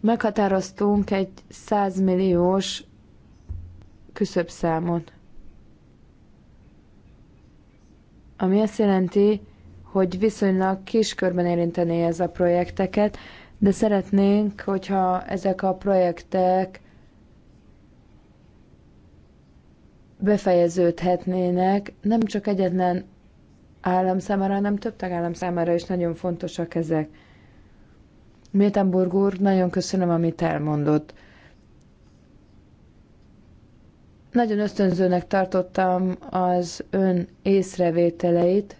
S1: Meghatároztunk egy 100 milliós küszöbszámot. ami azt jelenti, hogy viszonylag kis körben érintené ez a projekteket, de szeretnénk, hogyha ezek a projektek befejeződhetnének, nem csak egyetlen állam számára, hanem több tagállam számára is nagyon fontosak ezek. Métenburg úr, nagyon köszönöm, amit elmondott. Nagyon ösztönzőnek tartottam az ön észrevételeit.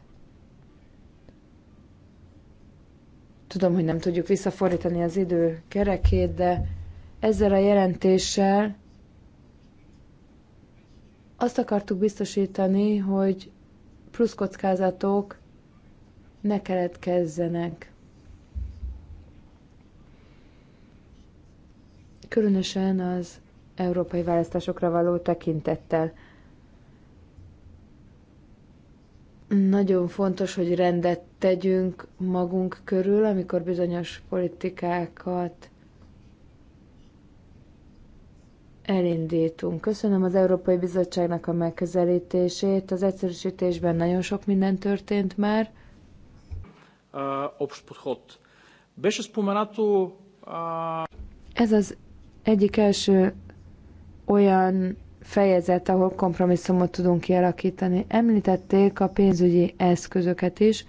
S1: Tudom, hogy nem tudjuk visszafordítani az idő kerekét, de ezzel a jelentéssel azt akartuk biztosítani, hogy plusz kockázatok ne keletkezzenek. Különösen az európai választásokra való tekintettel. Nagyon fontos, hogy rendet tegyünk magunk körül, amikor bizonyos politikákat elindítunk. Köszönöm az Európai Bizottságnak a megközelítését. Az egyszerűsítésben nagyon sok minden történt már. Ez az egyik első olyan fejezet, ahol kompromisszumot tudunk kialakítani. Említették a pénzügyi eszközöket is,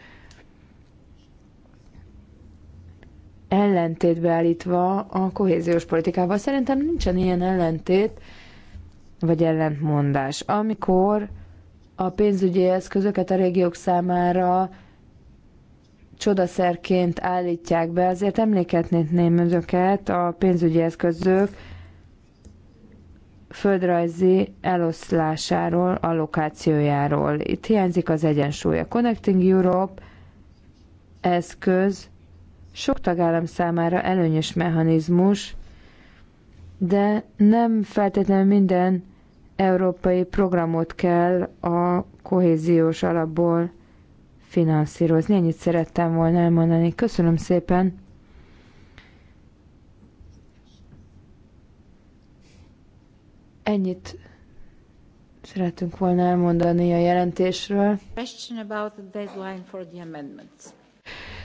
S1: ellentétbe állítva a kohéziós politikával. Szerintem nincsen ilyen ellentét, vagy ellentmondás. Amikor a pénzügyi eszközöket a régiók számára csodaszerként állítják be, azért emlékeznéném önöket a pénzügyi eszközök földrajzi eloszlásáról, allokációjáról. Itt hiányzik az egyensúly. A Connecting Europe eszköz sok tagállam számára előnyös mechanizmus, de nem feltétlenül minden európai programot kell a kohéziós alapból finanszírozni. Ennyit szerettem volna elmondani. Köszönöm szépen! Ennyit szeretünk volna elmondani a jelentésről.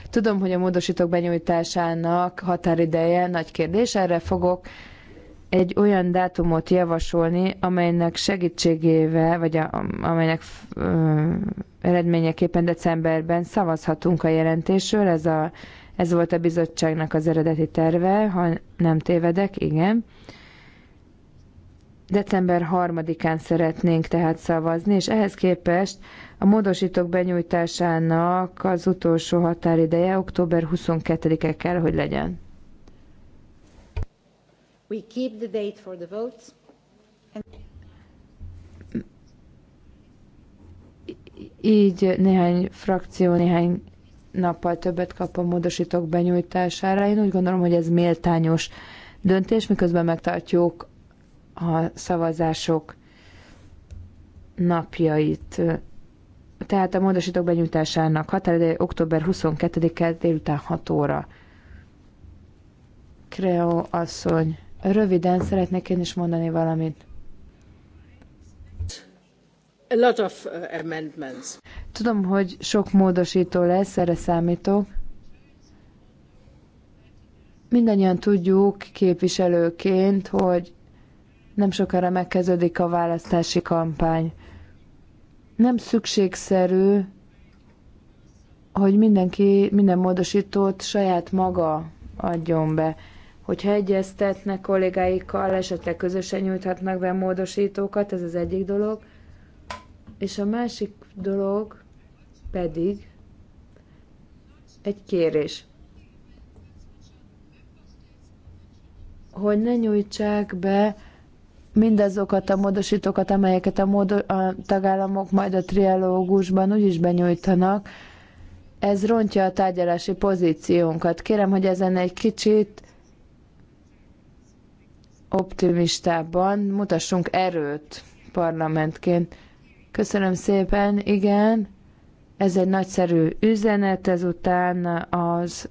S1: Tudom, hogy a módosítók benyújtásának határideje nagy kérdés, erre fogok egy olyan dátumot javasolni, amelynek segítségével, vagy a, amelynek ö, eredményeképpen decemberben szavazhatunk a jelentésről. Ez, a, ez volt a bizottságnak az eredeti terve, ha nem tévedek, igen. December 3-án szeretnénk tehát szavazni, és ehhez képest a módosítók benyújtásának az utolsó határideje október 22-e kell, hogy legyen. We keep the date for the votes. Így néhány frakció, néhány nappal többet kap a módosítók benyújtására. Én úgy gondolom, hogy ez méltányos döntés, miközben megtartjuk a szavazások napjait. Tehát a módosítók benyújtásának határideje október 22-e délután 6 óra. Kreó asszony, röviden szeretnék én is mondani valamit.
S3: A lot of uh,
S2: amendments.
S1: Tudom, hogy sok módosító lesz, erre számítok. Mindannyian tudjuk képviselőként, hogy nem sokára megkezdődik a választási kampány. Nem szükségszerű, hogy mindenki, minden módosítót saját maga adjon be. Hogyha egyeztetnek kollégáikkal, esetleg közösen nyújthatnak be módosítókat, ez az egyik dolog. És a másik dolog pedig egy kérés. Hogy ne nyújtsák be mindazokat a módosítókat, amelyeket a, módo- a tagállamok majd a trialógusban úgyis benyújtanak, ez rontja a tárgyalási pozíciónkat. Kérem, hogy ezen egy kicsit optimistában mutassunk erőt parlamentként. Köszönöm szépen, igen. Ez egy nagyszerű üzenet, ezután az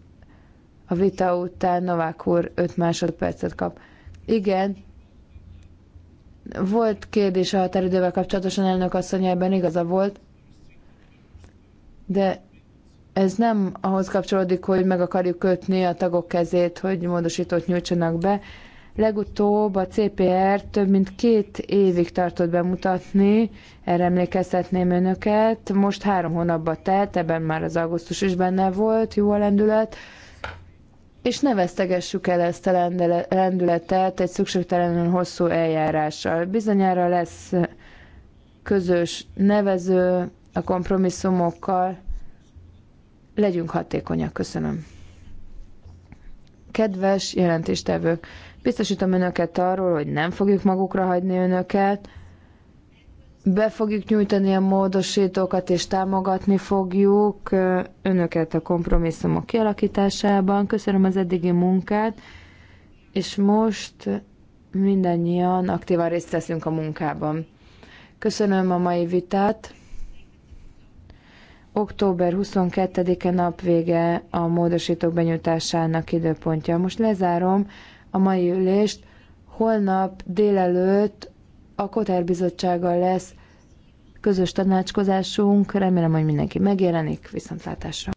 S1: a vita után Novák úr 5 másodpercet kap. Igen, volt kérdés a határidővel kapcsolatosan, elnök asszony ebben igaza volt, de ez nem ahhoz kapcsolódik, hogy meg akarjuk kötni a tagok kezét, hogy módosítót nyújtsanak be. Legutóbb a CPR több mint két évig tartott bemutatni, erre emlékeztetném önöket. Most három hónapba telt, ebben már az augusztus is benne volt, jó a lendület és ne vesztegessük el ezt a lendületet egy szükségtelenül hosszú eljárással. Bizonyára lesz közös nevező a kompromisszumokkal. Legyünk hatékonyak, köszönöm. Kedves jelentéstevők, biztosítom önöket arról, hogy nem fogjuk magukra hagyni önöket, be fogjuk nyújtani a módosítókat, és támogatni fogjuk önöket a kompromisszumok kialakításában. Köszönöm az eddigi munkát, és most mindannyian aktívan részt veszünk a munkában. Köszönöm a mai vitát. Október 22-e nap vége a módosítók benyújtásának időpontja. Most lezárom a mai ülést. Holnap délelőtt a Kotár Bizottsággal lesz közös tanácskozásunk. Remélem, hogy mindenki megjelenik. Viszontlátásra!